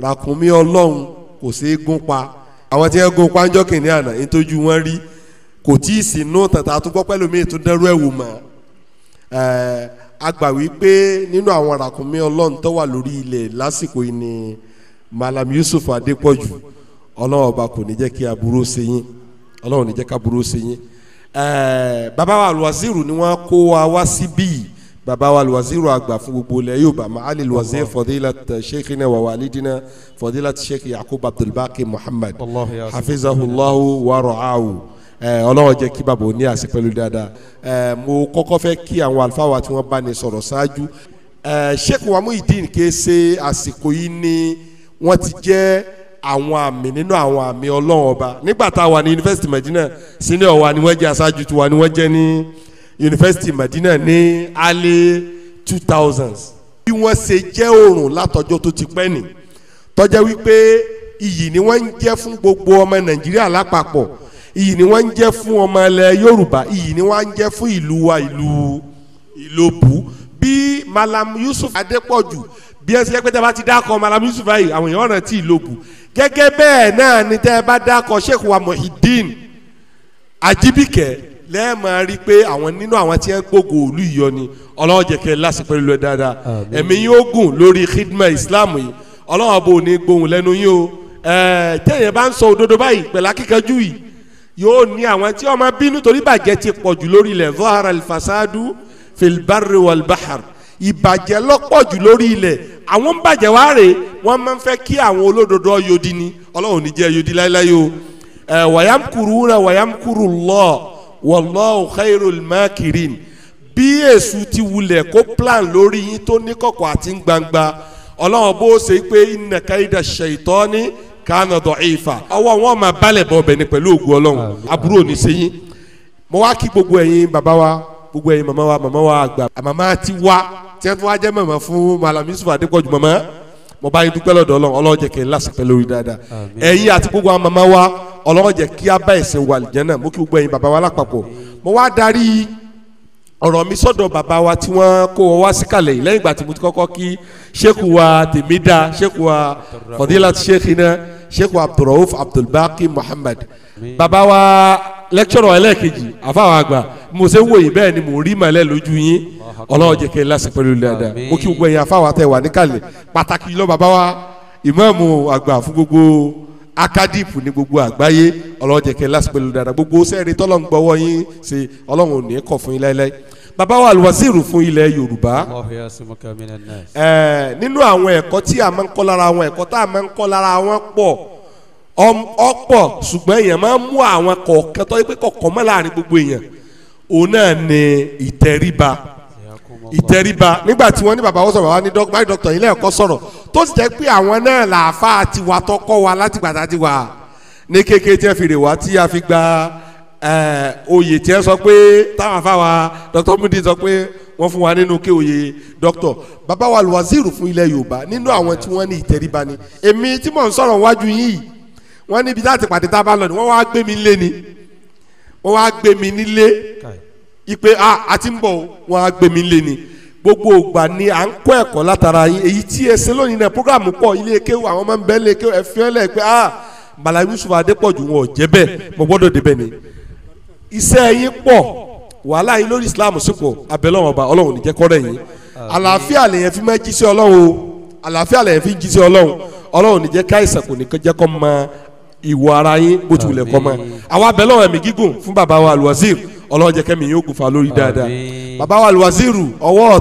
ràkúnmí ọlọ́run kò sí í gún pa àwọn tí wọ́n gún pa ń jọ́ kìnìún àná nítorí wọ́n rí kò tí ì sínú tàtà àtúgbọ́pẹ́ lómi ètò dẹ́rú ẹ̀wò mọ́ a gbà wípé nínú àwọn ràkúnmí ọlọ́run tó wà lórí ilẹ̀ lásìkò yìí ni malam yusuf adépọ̀jù ọlọ́run ọba kò ní jẹ́ kí aburú ṣe yín ọlọ́run ò ní jẹ́ kí aburú ṣe yín bàbá wa alwaziru ni wọ́n kó wa wá síbí bàbá wa alwaziru àgbà fún gbogbo ilẹ̀ yorùbá maali alwazir fadilat sheikhina wa walidina fadilat sheikh yakub abdulbaki muhammad hafizahullahu wa ra'ahu ọlọ́run jẹ́ kí bàbá ò ní àṣẹ pẹ̀lú dáadáa mo kọ́kọ́ fẹ́ kí àwọn àlùfáà wa tí wọ́n bá ní sọ̀rọ̀ ṣáájú Sheikh wa Muyideen kìí ṣe àsìkò yìí ni wọ́n ti jẹ́ àwọn àmì nínú àwọn àmì ọlọ́run ọba nígbà tá a wà ní yunifásitì Madina senior wa ni wọ́n jẹ́ aṣáájú tiwa ni wọ́n jẹ́ ní yunifásitì Madina ní early two thousands bí wọ́n ṣe jẹ́ oòrùn látọjọ́ tó ti pẹ́ nì tọ́jẹ́ wípé iyì ni wọ́n ń jẹ́ fún gbogbo ọmọ Nàìjíríà lápapọ̀ iyì ni wọ́n ń jẹ́ fún ọmọ ilẹ̀ Yorùbá iyì ni wọ́n ń jẹ́ fún ìlú wa ìlú Ìlóbù bí Malam Yusuf Adépọ̀jù bí ẹ ṣe pé tẹ bá ti dákọ Malam Yusuf ayi àwọn èèyàn ọ̀nà tí Ìlóbù gẹ́gẹ́ bẹ́ẹ̀ náà ni tẹ bá dákọ Sheikh wa Muhyiddin Ajibike lẹ́ẹ̀mọ̀ rí i pé àwọn nínú àwọn tí wọ́n gbógun òlu ìyọ ni Ọlọ́run jẹ́ kẹ́ lásìkò ìlú ẹ̀ dáadáa ẹ̀mí yóò gùn lórí khidma Islam yìí Ọlọ́run bò ní gbohùn lẹ́nu yín o ẹ̀ẹ́dẹ́yẹ bá ń sọ òdodo báyìí pẹ̀lú akíkanjú yìí yóò ní àwọn tí ó máa bínú torí bàjẹ́ ti pọ̀ jù lórí ilẹ̀ zahara alfasadu filbari walbahar ìbàjẹ́ lọ́pọ̀ jù lórí ilẹ̀ àwọn ń bàjẹ́ wá rè wọ́n máa ń fẹ́ kí àwọn olódodo yodi ni ọlọ́run ní jẹ́ yodi láéláé o ẹ wàyámkuru rẹ wàyámkuru lọ wallahu khairul makirin bí èṣù ti wulẹ̀ kó plan lórí yín tó ní kọ̀kọ̀ àti gbangba ọlọ́run bó ṣe pé inna kaida shaitani kánà dọ̀ífà ọwọ́ wọn máa balẹ̀ bọ̀ bẹ̀ ni pẹ̀lú ògùn ọlọ́run àbúrò ní sẹ́yìn mo wá kí gbogbo ẹ̀yin bàbá wa gbogbo ẹ̀yin màmá wa màmá wa àgbà màmá ti wá tí wọ́n wá jẹ́ màmá fún malam yusuf adépọ̀jù màmá mo bá yín dúpẹ́ lọ́dọ̀ ọlọ́run ọlọ́run jẹ́ kí n lásìkò lórí dáadáa ẹ̀yin àti gbogbo àwọn màmá wa ọlọ́run jẹ́ kí a bá ẹ̀sìn wà lìjẹ́nà mo kí gbogbo ẹ̀yin bàbá wa lápapọ̀ mo wá darí ọ̀rọ̀ mi sọ́dọ̀ bàbá wa tí wọ́n kó wọn wá síkàlẹ̀ lẹ́yìn ìgbà mo ti kọ́kọ́ kí sheku wa tèmi dá sheikh abdulrauf abdulbaki muhammad baba wa lẹ́kítọ̀rọ̀ ẹlẹ́ẹ̀kejì àfàwọn àgbà mọ̀ọ́sẹ̀ ń wòye bẹ́ẹ̀ ni mò ń rí màlẹ́ lójú yín ọlọ́run jẹ́ kẹ́ ẹ lásìkò pẹ̀lú dáadáa mo kí gbogbo ẹ̀yin àfàwọn àtẹ̀ wà níkàlẹ̀ pàtàkì lọ baba wa ìmáàmù àgbà fún gbogbo akadipu ní gbogbo àgbáyé ọlọ́run jẹ́ kẹ́ lásìkò pẹ̀lú dáadáa gbogbo sẹ́ẹ̀rì tọ́lọ́ bàbá wa alwaziru fún ilẹ̀ yorùbá. ẹ nínú àwọn ẹ̀kọ́ tí a máa ń kọ́ lára àwọn ẹ̀kọ́ tá a máa ń kọ́ lára wọn pọ̀ ọ̀pọ̀ ṣùgbọ́n èèyàn máa ń mú àwọn kọ̀ọ̀kan tó yẹ pé kọ̀ọ̀kan mọ́ láàrin gbogbo èèyàn òun náà ni ìtẹríba ìtẹríba nígbà tí wọ́n ní bàbá wọn sọ̀rọ̀ wá ní dọ́kítà dọ́kítà ilé ẹ̀kọ́ sọ̀rọ̀ tó sì jẹ́ pé àwọn náà làáfàá tiwa tọkọ wa látìgbà tá a ti wà ní kékeré tí wọ́n fi rè wá tí a fi gba Eh, oyè tiẹ̀ sọ pé táwọn afáwa dr mudi sọ pé wọ́n fún wa nínú kí oyè dr bàbá wa lùwàzírù fún ilẹ̀ yorùbá nínú àwọn tí wọ́n ní ìtẹríba ni èmi tí mò ń sọ̀rọ̀ wájú yìí wọ́n níbi láti pàdé tá a bá lọ ni wọ́n wá gbé mi lé ni wọ́n wá gbé mi nílé ipe ah, a àti ń bọ̀ wọ́n wá gbé mi lé ni gbogbo ògbà ni à ń kọ́ ẹ̀kọ́ látara yìí èyí tí ẹ lónìí náà programu pọ̀ ilé kéwù àwọn máa ń bẹ́ẹ̀ lé kéwù ẹ̀ fi pé a ah, bala yusuf adépọ̀jù wọn ò jẹ́ bẹ́ẹ̀ mo gbọ́dọ̀ débẹ̀ ni iṣẹ́ yín pọ̀ wàhálà yín lórí islam sì pọ̀ abẹ́lẹ́wọ̀n ọba ọlọ́run ní jẹ́ kọ́rẹ́ yín àlàáfíà lèyẹn fi máa jíṣẹ́ ọlọ́run o àlàáfíà lèyẹn fi jíṣẹ́ ọlọ́run ọlọ́run ní jẹ́ káìsàn kò ní jẹ́ kọ́ mọ ìwọ ara yín bó ti wulẹ̀ kọ́ mọ àwọn abẹ́lẹ́wọ̀n ẹ̀mí gígùn fún bàbá wa alwazir ọlọ́run jẹ́ kẹ́mi yóò gùn fa lórí dáadáa bàbá wa alwaziru ọwọ́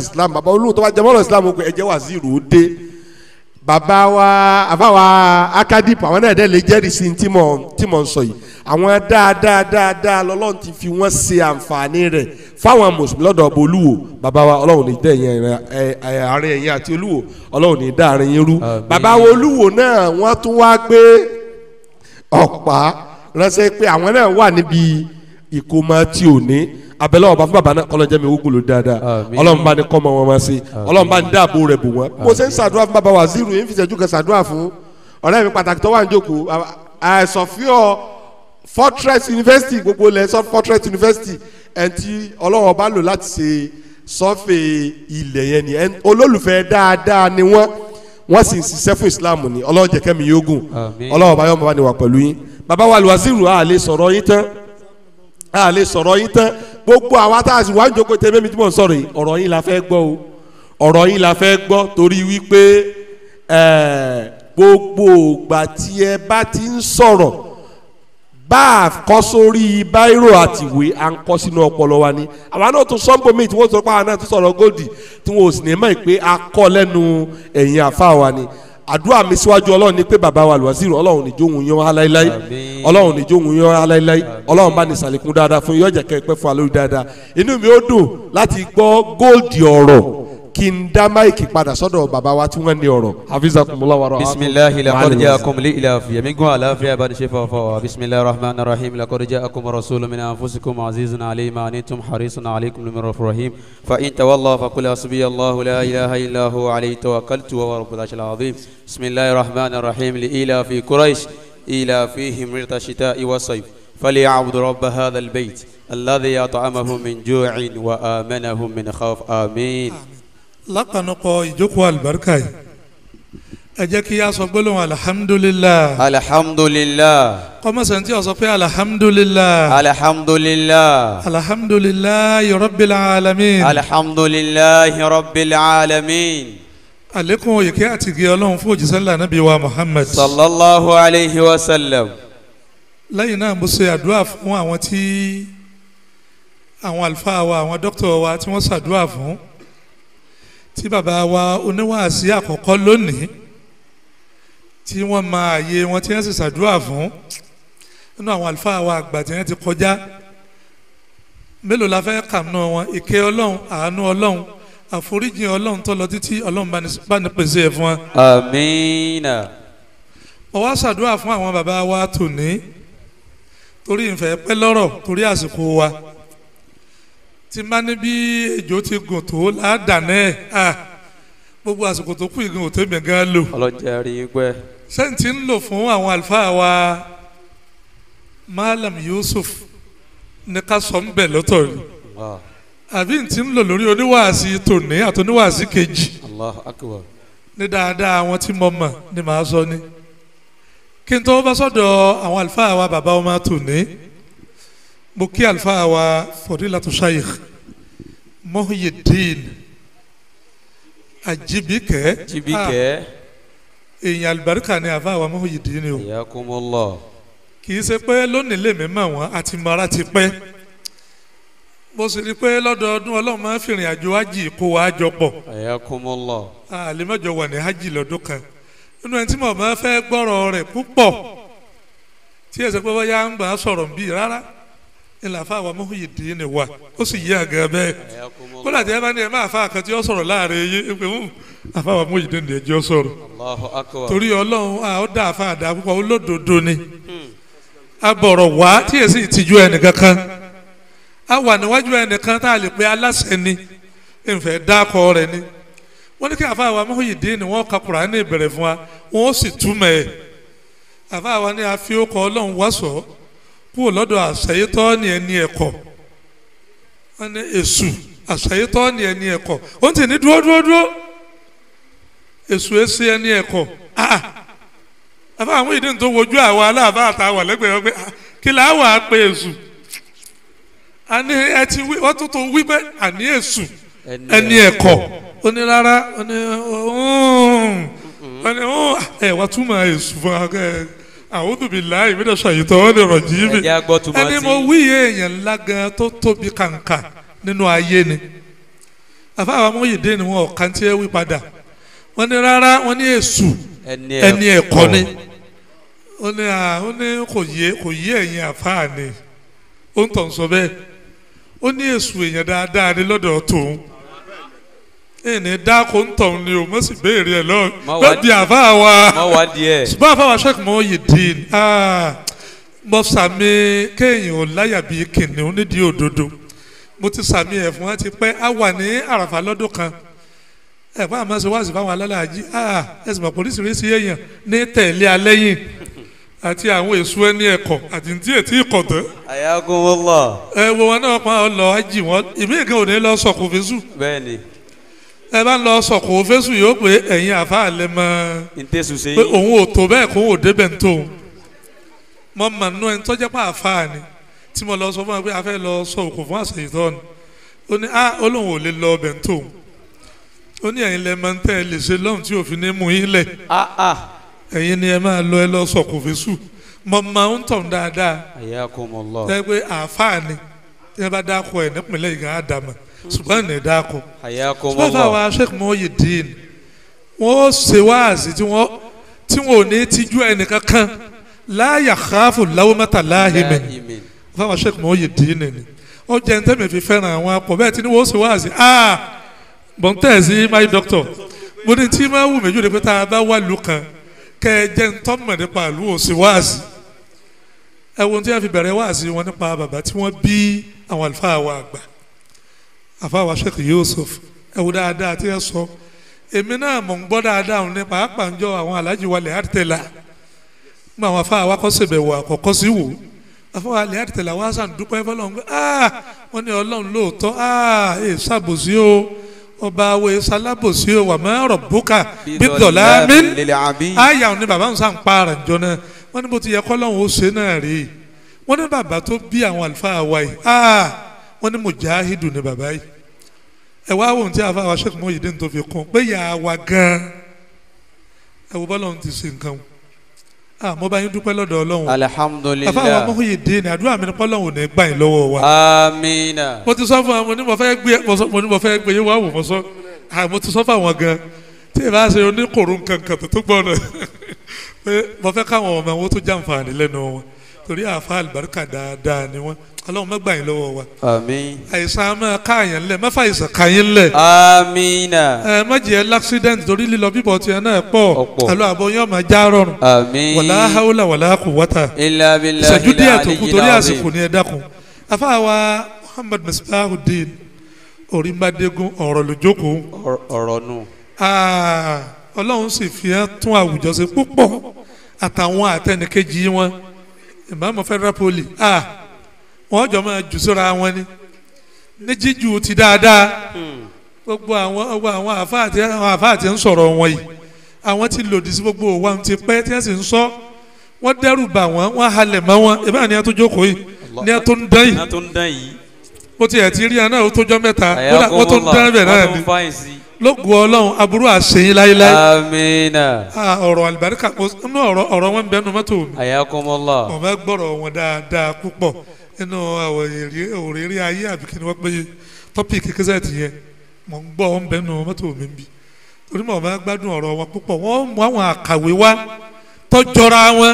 islam bàbá olúwo tó bá jẹmọ́rọ̀ islam ó pe ẹ̀jẹ̀ waziru ó dé Baba wa àbáwa akadip àwọn náà dẹ́ lè jẹ́rìí sí tí mò tí mò ń sọ yìí àwọn dáadáa dáadáa lọ́lọ́run ti fi wọ́n ṣe àǹfààní rẹ̀ fáwọn mùsùlùmí lọ́dọ̀ ọ̀bọ olúwo bàbá wa ọlọ́run ní dẹ́ yẹn àárín ẹ̀yìn àti olúwo ọlọ́run ní dá àárín yín rú bàbá wa olúwo náà wọ́n tún wá gbé ọ̀pá ránṣẹ́ pé àwọn náà wà níbi ìkómọ tí ò ní abẹ́lẹ́ ọba fún baba náà kọ́lọ́jẹ́ mi wúkú ló dáadáa ọlọ́run bá ní kọ́mọ wọn máa ṣe ọlọ́run bá ní dáàbò rẹ̀ bò wọ́n. mo ṣe ń ṣàdúrà fún baba waziru yìí ń fìṣẹ́jú kan ṣàdúrà fún ọ̀rẹ́ mi pàtàkì tó wà ní jòkó àìsàn fíọ́ Fortress University gbogbo ilẹ̀ sọ Fortress University ẹni tí ọlọ́run ọba lò láti ṣe sọ́fẹ̀ ilẹ̀ yẹn ni olólùfẹ́ dáadáa ni wọ́n wọ́n sì ń ṣiṣẹ́ fún Islam ni ọlọ́run jẹ̀kẹ́ mi yóò gùn ọlọ́run ọba yóò ní wà pẹ̀lú yín baba wa Waziri a lè sọ̀rọ̀ yín tán a lè sọ̀rọ̀ yín tán gbogbo àwa tá a sì wá jókòó tẹ́ mẹ́mi tí mò ń sọ̀rọ̀ yìí ọ̀rọ̀ yín la fẹ́ gbọ́ o ọ̀rọ̀ yín la fẹ́ gbọ́ torí wípé gbogbo ògbà tí ẹ bá ti ń sọ̀rọ̀ bá a kọ́ sórí báírò àtìwé à ń kọ́ sínú ọpọlọ wa ni àwa náà tún sọ́ńgbò míì tí wọ́n sọ pé àwa náà tún sọ̀rọ̀ góòdì tí wọ́n ò sì ní mọ̀ pé a kọ́ lẹ́nu ẹ̀yìn àfa wa ni àdúrà mi síwájú ọlọ́run ni pé bàbá wa Alwaziri ọlọ́run níjó ń yan aláìláì ọlọ́run níjó ń yan aláìláì ọlọ́run bá ní sàlékún dáadáa fún yọjà kẹ́ẹ̀pẹ́ fún alórí dáadáa inú mi ó dùn láti gbọ́ góòdì ọ̀rọ̀ kí n dá máìkì padà sọ́dọ̀ bàbá wa tí wọ́n ní ọ̀rọ̀ hafizakumullah wa rahmatulahi. bisimilahi lakọrọ jẹ akumuli ila fiyami gun alaafiya bani sefa fọ bisimilahi rahman rahim lakọrọ jẹ akumọ rasulu mina anfusikum azizun alayhi ma ni tum harisun alaykum lumina rahim fa in tawalla fa kula subiya allahu la ilaha illahu alayhi tawakkaltu wa rabbul ashal azim bisimilahi rahman rahim li ila fi quraish ila fihim rita shita'i wa sayf فليعبد رب هذا البيت الذي أطعمهم من جوع وآمنهم من خوف آمين, آمين. lápánukọ ìjókòó àlùbáríkà yìí ẹ jẹ́ kí a sọ gbólóhùn alihamudulilayi. alihamudulilayi. kọ́mọ̀sẹ̀ntì ọ̀sọ́ pé alihamudulilayi. alihamudulilayi. alihamudulilayi rọ́bìlì alamin. alihamudulilayi rọ́bìlì alamin. àlékún òyìnbó àti ìgbé ọlọ́run fún òjíṣẹ́ ńlá nàbí wa muhammad. sallallahu alayhi wa sallam. lẹ́yìn náà mo ṣe àdúrà fún àwọn tí àwọn àlùfáà wa àwọn dókítà wa tí wọ́n ṣàdúrà fún tí bàbá wa oníwàásí àkọ́kọ́ lónìí tí wọ́n máa yé wọn tí wọ́n sì ṣàdúrà fún nínú àwọn àlùfáà wa àgbà tí wọ́n ti kọjá mélòó la fẹ́ kà nù wọn ìkẹ́ ọlọ́run àánú ọlọ́run àforíjì ọlọ́run tó lọ títí ọlọ́run bá ní pèsè ẹ̀ fún wa. amiina. mo wá ṣàdúrà fún àwọn bàbá wa tòní torí ìfẹ́ pẹ́ lọ́rọ̀ torí àsìkò wa tí má ní bí ejò ti gùn tó ládàáná ẹ̀ gbogbo àsìkò tó kù ìgbìmọ̀ tó mẹ̀ gan lò. ọlọ́jà rí i gbẹ́. sẹ́ǹtì ń lò fún àwọn àlùfáà wa Malam Yusuf ní ká sọ ń bẹ̀ lọ́tọ̀ ni àbí n ti ń lò lórí oníwàásí tòní àti oníwàásí kejì ní dáadáa àwọn tí mo mọ̀ ni màá sọ ni kí n tó bá sọ̀dọ̀ àwọn àlùfáà wa bàbá ọmọ tòní mo kí àlùfáà wa fòdílàtú Shaykh Muhyiddin àjibikẹ́ àjibikẹ́ ah, èèyàn àlùbáríkà ni àfa wa Muhyiddin o. Iyakumullah. kì í ṣe pé lónìí lèmi mà wọ́n àti mara ti pẹ́ mo sì rí i pé lọ́dọọdún ọlọ́run máa ń fìrìn àjò ájì kó wa jọ pọ̀. Iyakumullah. àlè mẹ́jọ wà ní ájì lọ́dún kan nínú ẹni tí mo máa fẹ́ gbọ́rọ̀ rẹ̀ púpọ̀ tí ẹ pé bóyá ń gbà sọ̀rọ̀ bíi rárá ńlá fa àwọn Muhyiddin wà ó sì yí àga bẹ́ẹ̀ kódà tí ẹ bá ní ẹ máa fa àkàtì ọ sọ̀rọ̀ láàrin yín ẹ pé mú hmm, àfa àwọn Muhyiddin ní ẹjọ́ sọ̀rọ̀ torí ọlọ́run a ó dá àfa àdá púpọ̀ olódodo ni abọ̀rọ̀ wá tí èsì ìtìjú ẹnìkan kan a wà níwájú ẹnìkan tá a lè pe aláṣẹ ni ìfẹ́ dákọ̀ rẹ̀ ni wọ́n ní kí àfa àwọn Muhyiddin wọ́n ka Kùránì ìbẹ̀rẹ̀ fún wa wọ́n sì túmọ̀ ẹ̀ àfa àwọn ni a fi ó kọ ọlọ́run wá sọ̀ọ́ kúrò lọ́dọ̀ àṣàyétọ́ ni ẹni ẹ̀kọ́ wọ́n esu èṣù ni ẹni ẹ̀kọ́ ó ń tì ní dúró dúró dúró èṣù ẹni ẹ̀kọ́ ah, ah. àfa àwọn ìdí tó wojú àwa aláàbá àtàwà lẹ́gbẹ̀ẹ́ wọn pé ah, kí là á wà á pé èṣù àní ẹ ti wí wọ́n tuntun wí pé àní èṣù ẹni ẹ̀kọ́ ó ní rárá ó ní ó ní ah, fún akẹ́kẹ́. a'udhu billahi minash shaitani rajim ẹni mo wí èèyàn ńlá gan tó tóbi kàǹkà nínú ayé ni àfàwọn amóyèdè ni wọn ọ̀kan tí ẹ wí padà wọn ní rárá wọn ní èṣù ẹni ẹ̀kọ́ ni ó ní à ó ní kò yé kò yé ẹ̀yin àfáà ni ó ń tọ̀ ń sọ bẹ́ẹ̀ ó ní èṣù èèyàn dáadáa ni lọ́dọ̀ tòun ìní dáko ń tàn ni o mo sì béèrè ẹ lọ bẹ́ẹ̀ di àfa wa ṣùgbọ́n àfa wa ṣẹ́kù mọ́ yìí dín mo sàmì kéèyàn ò láyà bíi kìnìún nídìí òdodo mo ti sàmì ẹ̀ fún wa ti pẹ́ a wà ní àràfà lọ́dún kan ẹ̀fọ́ àmọ́ ṣe wá sí fáwọn alálàájì ah, ẹ̀sìn mọ̀ oríṣiríṣi èèyàn ní tẹ̀lé alẹ́ yìí àti àwọn èso ẹni ẹ̀kọ́ àti ní ètí ìkọ̀tẹ́. àyà kò wọ́n lọ. ẹ wo wọn náà pa ọ lọ ájì wọn ìmí ìkan ò ní lọ sọkùnfẹ́sù. bẹ́ẹ̀ni ẹ bá ń lọ sọkún fésù yóò pé ẹ̀yin àfa àlẹ mọ pé òun ò tó bẹ́ẹ̀ kó òun ò débẹ̀ ń tó òun mo mà nù ẹni tọ́jà pa àfa ni tí mo lọ sọ fún wa pé a fẹ́ lọ sọ òkun fún àṣeyìí tọ́ ni ó ní a olóhùn ò lè lọ ọbẹ̀ ń tó òun ó ní ẹ̀yin lẹ máa ń tẹ́ ẹ lè ṣe lọ́hùn tí òfin ní mú yín lẹ̀ ẹ̀yin ni ẹ máa lọ ẹ lọ sọkún fésù mo máa ń tọ̀ dáadáa ẹ pé àfa ni ẹ bá dákọ̀ ẹ̀ nípìnlẹ̀ ìgbà ṣùgbọ́n ní dákun ṣùgbọ́n fáwọn Sheikh Muyideen wọ́n ṣe wáàzì tí wọ́n tí wọn ò ní tijú ẹnìkan kan láàyà káfù láwùmọ́tà láàhìmẹ̀ fáwọn Sheikh Muyideen ni ó jẹ́ ní tẹ́mi fi fẹ́ràn àwọn akọ bẹ́ẹ̀ tí wọ́n ṣe wáàzì ah bọ́ńtẹ́ẹ̀sì my doctor mo ní tí máa wù méjì ni pé tá a bá wà lù kan kẹ́ ẹ jẹ́ ń tọ́mọ̀ nípa àlù òsì wáàzì ẹ wo ohun tí wọ́n fi bẹ̀rẹ̀ wáàzì wọn nípa bàbá tí wọ́n bí àwọn àlùfáà wa àgbà àfàwà Sheikh Yusuf ẹ̀wù dáadáa tí ẹ sọ èmi náà mọ̀ ń gbọ́ dáadáa òun ní pàápàá ń jọ àwọn aláàjì wa lè àtẹ̀là nígbà àwọn afáwa kọ́ síbẹ̀ wọ àkọ́kọ́ sí wò afáwa lè àtẹ̀là wá sàn dúpẹ́ fọlọ́run pé ah wọ́n ní ọlọ́run lóòótọ́ ah èè sàbòsí o ọba awo sálábòsí o wà má rọ̀ bùkà bídọ̀lá mi àyà òun ní bàbá ń sàn pa ara jọ náà wọ́n ní bó ti yẹ kọ́lọ́run ó ṣe náà rèé wọ́n ní bàbá tó bí àwọn àlùfáà wa yìí ah wọ́n ní mujahidu ni bàbá yìí ẹ wá wò tí àfa àwọn Sheikh Muyideen tó fi kún pé yà á wa gan ẹ wò bọ́lá ti ṣe nǹkan o ah mo bá yín dúpẹ́ lọ́dọ̀ ọlọ́run alhamdulilayi àfa àwọn Muyideen ni àdúrà mi ni kọ́lọ́run ò ní gbà yín lọ́wọ́ wa amiina mo ti sọ fún wa mo ní mo fẹ́ gbé mo ní mo fẹ́ gbé yín wá wò mo sọ ah mo ti sọ fún àwọn gan tí ì bá ṣe oníkòrò nǹkan kan tó tó gbọ́dọ̀ *laughs* pé mo fẹ́ káwọn ọmọ wọn tó jàǹfààní lẹ́nu wọn torí àfa àlùbáríkà dáadáa ni wọ́n ọlọ́run mẹ́gbà yín lọ́wọ́ wa. àmín. àìsàn a máa ká àyàn lẹ̀ mẹ́fà àìsàn ká yín lẹ̀. àmínà. ẹ má jẹ́ l'accident torí lílọ bíbọ̀ tiẹ̀ náà pọ̀. ọ̀pọ̀ àlọ́ àbọ̀ yóò máa já rọrùn. àmín. wàlá haúlà wàlá quwwata. ilà bílà ìṣẹ́jú díẹ̀ tó kù torí àsìkò ni ẹ dákun. afáwa Muhammad Misbahuddin ọ̀rọ̀ lójókòó. ọ̀rọ̀ nù. ọlọ́run sì fi tún àwùjọ ṣe púpọ̀ àtàwọn àtẹnìkejì wọn ìmáàmù federal poli ah wọ́n jọ máa jù sóra wọn ni ní jíjù ti dáadáa hmm. gbogbo àwọn gbogbo àwọn àfáà tí àwọn àfáà tí ń sọ̀rọ̀ wọn yìí àwọn ti lòdì sí gbogbo òwa ti pẹ́ tí wọ́n sì ń sọ wọ́n dẹ́rù bà wọ́n wọ́n halẹ̀ mọ́ wọn ìbára ni a tó jókòó yìí ni a tó ń dán yìí bó ti ẹ̀ ti rí aná ó tó jọ mẹ́ta wọ́n tó ń dán bẹ̀ náà ni lóògùn ọlọ́run aburú àṣeyín láéláé. amiina. ọ̀rọ̀ alibarika inú ọ̀rọ̀ ọ̀rọ̀ wọn bẹnu mọ́tò mi. ayakumullah. mo máa gbọ́rọ̀ wọn dáadáa púpọ̀ nínú àwọn òrèrè ayé àbíkí ni wọ́n pé tọ́pìkì kẹsẹ̀tì yẹn mo ń gbọ́ wọn bẹnu mọ́tò mi bí torí mo máa gbádùn ọ̀rọ̀ wọn púpọ̀ wọ́n mú àwọn àkàwé wá tọ́jọ́ra wọn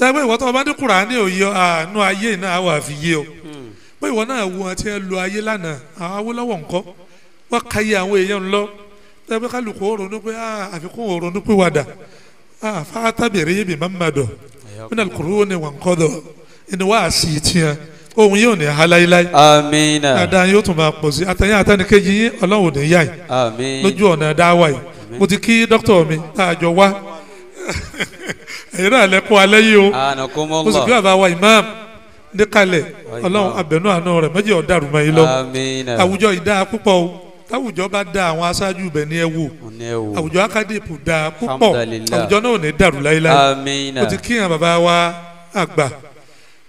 dábẹ́ ìwọ́n tó o bá ní Kùránì òye àánú ayé náà wà fi yé o hmm. pé ìwọ náà wo àti ẹ lo ayé lánàá àwọn Awólọ́wọ̀ nǹkan wọ́n ka yé àwọn èèyàn lọ ẹgbẹ́ kálukú òrònú ah, àfikún òrònú pé wàdà fáátà bèrè yé mi má má dọ̀ mina kúrò kọ́ dọ̀ ẹni wá sí tiẹ̀ ohun yóò ní ha amiina. dáadáa yóò tún máa pọ̀ sí àtẹ̀yìn àtẹnìkejì ọlọ́run ní yá amiina. lójú ọ̀nà dáwà yìí mo ti kí dókítà mi tá a jọ wá ẹ̀yin náà lẹ́kún alẹ́ yìí o mo sì kí bàbá wa imam níkàlẹ̀ ọlọ́run abẹnú àánú rẹ̀ méjì ọ̀dàrúmọ̀ yìí lọ àwùjọ ìdá púpọ̀ o táwùjọ bá da àwọn aṣáájú ibẹ̀ ní ẹ wò àwùjọ akadéèpù da púpọ̀ àwùjọ náà ò ní dàrú láéláé ó ti kíyàn bàbá wa àgbà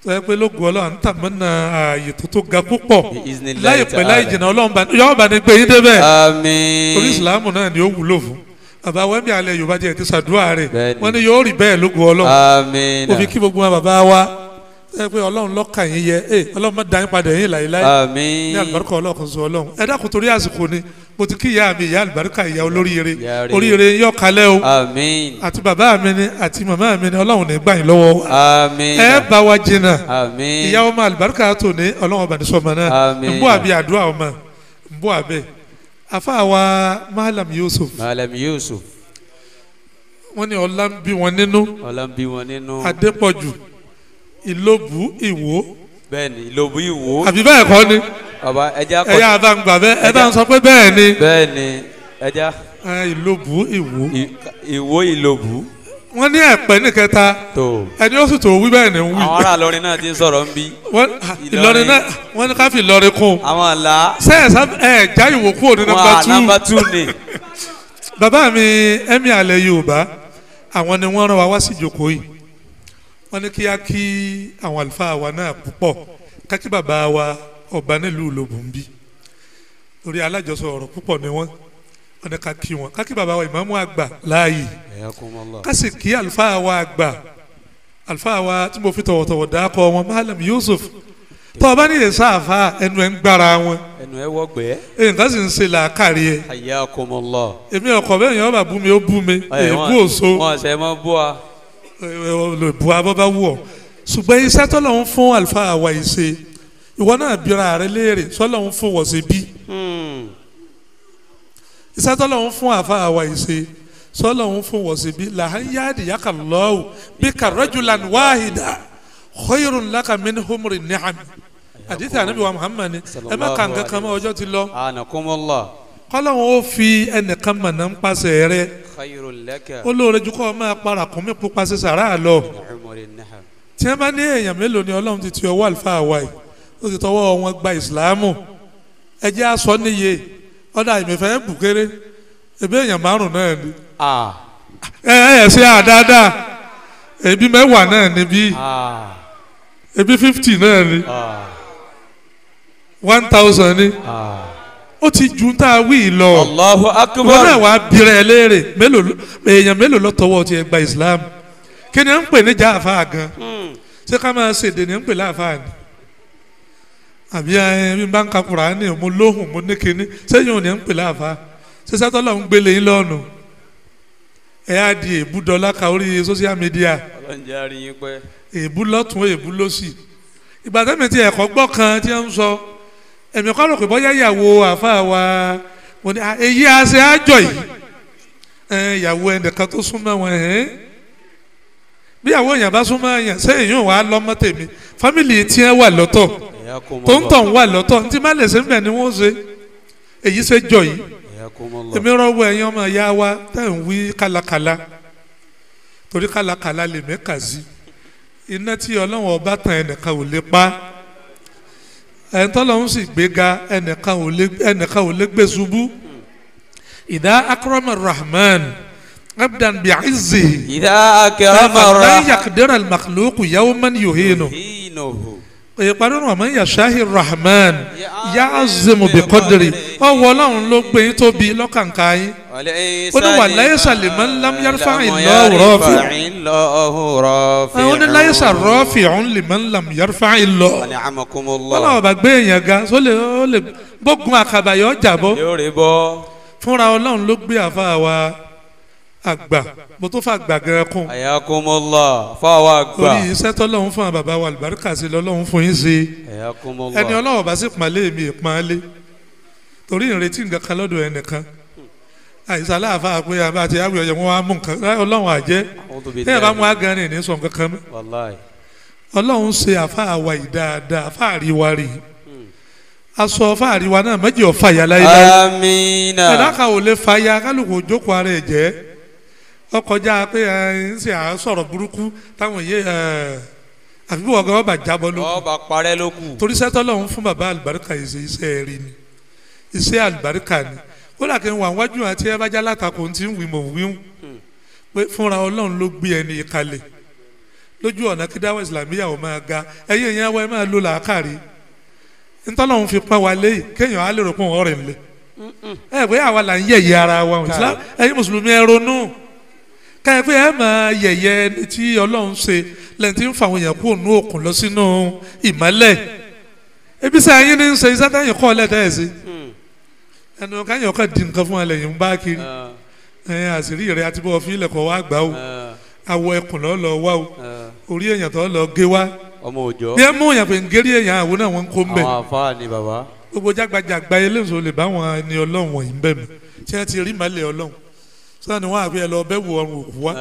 tó yẹ pé lóògùn ọlọ́run tàbí na ààyè tó tó ga púpọ̀ láìpẹ́ láì jìnnà ọlọ́run bá yọ̀ọ́ bá ní gbé yín débẹ̀ orí ìsìlámù náà ni ó wúlò fún bàbá wẹ́mí alẹ́ yorùbá jẹ́ ti ṣàdúrà rẹ̀ wọ́n ní yóò rí bẹ́ẹ̀ lóògùn ọlọ́run òfin kí gbogbo bàbá wa ẹ pé ọlọ́run lọ́kàn yín yẹ ẹ ọlọ́run má dání padà yín láyéláyé àmín ní àlùbáríkà ọlọ́run sọ ọlọ́run ẹ dákun torí àsìkò ni mo ti kí mi ìyá àlùbáríkà ìyá olóríire oríire yín ọ̀kalẹ́ o àti bàbá mi ni àti màmá mi ni ọlọ́run ní gbà yín lọ́wọ́ ẹ bá wa jìnnà ìyá ọmọ àlùbáríkà tó ní ọlọ́run ọba nìṣọ́ ọmọ náà nbọ́ àbí àdúrà ọmọ nbọ́ àbẹ́ àfa wa Malam Yusuf Malam Yusuf wọ́n ní ọlá ń bí wọn nínú ọlá ń bí wọn nínú Adépọ̀jù ìlóbù ìwò. bẹ́ẹ̀ni ìlóbù ìwò. àbí bẹ́ẹ̀ kọ́ ni. bàbá ẹja kọ́ ẹja bá ń gbà bẹ́ẹ̀ ẹ bá ń sọ pé bẹ́ẹ̀ ni. bẹ́ẹ̀ni ẹja. ìlóbù ìwò. ìwò ìlóbù. wọ́n ní ẹ̀pẹ́ ní kẹta. tó ẹni ó sì tó wí bẹ́ẹ̀ ni wí. àwọn ará Ìlọrin náà ti ń sọ̀rọ̀ ń bí. Ìlọrin náà wọ́n ní ká fi Ìlọrin kún. àwọn àlá. sẹ́ẹ̀sá ẹ̀ já ìwò kúrò ní nọ́mbà tú. wà nọ́mbà tú ni. *laughs* bàbá mi ẹ̀mí alẹ́ Yorùbá àwọn ni wọ́n rán wa wá sí ìjókòó yìí wọ́n ní kí á kí àwọn àlùfáà wa náà púpọ̀ kákí bàbá wa ọba nílùú lòbùn bí torí alájọsọ ọ̀rọ̀ púpọ̀ ni wọ́n wọ́n ní ká kí wọn kákí bàbá wa ìmáàmù àgbà láàyè kásì kí àlùfáà wa àgbà àlùfáà wa tí mo fi tọ̀wọ̀tọ̀wọ̀ dá kọ wọn Malam Yusuf tọ́ ọ bá ní ìrẹsà àfa ẹnu ẹ̀ ń gbára wọn. ẹnu ẹ wọgbẹ. èyí nǹkan sì ń ṣe làákàrí ẹ. àyà èmi ọkọ̀ bẹ́ẹ̀ yẹn ọba bú mi ó bú mi èébú òso. wọn ọ̀sẹ̀ mọ́ bú wa bu abọ́ bá wù ọ́ ṣùgbọ́n iṣẹ́ tọ́lọ́hún fún àlùfáà àwa ìṣe ìwọ náà bíra rẹ léèrè tọ́lọ́hún fún wọ́n ṣe bí hmm. iṣẹ́ tọ́lọ́hún fún àlùfáà àwa ìṣe tọ́lọ́hún fún wọ́n ṣe bí làhányáàdì yàkàlọ́wù bí kàrọ́jùlan wáhìdá khayrun laka min humri ni'am àdìsí ànábì wa muhammad ẹ má kàǹkà kan mọ́ ti lọ. ànàkúmọ́lá kọ́lọ́hún ó fi ẹnìkan mọ̀nà ń pàṣẹ rẹ olóore ju kọ́ ọ máa para kún mi pupa ṣe sàrà lọ tí wọ́n bá ní èèyàn mélòó ni ọlọ́run ti ti ọwọ́ àlùfáà wa yìí ó ti tọwọ́ wọn gba ìsìláàmù ẹ jẹ́ aṣọ níye ọ̀dà ìmẹ̀fẹ́ bùkéré ẹbí èèyàn márùn náà ni ẹ ẹ ṣe àdáadáa ẹbí mẹ́wàá náà ni bí ẹbí fifty náà ni one thousand ni ó ti ju tá a wí lọ. Allahu akbar. wọn náà wàá bìrẹ̀ léèrè èèyàn mélòó lọ́tọ̀wọ́ ti gba Islam kí ni à ń pè ní jáfa gan hmm. ṣé ká máa ṣèdè ni à ń pè láfa ni àbí ẹ bí n bá ń ka Kùránì mo lóhùn mo ní kinní sẹ́yìn òní à ń pè láfa ṣé sátọ́lá ń gbélé yín lọ́nu ẹ á di èbú dọ́là ka orí social media èbú lọ́tún èbú lọ́sì ìgbà tẹ́mi ti ẹ̀kọ́ gbọ́ kan tí wọ́n ń sọ. So èmi kọ́ ló pé bọ́yá ìyàwó àfa wa mo ní èyí àṣẹ àjọ yìí ìyàwó ẹnìkan tó súnmọ́ wọn ẹ̀ bí àwọn èèyàn bá súnmọ́ èèyàn ṣé èèyàn wà á lọ́mọ tèmi fámìlì tiẹ̀ wà lọ́tọ̀ tó ń tàn wà lọ́tọ̀ ntí má lè ṣe ń bẹ̀ ni wọ́n ṣe èyí ṣe jọ yìí èmi rọ́wọ́ ẹ̀yin ọmọ ìyá wa tẹ̀ ń wí kàlàkàlà torí kàlàkàlà lè mẹ́kà sí iná tí ọlọ́wọ́n ọba tàn ẹnìkan ò lè pa ẹnitọ́lọ́hún sì gbéga ẹnìkan ò lè gbé ṣubú ìdá akrama rahman abdan bi izzi ìdá akrama rahman ẹnìkan yàkùdẹ́rẹ́ al-makhluqu yawman yuhinu ìparí ọ̀nà àmọ́ yashahi rahman ya'zimu bi ọwọ́ ọlọ́run ló gbé yín tóbi lọ́kànkà yín ó ní wà láyésà liman lam yarfa illahu rafi àwọn ní láyésà rafi'un liman lam yarfa illahu wọn làwọn bá gbé èèyàn ga ó lè gbógun àkàbàyọ jàbọ fúnra ọlọ́run ló gbé àfa wa àgbà mo tó fà gbà gẹrẹ kún. ayakumullah fáwọn àgbà. orí iṣẹ́ tọ́lọ́hún fún bàbá wa àlùbáríkà sí lọ́lọ́hún fún yín sí. ayakumullah ẹni ọlọ́wọ́ bá sì pàlẹ́ mi ìpàlẹ́ torí ìrètí nǹkan kan lọ́dọ̀ ẹnìkan àìsàn aláàfáà pé àbá àti àwùjọ yẹn wọn wá mú nǹkan láyé ọlọ́run àjẹ́ ẹ bá mú agánrin ní sọ nǹkan kan mọ́ ọlọ́run ṣe àfáà wa yìí dáadáa àfáà rí wa rí hmm. aṣọ àfáà rí wa náà méjì ọ̀fà yà láyé láyé àmín ẹ̀dá kan ò lè fa ya kálukú òjókòó ara ẹ̀ jẹ́ ọkọjá pé ẹ ń ṣe à burúkú táwọn yé ẹ àbí ọba jábọ́ ló torí sẹ́tọ́ lọ́hún fún bàbá àlùbáríkà iṣẹ́ ó là kí n wà wájú àti ẹ bá já látakò tí ń wí mọ̀ wíwú hmm. pé fúnra ọlọ́run ló gbé ẹni kalẹ̀ lójú ọ̀nà kí dáwọ́ ìsìlámíyà ò máa ga ẹ̀yin èèyàn wa ẹ máa lo làákàrí ntọ́lọ́run fi pọ́n wa léyìí kéèyàn á lè rò pé òun ọ̀rẹ́ ńlẹ̀ hmm. ẹ pé àwa là ń yẹ̀yẹ́ ara wa ìsìlámù ẹ̀yin mùsùlùmí ẹ ronú káyọ̀pé ẹ máa yẹ̀yẹ́ ẹni tí ọlọ́run ṣe lẹ́yìn tí ń fa àwọn èèyàn kúrò ní òkun lọ sínú ìmọ́lẹ̀ ebi sẹ́ ni ní ń ṣe iṣẹ́ tẹ́yìn kọ́ ọ̀lẹ́tẹ̀ẹ́sì hmm ẹnu káyọ̀ ká di nǹkan fún alẹ́ yìí ń bá kiri ah. àṣírí rẹ̀ àti bọ́ fílẹ̀ kọ́ wá gbà o awọ ah. ẹkùn lọ́ lọ wá o ah. orí èèyàn tó lọ gé wá ọmọ òjọ́ bí ẹ mú èèyàn pé ń gérí èèyàn àwọn náà wọ́n ń kó ń bẹ̀. àwọn àfáà ni bàbá. gbogbo jágbajàgba eléso lè bá wọn ẹni ọlọ́run wọ̀nyí bẹ̀ mí tí wọ́n ti rí màálẹ̀ ọlọ́run sọ́dọ̀ ni wọ́n àgbé ẹ lọ ọbẹ̀ wo ọrùn òkú wa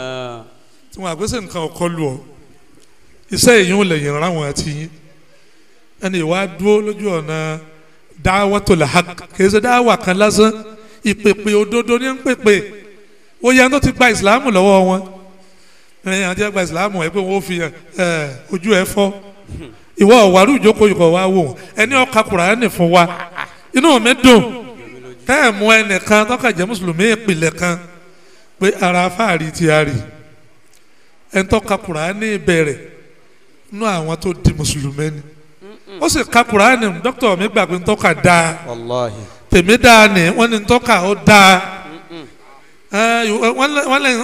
tí wọ́n àgbé sẹ́ nǹkan ọkọ lu ọ iṣẹ́ èyí ò lè yẹn àti yín ẹni ìwà lójú ọ̀nà da'watul haqq kì í ṣe dáwà kan lásán ìpèpè òdodo ní ń pèpè ó yẹ kó ti gba ìsìláàmù lọ́wọ́ wọn ẹ̀yìn àti ẹgbà ìsìláàmù ẹ̀ pé wọ́n fi ojú ẹ̀ fọ́ ìwọ ọ̀wárù ìjókòó ìkọ̀ wa wò ẹni ó ka Kùránì fún wa inú mi dùn tẹ́ẹ̀mù ẹnìkan tọ́ka mùsùlùmí ìpìlẹ̀ kan pé ara fáàrí ti a rì ẹni tó ka Kùránì bẹ̀rẹ̀ inú àwọn tó di mùsùlùmí ni ó sì ka kuraani dókítà mi gbà pé ntọ́ka dáa tèmi dáa ni wọ́n daa ntọ́ka ó dáa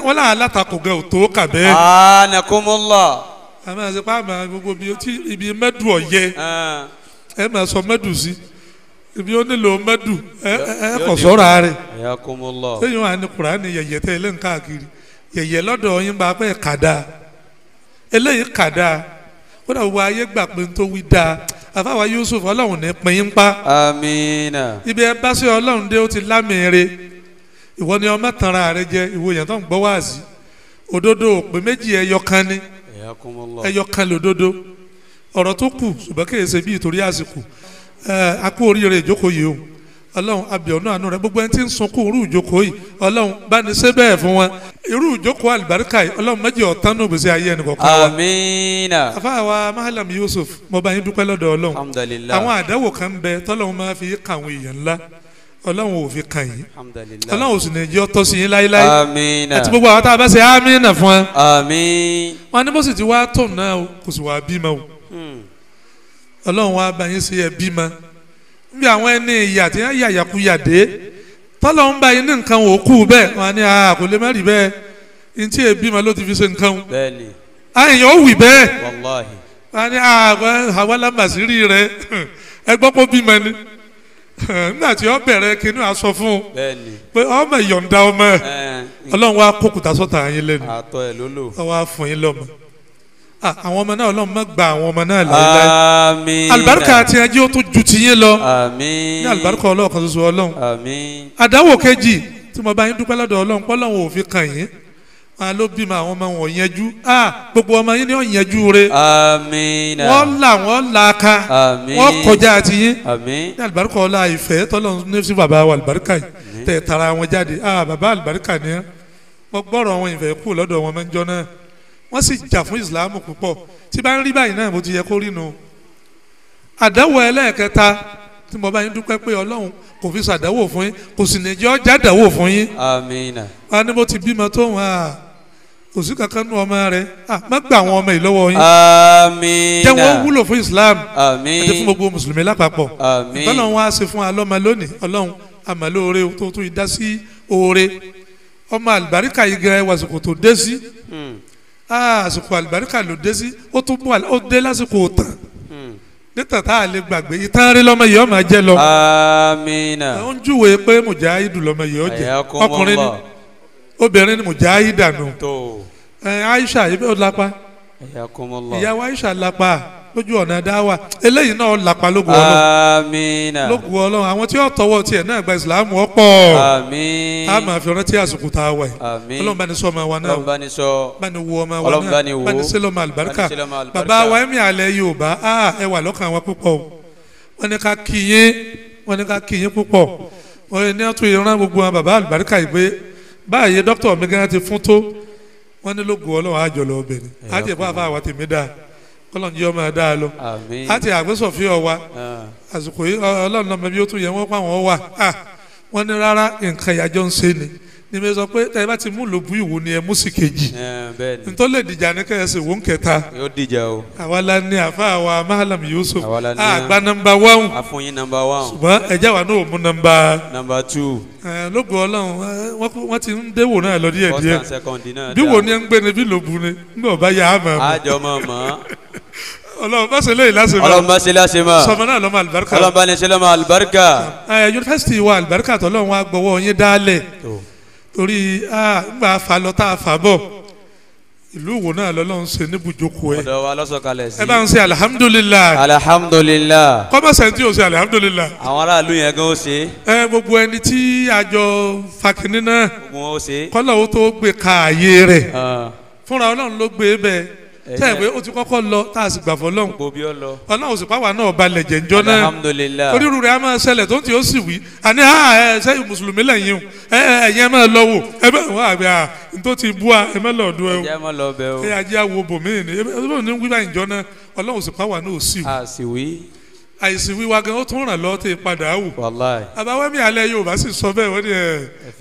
wọ́n lé alátakò gẹ̀ ò tó kà bẹ́ẹ̀. anakumula. àmì àsèpá gbogbo ibi mẹ́dù ọ̀yẹ́ ah. ẹ máa sọ mẹ́dù si ibi ó nílò mẹ́dù ẹ kò sọ́ra rẹ̀ sẹ́yìn wà ní kuraani yẹ̀yẹ̀ tẹ́ ilé nǹkan kiri yẹ̀yẹ̀ yín bá pẹ́ kàdá eléyìí kàdá ayé gbà pé dáa. àfàwà Yusuf Ọlọ́run ní pín pa. amiina. ibi ẹ bá sí Ọlọ́run dé ó ti lámìire ìwọ ni ọmọ tanra rẹ jẹ ìwọ yẹn tó ń gbọ́ wáàzì òdodo òpè méjì ẹyọ kan ni ẹyọ kan lòdodo ọ̀rọ̀ tó kù ṣùgbọ́n kì í ṣe bí ìtorí àsìkò ẹ a oríire ìjókòó yìí o ọlọ́run abiyọ̀nù àánú rẹ gbogbo ẹni tí ń sunkún irú ìjókòó yìí ọlọ́run bá ní ṣe bẹ́ẹ̀ fún wọn irú ìjókòó àlùbáríkà yìí ọlọ́run méjì ọ̀tán náà gbèsè ayé ẹnì kọ̀ọ̀kan wa. amiina. afa mahalam yusuf mo yín dúpẹ́ lọ́dọ̀ ọlọ́run àwọn àdáwò kan bẹ tọ́lọ́run máa fi kàwọn èèyàn ńlá ọlọ́run ò fi kàn yín ọlọ́run sì ní jẹ́ ọtọ́ sí yín láéláé hmm. ọlọ́run wá bá yín ṣe ẹ bímọ bí àwọn ẹni ìyà tí wọ́n yà yàkuyà dé tọ́lọ̀ ń bá yín ní nǹkan wò kú bẹ́ẹ̀ wọn ni ah, kò lè má rí bẹ́ẹ̀ n tí èbí ma ló ti fi ṣe nǹkan o àyàn ó wì bẹ́ẹ̀ wọn ni ah, àwa lámàsírí rẹ *laughs* ẹ gbọ́ pé bímọ ni *laughs* nígbà tí ó bẹ̀rẹ̀ kinu aṣọ fún pé ọmọ ìyọ̀ǹda ọmọ ẹ ọlọ́run wa kókùtà sọ́tà yín lẹ́nu ọwọ́ á fún yín lọ́mọ. Ah, àwọn ọmọ náà ọlọ́run má gba àwọn ọmọ náà láéláé àmín àlùbáríkà àti ajé ó tó ju tiyín lọ àmín ní àlùbáríkà ọlọ́ọ̀kan ṣoṣo ọlọ́run àmín àdáwò kejì tí mo bá yín dúpẹ́ lọ́dọ̀ ọlọ́run pọ́lọ́run ò fi kàn yín máa ló bímọ àwọn ọmọ wọn yẹjú ah, gbogbo ọmọ yín ni wọn yẹjú re àmín wọn là wọn là ká àmín wọn kọjá àti yín àmín ní àlùbáríkà ọlá ìfẹ́ tọ́lọ́run ní sí bàbá wa àlùbáríkà yìí tẹ̀ tara wọn jáde ah, bàbá àlùbáríkà ni wọn gbọ́rọ̀ wọn ìfẹ́ kù lọ́dọ̀ wọn mẹ́jọ náà wọ́n sì jà fún ìsìláàmù púpọ̀ tí bá ń rí báyìí náà mo ti yẹ kó rí nu àdánwò ẹlẹ́ẹ̀kẹta tí mo bá yín dúpẹ́ pé ọlọ́run kò fi ṣàdánwò fún yín kò sì ní jẹ́ ọjà fún yín. àmín. wọ́n á mo ti bímọ tó wọn à kò sí kankan nú ọmọ rẹ à má gba àwọn ọmọ yìí lọ́wọ́ yín. àmín. jẹ́ wọ́n wúlò fún islam. àmín. àti fún gbogbo mùsùlùmí lápapọ̀. àmín. ìtọ́nà wọn á ṣe fún àsìkò àlùbáríkà ló dé sí ó tún mú ó dé lásìkò tán hmm. nítorí tá a lè gbàgbé ìtàn rí lọ́mọ yìí ó máa jẹ́ lọ. amiina. ó ń júwe pé mùjáhídù lọ́mọ yìí ó jẹ́ ọkùnrin ni obìnrin ni mùjáhídà nù. Aisha ibi ó lápá ìyàwó Aisha lápá lójú ọ̀nà dáwà eléyìí náà làpá lógo ọlọ́run àmín lógo ọlọ́run àwọn tí ó tọwọ́ tiẹ̀ náà gba ìsìlámù ọ̀pọ̀ àmín a máa fi rántí àsìkò tá a wà yìí ọlọ́run bá sọ ọmọ wa náà ọlọ́run bá sọ bá wo ọmọ wa náà bá ní ọmọ àlùbáríkà bàbá wa ẹ̀mí alẹ́ Yorùbá ẹ wà lọ́kàn wa púpọ̀ wọ́n ní ká kí yín wọ́n ká kí púpọ̀ wọ́n ní wọn ti lógo ọlọ́run àjọlọ ọbẹ̀ ni àfa àwọn tèmi dáa ọlọ́run jẹ́ ọmọ ẹ̀dá lọ àti àgbésọ̀fí ọ̀wá ah. àsìkò yìí ọlọ́run náà mẹ́bí ó tún yẹ wọ́n pa àwọn wà ah, wọ́n ní rárá nǹkan ìyàjọ́ ń ṣe ni ni mi sọ pé tẹ ẹ bá ti mú lòbú ìwò ni ẹ mú sí kejì ntọ́lẹ̀ dìjà ní kẹ́hẹ́sì wò ń kẹta yóò dìjà o àwa la ní àfa àwa mahalam yusuf àgbà nọmba wáhùn àfọyín nọmba wáhùn ṣùgbọ́n ẹ̀jẹ̀ wa náà mú nọmba nọmba tú. lógo ọlọ́run wọ́n ti ń déwò náà lọ díẹ̀ díẹ̀ bí wò ni ẹ ń gbé ni bí lòbú ni nígbà ọba yà á mọ̀ ọ́. àjọ mọ̀ mọ́ ọlọrun bá ṣe lè lásìmọ ọlọrun bá ṣe lásìmọ sọmọ náà lọmọ alibarika ọlọrun bá ní torí gbà fà lọ tá a fà bọ̀ ìlú wo náà lọ́lọ́run ṣe níbùjókòó ẹ. ọ̀dọ̀ wa lọ́sọ̀kalẹ̀ sí. ẹ bá ń ṣe alihamudulilayi. alihamudulilayi. kọ́mọ̀sẹ̀ tí ṣe alihamudulilayi. àwọn aráàlú yẹn gan ó ṣe. ẹ gbogbo ẹni tí àjọ fakini náà. gbogbo wọn ó ṣe. kọ́lọ̀ ó tó gbé ka àyè rẹ̀. fúnra ọlọ́run ló gbé e bẹ́ẹ̀ tẹ́ ẹ̀ pé ó ti kọ́kọ́ lọ tá a sì gbà fọ́ lọ́hùn ọlọ́run sì pàwọ́ náà balẹ̀ jẹ́ njọ́ náà onírúurú rẹ̀ á máa ṣẹlẹ̀ tó ń tí ó sì wí àní à ah, ẹ ṣe mùsùlùmí lẹ́yìn o ẹ ẹ̀yin ẹ máa lọ wò ẹ bẹ́ẹ̀ wọ́n àgbẹ̀ à tó ti bú a ẹ máa lọ dún ẹ o ẹ ajé àwo bòmíì ni ẹ bẹ́ẹ̀ ní wíwá ìjọ náà ọlọ́run sì pàwọ́ náà ò sì wí àìsí wíwá gan ó tún ràn lọ tẹ padà wò àbáwẹ́mí alẹ́ yorùbá sì sọ bẹ́ẹ̀ wọ́n ní ẹ̀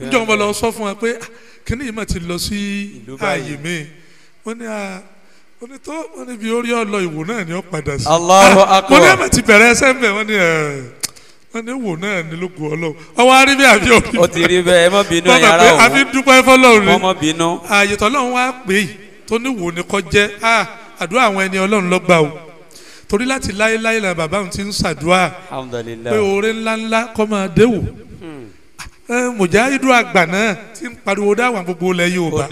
níjọ́ wọn lọ sọ fún wa pé ah, kíní yìí mà ti lọ sí ààyè mi wọ́n ní à ah, mo ní tó mo ní bí orí ọlọ ìwò náà ni ó padà sí. Allahu ah, akbar mo ní ẹ̀mẹ̀ ti bẹ̀rẹ̀ ẹsẹ̀ ń bẹ̀ wọ́n ní ẹ̀ eh, wọ́n ní wò náà ní lóko ọlọ́run ọwọ́ arí bí àbí òbí. o ti rí bẹ́ẹ̀ ẹ mọ̀ bínú yàrá òun àbí dúpẹ́ fọlọ́run ni ọmọ bínú. ààyè tọ́lọ́run wá pè é tó ní wò ní kọ́ jẹ́ ah, àdúrà àwọn ẹni ọlọ́run lọ́gbà o torí láti láéláé la bàbá òun ti ń ṣàdúrà pé oore ńláńlá kọ́ máa dé wò mùjáhídù hmm. eh, àgbà náà ti ń pariwo dáwà gbogbo ilẹ̀ Yorùbá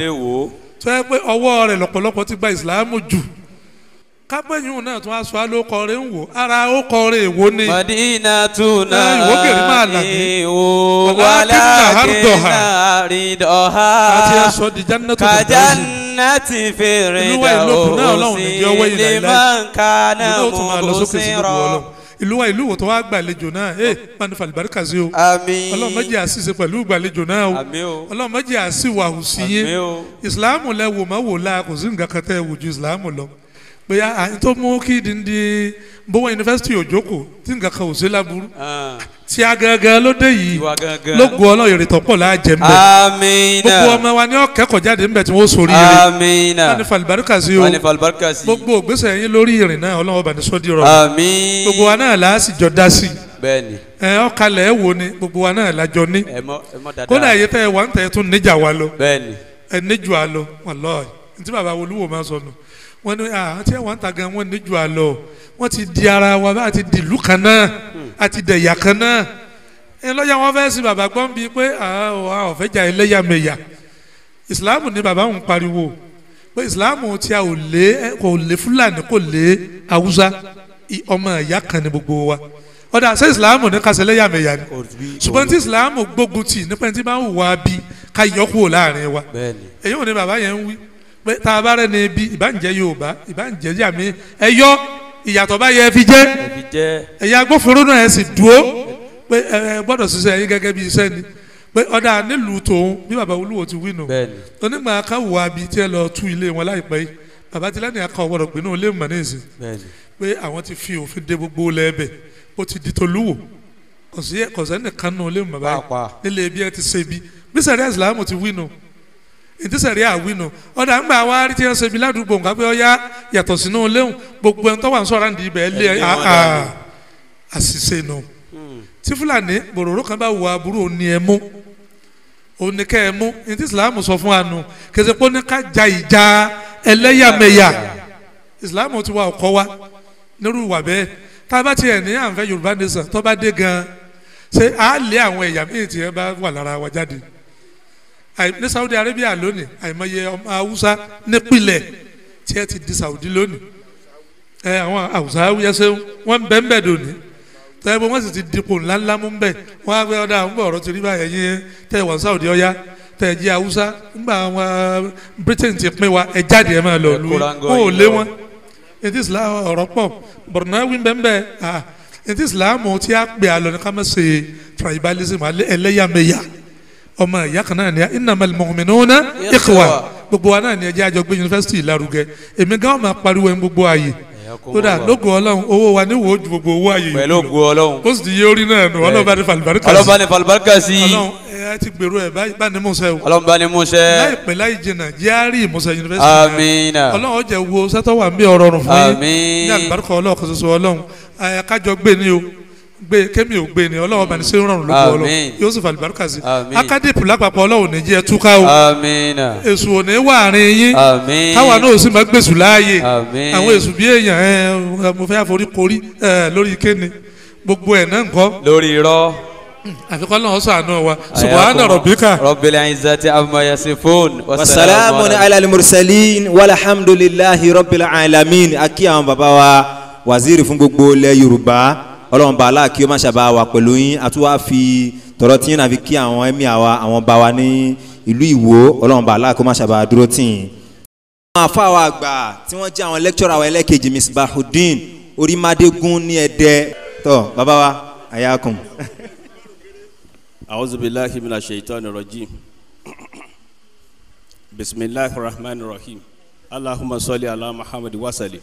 tó yẹ pé ọwọ́ rẹ̀ lọ́pọ̀lọpọ̀ ti gba ìsìlámù jù kápẹ́yìn náà tún aṣọ alókọ ń wò ara ókọ rẹ̀ èwo ni. madina tuna ìwò wàlákìnà rídọ̀ha àti aṣọ di jannatu jannati fèrè dàwọ̀ sí lè máa ń kaná ìlú ìlú wo tó wá gbàlejò náà ẹ máa ní fàlùbáríkà o àmín ọlọ́run mọ́jì àṣìṣe pẹ̀lú ìgbàlejò náà o àmín ọlọ́run mọ́jì àṣìwà òsì yín ìsìláàmù lẹ wò mọ́ wò la kò sí nǹkan kan tẹ́ wò ju ìsìláàmù lọ bóyá àyìn tó mú kí dindi bówó yunifásitì òjòkó tí nǹkan kan ò sí láburú tí a gangan ló dé yìí ló gun ọlọ́yọ̀ rẹ̀ tọ́pọ̀ láà jẹ́ mbẹ́ gbogbo ọmọ wa ni ọ̀kẹ́kọ̀ọ́ jáde mbẹ́ tí wọ́n sori yẹn wọ́n ní falibarika sí o gbogbo ògbésẹ̀ yín lórí ìrìn náà ọlọ́wọ́ bani sọ́dí rọ gbogbo wa náà làá sì jọ dá sí ẹ ọkàlẹ̀ ẹ wo ni gbogbo wa náà làjọ ní kódà yìí tẹ wà ń tẹ tún níjà wa lọ ẹ níjù wa lọ wàlọ́ọ̀ ní tí bàbá olúwo máa sọnù wọ́n ní àwọn tí wọ́n ń ta gan wọ́n ní jù àlọ́ wọ́n ti di ara wa bá ti di ìlú kan náà àti dẹ̀yà kan náà ẹ lọ́yà wọn fẹ́ẹ́ sin bàbá gbọ́n bíi pé àwọn ọ̀fẹ́ ẹlẹ́yàmẹ̀yà ìsìláàmù ni bàbá òun pariwo pé ìsìláàmù tí a ò lé kò lé fúlàní kò lé haúsá ọmọ ìyá kan ni gbogbo wa ọ̀dà ṣé ìsìláàmù ní kásẹ̀ ẹlẹ́yàmẹ̀yà ni ṣùgbọ́n tí ìsìláàmù gbógun tì nípa ẹni tí bá ń wù wá bí ká yọkù wa èyí ò ní bàbá pé tá a bá rẹ̀ ní ibi ìbànújẹ́ yorùbá ìbànújẹ́ jàmí ẹ yọ ìyàtọ̀ bá yẹ ẹ fi jẹ́ ẹ̀yà agbófinró náà ẹ sì dúró pé ẹ gbọ́dọ̀ ṣiṣẹ́ yín gẹ́gẹ́ bí iṣẹ́ ni pé ọ̀dà nílùú tòun bí baba olúwo ti wí nù onígbà akáwò àbí tí ẹ lọ tú ilé wọn láìpẹ́ yìí baba ti lẹ́nu akọ ọ̀gbọ́dọ̀ gbénú ilé mọ̀ ní ìsìn pé àwọn ti fi òfin dé gbogbo lẹ́ẹ̀bẹ̀ ó ti di tolúwo kọ̀sẹ́ nìkan nù ilé mọ̀ báyìí nílé ibi ẹ ti ṣe bí bí sẹ́rí àsìlámù ti wí nù ìtísẹ̀rí àwínú ọ̀dà ńgbà wa rí tí wọ́n ṣe bí ládùúgbò nǹkan pé ọ̀yá yàtọ̀ sínú léhùn gbogbo ẹni tó wà ń sọ̀rọ̀ àǹdí ibẹ̀ lé àṣìṣe nù. Hmm. tí fúlàní bòròró kan bá wù aburú òní ẹ mú òní kẹ́ ẹ mú ìtí ìsìláàmù sọ fún wa nù kèsì pé ó ní ká ja ìjà ẹlẹ́yàmẹ̀yà ìsìláàmù ti wà ọkọ wa nírú ìwà bẹ́ẹ̀ tá a bá tiẹ̀ ní àǹfẹ́ Yorùbá nation tó bá dé gan-an àá lé àwọn ẹ̀yà míì tiẹ̀ bá wà lára wa jáde ní Saudi Arabia lónìí àìmọye ọmọ Haúsá nípìnlẹ̀ tí ẹ ti di Saudi lónìí ẹ àwọn Haúsá yẹsẹ wọn bẹ ń bẹ dòní tẹ́gbọ́n wọ́n sì ti dipò ńláńlá mú bẹ́ẹ̀ wọ́n á fẹ́ ọ̀dà àwọn ọ̀rọ̀ ti rí báyẹn yín tẹ́ wọ́n Saudi ọ̀yá tẹ́ jí Haúsá ńgbà àwọn Britain ti pín wa ẹ jáde ẹ máa lọ lu wọn ò lé wọn ètí Islam ọ̀rọ̀ pọ̀ bọ̀dùnà wí bẹ́ẹ̀ bẹ́ẹ̀ ètí Islam ti á pè àlọ́ ní ká má ṣe tribalism ẹlẹ́yàmẹ̀yà ọmọ ìyá kan náà ni innamal mu'minuna ikhwa gbogbo wa náà ni ẹjẹ́ àjọ gbé yunifásitì ìlarugẹ èmi gan máa pariwo ẹni gbogbo ààyè kódà lógo ọlọ́run owó wa ní wo ju gbogbo owó ààyè yìí pẹ̀lú ògo ọlọ́run kó sì ti yé orí náà nù ọlọ́ba ní falibarika sí ọlọ́ba ní falibarika sí ọlọ́run ẹ ti gbèrò ẹ bá ní musẹ o ọlọ́run bá ní musẹ láìpẹ́ láì jìnnà jíárì musẹ yunifásitì amiina ọlọ́run ọjà wo sẹ́tọ̀ wà ń bí ọ̀rọ̀ fún yín ní alibarika ọlọ́run kò soso ọlọ́run ẹ kájọ gbé ni o gbé kémi ò gbé ni ọlọ́wọ́ bá ní sẹ́yìn rọrùn ló bọ́ lọ yóò sì fàlùbá lùkà sí akadẹ́pù lápapọ̀ ọlọ́wọ́ ní jẹ́ túká o èṣù ò ní wà àárín yín káwa náà ò sì máa gbèsù láàyè àwọn èṣù bí èèyàn ẹ mo fẹ́ àforíkorí ẹ lórí kéne gbogbo ẹ̀ náà nǹkan. lórí irọ́. àfikún náà sànù wa subhana rabbika. rabbil izzati amma yasifun. wasalaamu alal mursalin walhamdulillahi rabbil alamin akí àwọn baba wa waziri fún gbogbo ilẹ̀ yorùbá ọlọ́run bá aláàkí ó má ṣàbá wa pẹ̀lú yín àtúwá fi tọ̀rọ̀ tí yín náà fi kí àwọn ẹ̀mí àwa àwọn bá wa ní ìlú ìwó ọlọ́run bá aláàkí ó má ṣàbá dúró tì yín. àwọn afáwa àgbà tí wọ́n jẹ́ àwọn lẹ́kítọ́rà wa ẹlẹ́kejì Misbahuddin Orímádégún ní Ẹdẹ tó bàbá wa ayakum. A'udhu billahi minash shaitani rajim bisimilahi rahman rahim Allahumma salli ala Muhammad wasali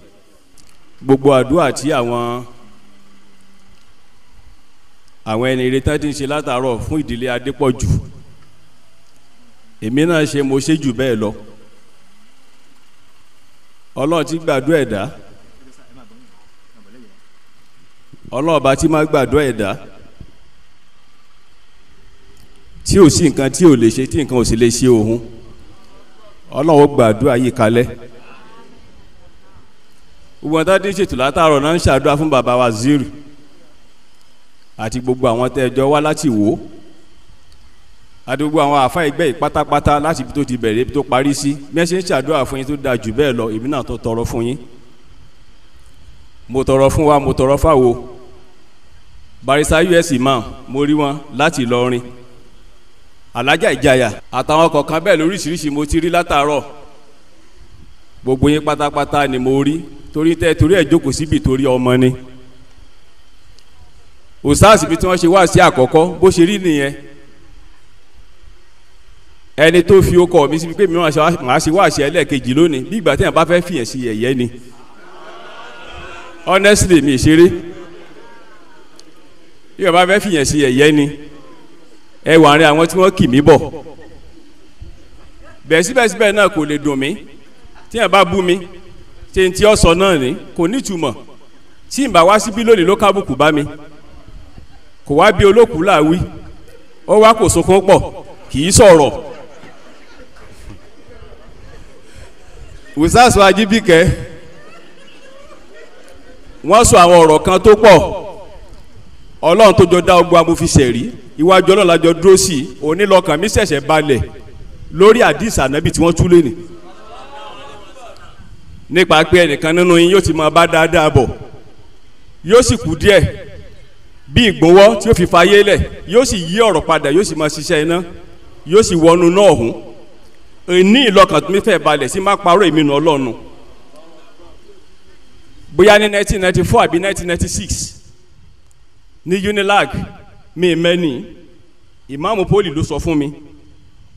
gbogbo àdúrà tí àwọn àwọn ẹni retán ti ń ṣe látàárọ̀ fún ìdílé Adépọ̀jù èmi náà ṣe mo ṣe jù bẹ́ẹ̀ lọ ọlọ́run ti gbàdúrà ẹ̀dá ọlọ́run bá ti máa gbàdúrà ẹ̀dá tí ò sí nǹkan tí ò lè ṣe tí nǹkan ò sì lè ṣe òun ọlọ́run ó gbàdúrà yìí kalẹ̀ gbogbo àwọn tá a dín ṣètò látàárọ̀ náà ń ṣàdúrà fún bàbá wa ziri àti gbogbo àwọn tẹ́jọ́ wá láti wò ó àti gbogbo àwọn àfa ẹgbẹ́ yìí pátápátá láti ibi tó ti bẹ̀rẹ̀ ibi tó parí sí mẹ́sẹ̀ ń ṣàdúrà fún yín tó da jù bẹ́ẹ̀ lọ èmi náà tó tọrọ fún yín mo tọrọ fún wa mo tọrọ fáwo barisa us imam mo rí wọn láti Ìlọrin alájà ìjayà àtàwọn kọ̀ọ̀kan bẹ́ẹ̀ lóríṣiríṣi mo ti rí látàárọ̀ gbogbo yín pátápátá ni mo rí torí tẹ́ torí ẹ̀ jókòó síbi torí ọmọ ni òsáàsì bí tí wọ́n ṣe wá sí àkọ́kọ́ bó ṣe rí nìyẹn ẹni tó fi okọ̀ mi síbi pé mi máa ṣe wá sí ẹlẹ́ẹ̀kejì lónìí bí ìgbà téèyàn bá fẹ́ fìyàn sí ẹ̀yẹ́ ni honestly mi ṣeré bí ìgbà bá fẹ́ fìyàn sí ẹ̀yẹ́ ni ẹ wà rìn àwọn tí wọ́n kì mí bọ̀ bẹ́ẹ̀ síbẹ̀síbẹ̀ náà kò lè dùn mí téèyàn bá bú mi tèntì ọ̀sán náà ni kò nítumọ̀ tí ìbá wá síbí lónìí ló kábùkù bá mi kò wá bí olókùú làwí ó wá kò sunkún pọ̀ kì í sọ̀rọ̀ wùsàsù ajíbìkẹ́ wọ́n sọ àwọn ọ̀rọ̀ kan tó pọ̀ ọlọ́run tó jọ dá ọgbọ́n amófisẹ̀ rí iwájú ọlọ́run lájọ dúró sí i onílọ́kàn mi ṣẹ̀ṣẹ̀ balẹ̀ lórí àdìsá ànábì tí wọ́n tú lé ni nípa pé ẹnìkan nínú yín yóò ti máa bá dáadáa bọ̀ yóò sì kú díẹ̀ bí ìgbówọ́ tí ó fi fayé lẹ̀ yóò sì yí ọ̀rọ̀ padà yóò sì máa ṣiṣẹ́ iná yóò sì wọnú náà ọ̀hún ní ìlọkàn tó mi fẹ́ balẹ̀ sí má parọ́ èmi nù ọlọ́run bóyá ní nineteen ninety four àbí nineteen ninety six ní unilag mi mẹ́ni ìmáàmù poli ló sọ fún mi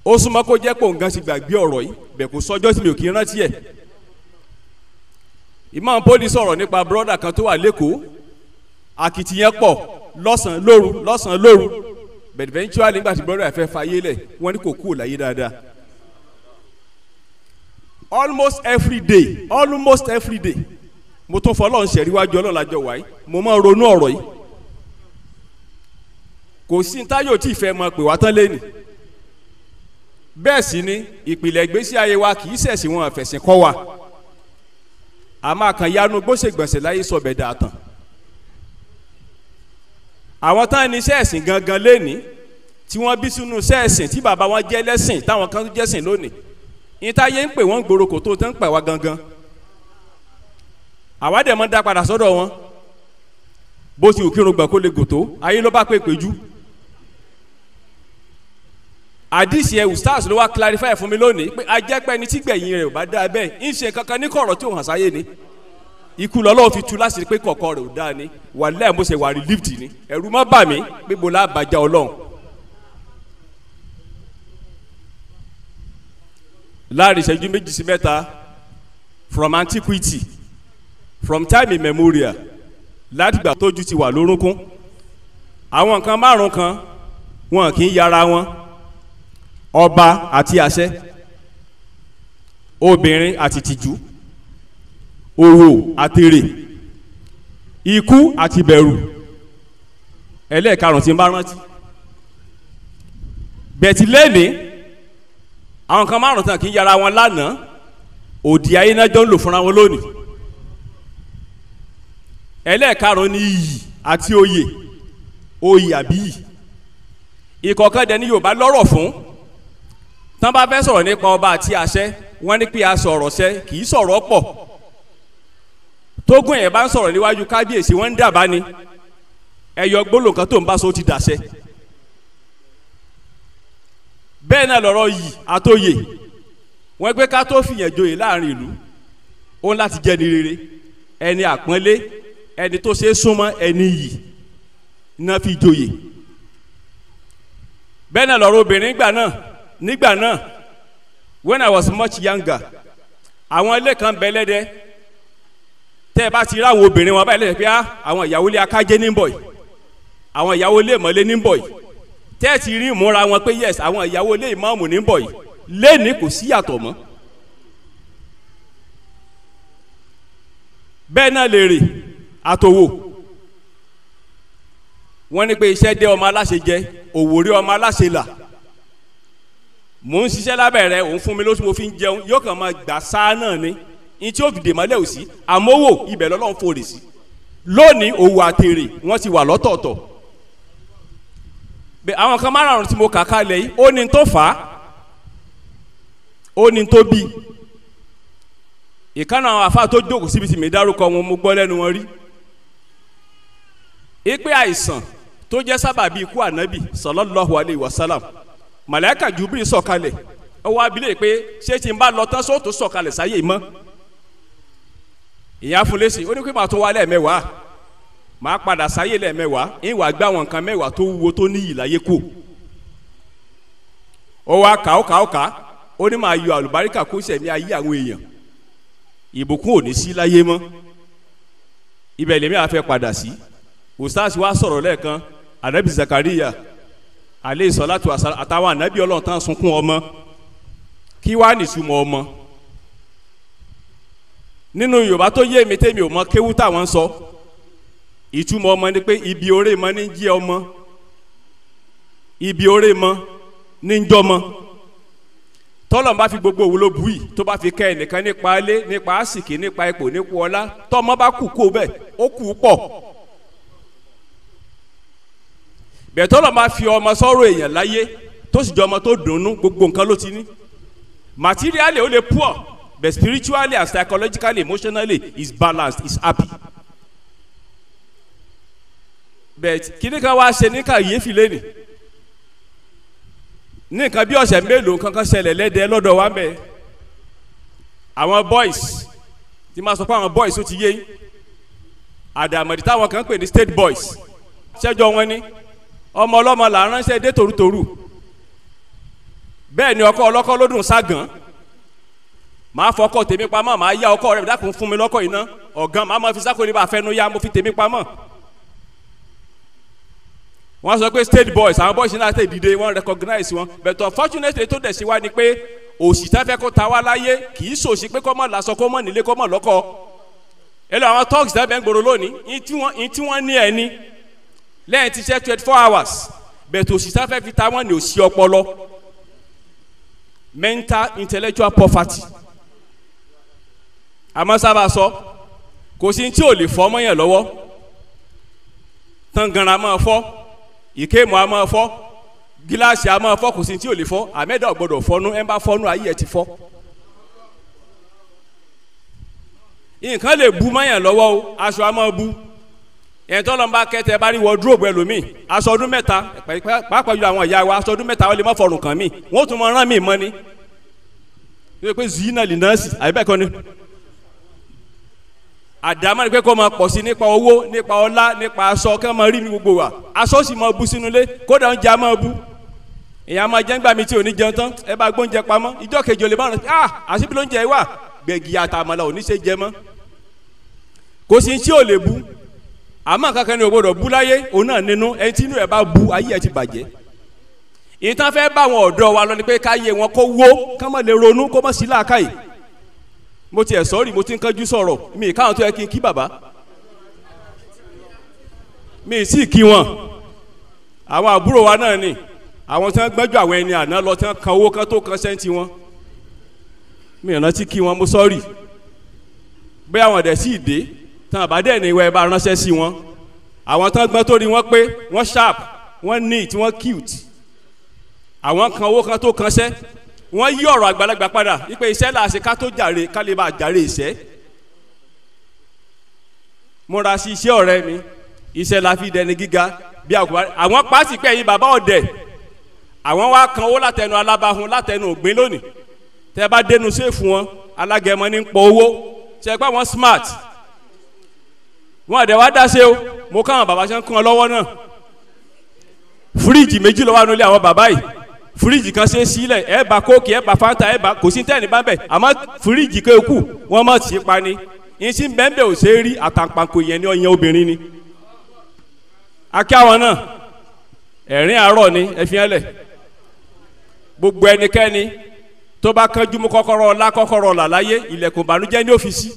ó súnmọ́ kó jẹ́ pé òun gan ti gbàgbé ọ̀rọ̀ yìí bẹ̀ kó sọ́jọ́ tí mi ò kí ń rántí ẹ̀ ìmáàmù poli sọ̀rọ̀ nípa bọ́dà kan tó wà lẹ́kọ̀ọ́ akitiyan pọ̀ lọ́sàn-án lóru lọ́sàn-án lóru but eventually nígbà tí brother fẹ́ fayé lẹ̀ wọ́n ní kò kú láyé dáadáa. almost every day almost every day mo tún fọ ọlọ́run ṣẹ̀ríwájú ọlọ́run àjọ wáyé mo máa ronú ọ̀rọ̀ yìí kò sí ní táyọ̀ tí ìfẹ́ mọ pè wá tán lé nì bẹ́ẹ̀ sì ni ìpìlẹ̀ ìgbésí ayé wa kì í ṣẹ̀sìn wọn àfẹ̀sìn kọ́ wa a máa kàn yanu gbóṣègbọ̀nsẹ̀ láyé sọ̀bẹ̀dà àtàn àwọn táwọn ní sẹ́ẹ̀sìn gangan lẹ́ni tí wọ́n bí sínú sẹ́ẹ̀sìn tí bàbá wọn jẹ́ lẹ́sìn táwọn kan jẹ́sìn lónìí ìtayé ń pè wọ́n gbòòrò kò tó tó ń pè wá gangan àwa dẹ̀ mọ́ dá padà sọ́dọ̀ wọn bó ti òkírun gbà kó le gòtó ayé ló bá pè péjú àdìsí ẹ ustaz ló wá clarify fún mi lónìí pé ajẹ́pẹ́ni tígbẹ̀yìn rẹ̀ ò bá dáa bẹ́ẹ̀ ń ṣe kankan ní kọ̀rọ̀ tí ò hàn sáyé ni ikú lọ́lọ́ fi tú láti pé kọ̀ọ̀kan rẹ̀ ò dáa ni wàlẹ́ mo ṣe wà relieved ni ẹ̀rù má bà mí pé mo lábàjá ọlọ́run. láàrin ìṣẹ́jú méjì sí mẹ́ta from antiquity from time immemorial látìgbà tójú ti wà lórúnkún àwọn nǹkan márùn kan wọn kì í yára wọn ọba àti àṣẹ obìnrin àti tìjú òwò àtèrè ikú àti bẹ̀rù ẹlẹ́ẹ̀karùn-ún tí ń bá rántí bẹ̀tí lẹ́ẹ̀ni àwọn kan márùn tán kì í yára wọn lánàá òdì ayénájọ́ ń lò fúnra wọn lónìí ẹlẹ́ẹ̀karùn-ún ni iyì àti oyè oyè àbí iyì ìkọ̀ọ̀kan dẹ̀ ní Yorùbá lọ́rọ̀ fún tán bá fẹ́ sọ̀rọ̀ nípa ọba àti àṣẹ wọ́n ní pé a sọ̀rọ̀ ṣẹ kì í sọ̀rọ̀ pọ̀ tógun ẹ̀ bá ń sọ̀rọ̀ níwájú kábíyèsí wọ́n ń dàbá ni ẹ̀yọ gbólóhùn kan tó ń bá so ti dàṣẹ. bẹ́ẹ̀ náà lọ́rọ̀ yìí àtòyè wọ́n gbé ká tó fìyàn joyè láàrin ìlú òun láti jẹ́ ni rere ẹni àpọ́nlé ẹni tó ṣe é súnmọ́ ẹni yìí náà fi joyè bẹ́ẹ̀ náà lọ́rọ̀ obìnrin nígbà náà nígbà náà when I was much younger àwọn ilé kan bẹ́ẹ̀ lẹ́dẹ́ẹ́ tẹ́ ẹ bá ti ráwọn obìnrin wọn báyìí lẹ́sẹ̀ pé àwọn ìyàwó ilé akájé ní bọ̀ àwọn ìyàwó ilé ìmọ̀lé ní bọ̀ tẹ́ ẹ ti rí ìmúra wọn pé yes àwọn ìyàwó ilé ìmọ̀ọ́mù ní bọ̀ yìí lẹ́ni kò sí yàtọ̀ mọ́. bẹ́ẹ̀ náà lè rè àtòwò wọ́n ní pé iṣẹ́ dé ọmọ aláṣẹ jẹ òwò rí ọmọ aláṣẹ là mò ń ṣiṣẹ́ lábẹ́ rẹ̀ òun fún mi lóṣù mo fi ń jẹun yóò kàn máa gbà sáà náà ni ní tí ó fi dèmọ́lẹ̀ ò sí àmọ́wò ibẹ̀ lọ́lọ́run fòrè sí lónìí òwò àtèrè wọ́n ti wà lọ́tọ̀ọ̀tọ̀ bẹ àwọn kan márààrún tí mo kà kalẹ̀ yìí ó ní tó fà á ó ní tó bí ìkànnì àwọn àfa tó jókòó síbi tí mi dárúkọ wọn mo gbọ́ lẹ́nu wọn rí ipe àìsàn tó jẹ́ sábàbí ikú ànábì sallallahu alayhi wa sallam màláíkà Jibril sọ̀kalẹ̀ ó wá abilé pé ṣé tí n bá lọ tán sóòtú sọ̀kalẹ̀ sáyé mọ́ ìyá fún lésì ó ní pé màá tó wá lẹ́ẹ̀mẹ́wàá màá padà sáyé lẹ́ẹ̀mẹ́wàá ń wàá gbá àwọn nǹkan mẹ́wàá tó wúwo tó níyì láyé kù ó wá kà ó kà ó kà ó ní màá yọ àlùbáríkà kó sẹ̀mí ayé àwọn èèyàn ìbùkún ò ní sí láyé mọ́ ibẹ̀ lèmi àfẹ́ padà sí ustaz wa sọ̀rọ̀ lẹ́ẹ̀kan anabi zakariya aleyhisalatu àtàwọn anabi ọlọ́ọ̀tàn sunkún ọmọ kí wàá nìtumọ̀ ọmọ nínú yorùbá tó yé mi tèmi ò mọ kéwú táwọn sọ ìtumọ̀ ọmọ ni pé ibi oore mọ ní jẹ́ ọmọ ibi oore mọ ní jọ́ mọ tọ́lọ́n bá fi gbogbo òwúlò bù yìí tó bá fi kẹ́ ẹnìkan nípa ilé nípa àsìkí nípa ipò nípa ọlá tọ́mọ bá kú kó bẹ́ẹ̀ ó kú pọ̀ bẹ́ẹ̀ tọ́lọ́n bá fi ọmọ sọ́rọ̀ èèyàn láyé tó sì jọ ọmọ tó dùnnú gbogbo nǹkan ló ti ní màtíríálì ó lè pọ̀ but spiritually and psychologically emotionally he's balanced he's happy but kíni kan wá ṣe ní kàyéfì lẹ́nu ní nǹkan bí ọ̀sẹ̀ mélòó kankan ṣẹlẹ̀ lẹ́dẹ̀ẹ́ lọ́dọ̀ wa mẹ́ àwọn boys tí máa sọ pé àwọn boys ó ti yé àdàmọ̀dì táwọn kan pè ní state boys ṣẹ́jọ́ wọn ni ọmọ ọlọ́mọ là ń ránṣẹ́ dé tòrútòrú bẹ́ẹ̀ ni ọkọ ọlọ́kọ ló dùn màá fọkọ tèmi pamọ́ màá yá ọkọ rẹ dákun fún mi lọ́kọ yìí ná ọ̀gán màá ma fi sáko ní bá fẹnu yá mo fi tèmi pamọ́. wọ́n sọ pé state boys àwọn boys náà tẹ̀ dìde wọ́n recognize wọn but unfortunately tó dẹ̀ sí wa ni pé òṣì tá fẹ́ kó ta wá láyé kì í sòṣì pé kó mọ̀ lásán kó mọ̀ nílé kó mọ̀ lọ́kọ. ẹ lọ àwọn thugs dábẹ́ ń gbòòrò lónìí ní tí wọ́n ní ẹ̀ ní lẹ́yìn ti ṣe twenty four hours but òṣì tá fẹ́ fi ta wọ́n ní òṣì ọpọlọ mental intellectual poverty àmọ́ sábà sọ kò sí tí ò lè fọ́ mọ́yàn lọ́wọ́ tanganra máa fọ́ ìkéèmù á máa fọ́ gíláàsì á máa fọ́ kò sí tí ò lè fọ́ àmẹ́dà ò gbọ́dọ̀ fọ́nú ẹ̀ ń bá fọ́nú ayé ẹ̀ ti fọ́. nǹkan lè bu mọ́yàn lọ́wọ́ o aṣọ á máa bu ẹ̀yìn tó lọ́n bá kẹ́tẹ́ bá rí wọ́dúróòbù ẹlòmíì aṣọ ọdún mẹ́ta pàápàá ju àwọn ìyá wa aṣọ ọdún mẹ́ta lè má fọrùn kàn mí wọ́n tún mọ rán mi mọ́ ni. wípé zina lè nọ́ọ̀sì àbí bẹ́ẹ̀ kọ́ àdámọ́ ni pé kó máa pọ̀ sí nípa owó nípa ọlá nípa aṣọ kí wọ́n máa rí ní gbogbo wa aṣọ sì máa bu sínú ilé kódà oúnjẹ á máa bu èèyàn máa jẹ́ ńgbà mi tí ò ní jẹun tán ẹ bá gbóúnjẹ pamọ́ ìjọ kejì ò lè má ah àṣìbí lóúnjẹ yìí wà gbẹ̀gì àtàmọ́lá ò ní ṣe jẹ mọ́ kò sí tí ò lè bu àmọ́ kankan ni ò bu láyé òun náà nínú ẹni tí inú ẹ̀ bá bu ayé ẹ̀ ti bàjẹ́ ìtàn fẹ́ bá àwọn ọ̀dọ́ wa lọ ni pé káyé wọn kó wó ká lè ronú kó sí làákàyè mo tiẹ̀ sọ́ọ̀rì mo ti ń kánjú sọ̀rọ̀ mi ì káwọn tó yẹ kí n kí bàbá mi ì sì kí wọn àwọn àbúrò wa náà ni àwọn tí wọ́n gbẹ́jọ́ àwọn ẹni àná lọ tí wọ́n kan owó kan tó kan sẹ́ńtì wọn mi ì rántí kí wọn mo sọ́ọ̀rì bóyá àwọn ẹ̀dẹ̀ sì dé tí wọn bá dẹ̀ ní ìwà ẹ̀ bá ránṣẹ́ sí wọn àwọn tí wọ́n tó ni wọ́n pé wọ́n sharp wọ́n neat wọ́n cute àwọn kan owó kan tó kan sẹ́ńtì wọ́n yí ọ̀rọ̀ àgbàlagbà padà wípé iṣẹ́ là á ṣe ká tó jàre ká lè bá jàre iṣẹ́ múra sí iṣẹ́ ọ̀rẹ́ mi iṣẹ́ la fi dẹni gíga bí àkùrá àwọn paasi pé yín bàbá ọ̀dẹ̀ àwọn wa kan owó látẹnu alábàáhùn látẹnu ògbín lónìí tẹ bá dénú séèfù wọn alágẹmọ ní pọ owó ṣe pé wọn smart wọn ọ̀dẹ̀ wa dá sí o mo káwọn bàbá ṣe ń kún ọ lọ́wọ́ náà fíríìjì méjì ló wà fíríjì kan ṣe sílẹ̀ ẹ bá kóòkì ẹ bá fanta ẹ bá kò sí tẹ́ẹ̀nì bá bẹ̀ àmọ́ fíríjì kan kù wọ́n mọ̀ sí pa ni ìsìn bẹ́ẹ̀nbẹ́ ò ṣe é rí àtàǹpàǹkò yẹn ní ọyàn obìnrin ni. akí àwọn náà ẹ̀rín àárọ̀ ni ẹ fi hàn lẹ̀ gbogbo ẹnikẹ́ni tó bá kánjú mú kọ́kọ́rọ́ ọlá kọ́kọ́rọ́ ọ̀là láyé ilẹ̀kùn ìbànújẹ́ ní ọ́fíìsì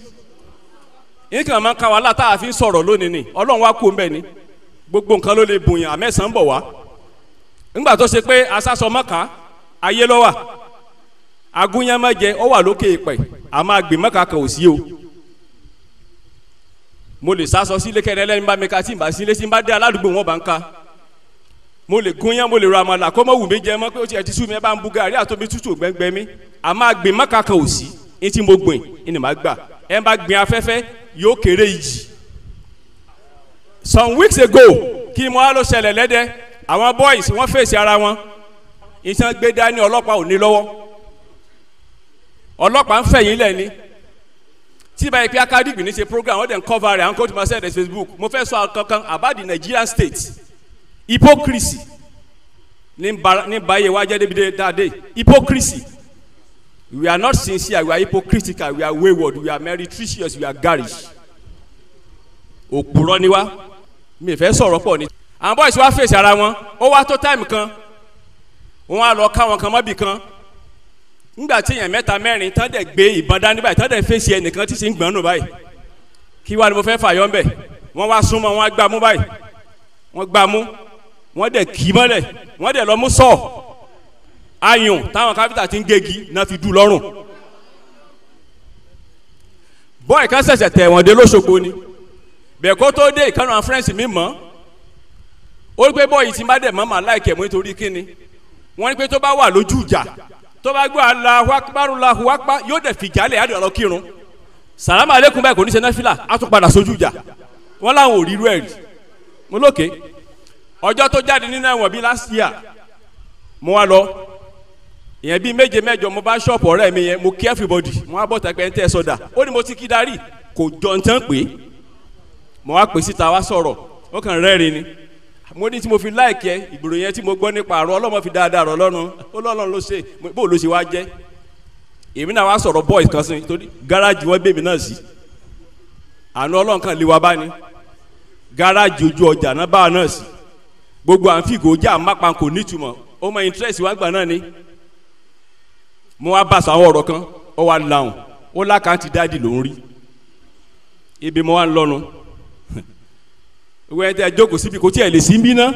nǹkan máa ń ka wàhálà tá a fi ń sọ̀rọ̀ lónìí ni ọlọ́run wá kú ń bẹ̀ ni gbogbo nǹkan ló lè bùn yàn àmẹ́sàn-án bọ̀ wá ńgbà tó ṣe pé asásọmọ́ka ayé lọ́wà agúnyámẹ́jẹ ọ wà lókè ìpẹ́ àmọ́ agbèmọ́ka kan ò sí o mo lè sásọ sílé kẹ́ni ẹlẹ́ni bá mi ka tí n bá sílé tí n bá dé aládùúgbò wọn bá ń ka mo lè gúnyán mo lè ra àmàlà kó mọ̀ wù mí jẹ mọ́ pé ó ti ẹ̀ ti sú mi ẹ bá ń bú gàrí àtòmí tútù gbẹ́ngbẹ́ mi àmọ́ agbèmọ́ka kan ò sí ní tí mo gbìn ní màá gbà ẹ bá gbìn afẹ́fẹ́ yóò kéré ìjì some weeks ago kí ni mo wá lọ ṣẹlẹ̀ lẹ́dẹ́ àwọn boys wọ́n fèsì ara wọn iṣan gbé dání ọlọ́pàá ò ní lọ́wọ́ ọlọ́pàá ń fẹ̀yìn lẹ̀ ni tí báyìí pé akadigi ní ṣe program wọ́n dẹ̀ ń cover rẹ̀ àwọn coach máa ṣẹ̀dẹ̀ Facebook mo fẹ́ sọ kankan about the Nigerian state hypocrisy ní báyìí wá jẹ́ débi dáadé hypocrisy we are not sincere we are hypocritical we are wayward we are meretricious we are garish òpùrọ́ ni wá mi fẹ́ sọ̀rọ̀ pọ̀ ni àwọn boys wá fèsì ara wọn ó wá tó táìmù kan wọn á lọ ká wọn kan mọ́bì kan nígbà tí èèyàn mẹ́ta mẹ́rin tán dẹ̀ gbé ìbọn dání báyìí tán dẹ̀ fèsì ẹnìkan tí sì ń gbọ́n nù báyìí kí wá ni mo fẹ́ fàyọ́ ń bẹ̀ wọ́n wá súnmọ́ wọn á gbá mú báyìí wọ́n gbá mú wọ́n dẹ̀ kì í mọ́lẹ̀ wọ́n dẹ̀ lọ mú sọ́ọ̀ ayùn táwọn káfíńtà ti ń gégi náà fi dù lọ́rùn bọ́ọ̀ ìkànsẹ̀sẹ̀ tẹ̀ wọ́n dé lóṣogbo ni bẹ́ẹ̀ kó tó dé ìkànnì àwọn fírẹ́ǹsì mi mọ́ ó rí pé bọ́ọ̀yì tí má dẹ̀ mọ́ màá láìkẹ̀ mú nítorí kíni wọ́n ní pé tó bá wà lójú ìjà tó bá gbọ́ Allahu Akbar Allahu Akbar yóò dẹ̀ fìjálẹ̀ àdùn àlọ́ kírun sàlámù aleykum báyìí kò ní ṣe náfìlà á tún padà sójú ìjà wọ́n láwọn ò rí irú ẹ̀ rí mo lókè ọjọ́ tó jáde nínú ẹ̀wọ̀n bíi last year mo wá lọ ìyẹn bíi méje mẹ́jọ mo bá ṣọ́ọ̀pù ọ̀rẹ́ mi yẹn mo kí everybody mo wá bọ̀ tẹ́pẹ́ ń tẹ́ ẹ sọ́dà ó ní mo ti kí darí kò jọ ń tán pé mo wá pè síta wá sọ̀rọ̀ ó kàn rẹ́rìn ni mo ní tí mo fi láìkẹ ìgbèrò yẹn tí mo gbọ́ nípa àrùn ọlọ́mọ fi dáadáa rọ lọ́rùn ó lọ́lọ́run ló ṣe bó ló ṣe wá jẹ́ èmi náà wá sọ̀rọ̀ boys kan sin torí gáràjì wọn gbèmí náà sí ọlọ́run ọjà náà bá gbogbo kò nítumọ̀ ó gbà náà ni mo wá bá sàwọn ọ̀rọ̀ kan ó wá ó dáàdì lòún rí ibi ń lọ́nu ìwé ẹ̀ tẹ́ jókòó síbi kò tí ẹ̀ lè sí bí ná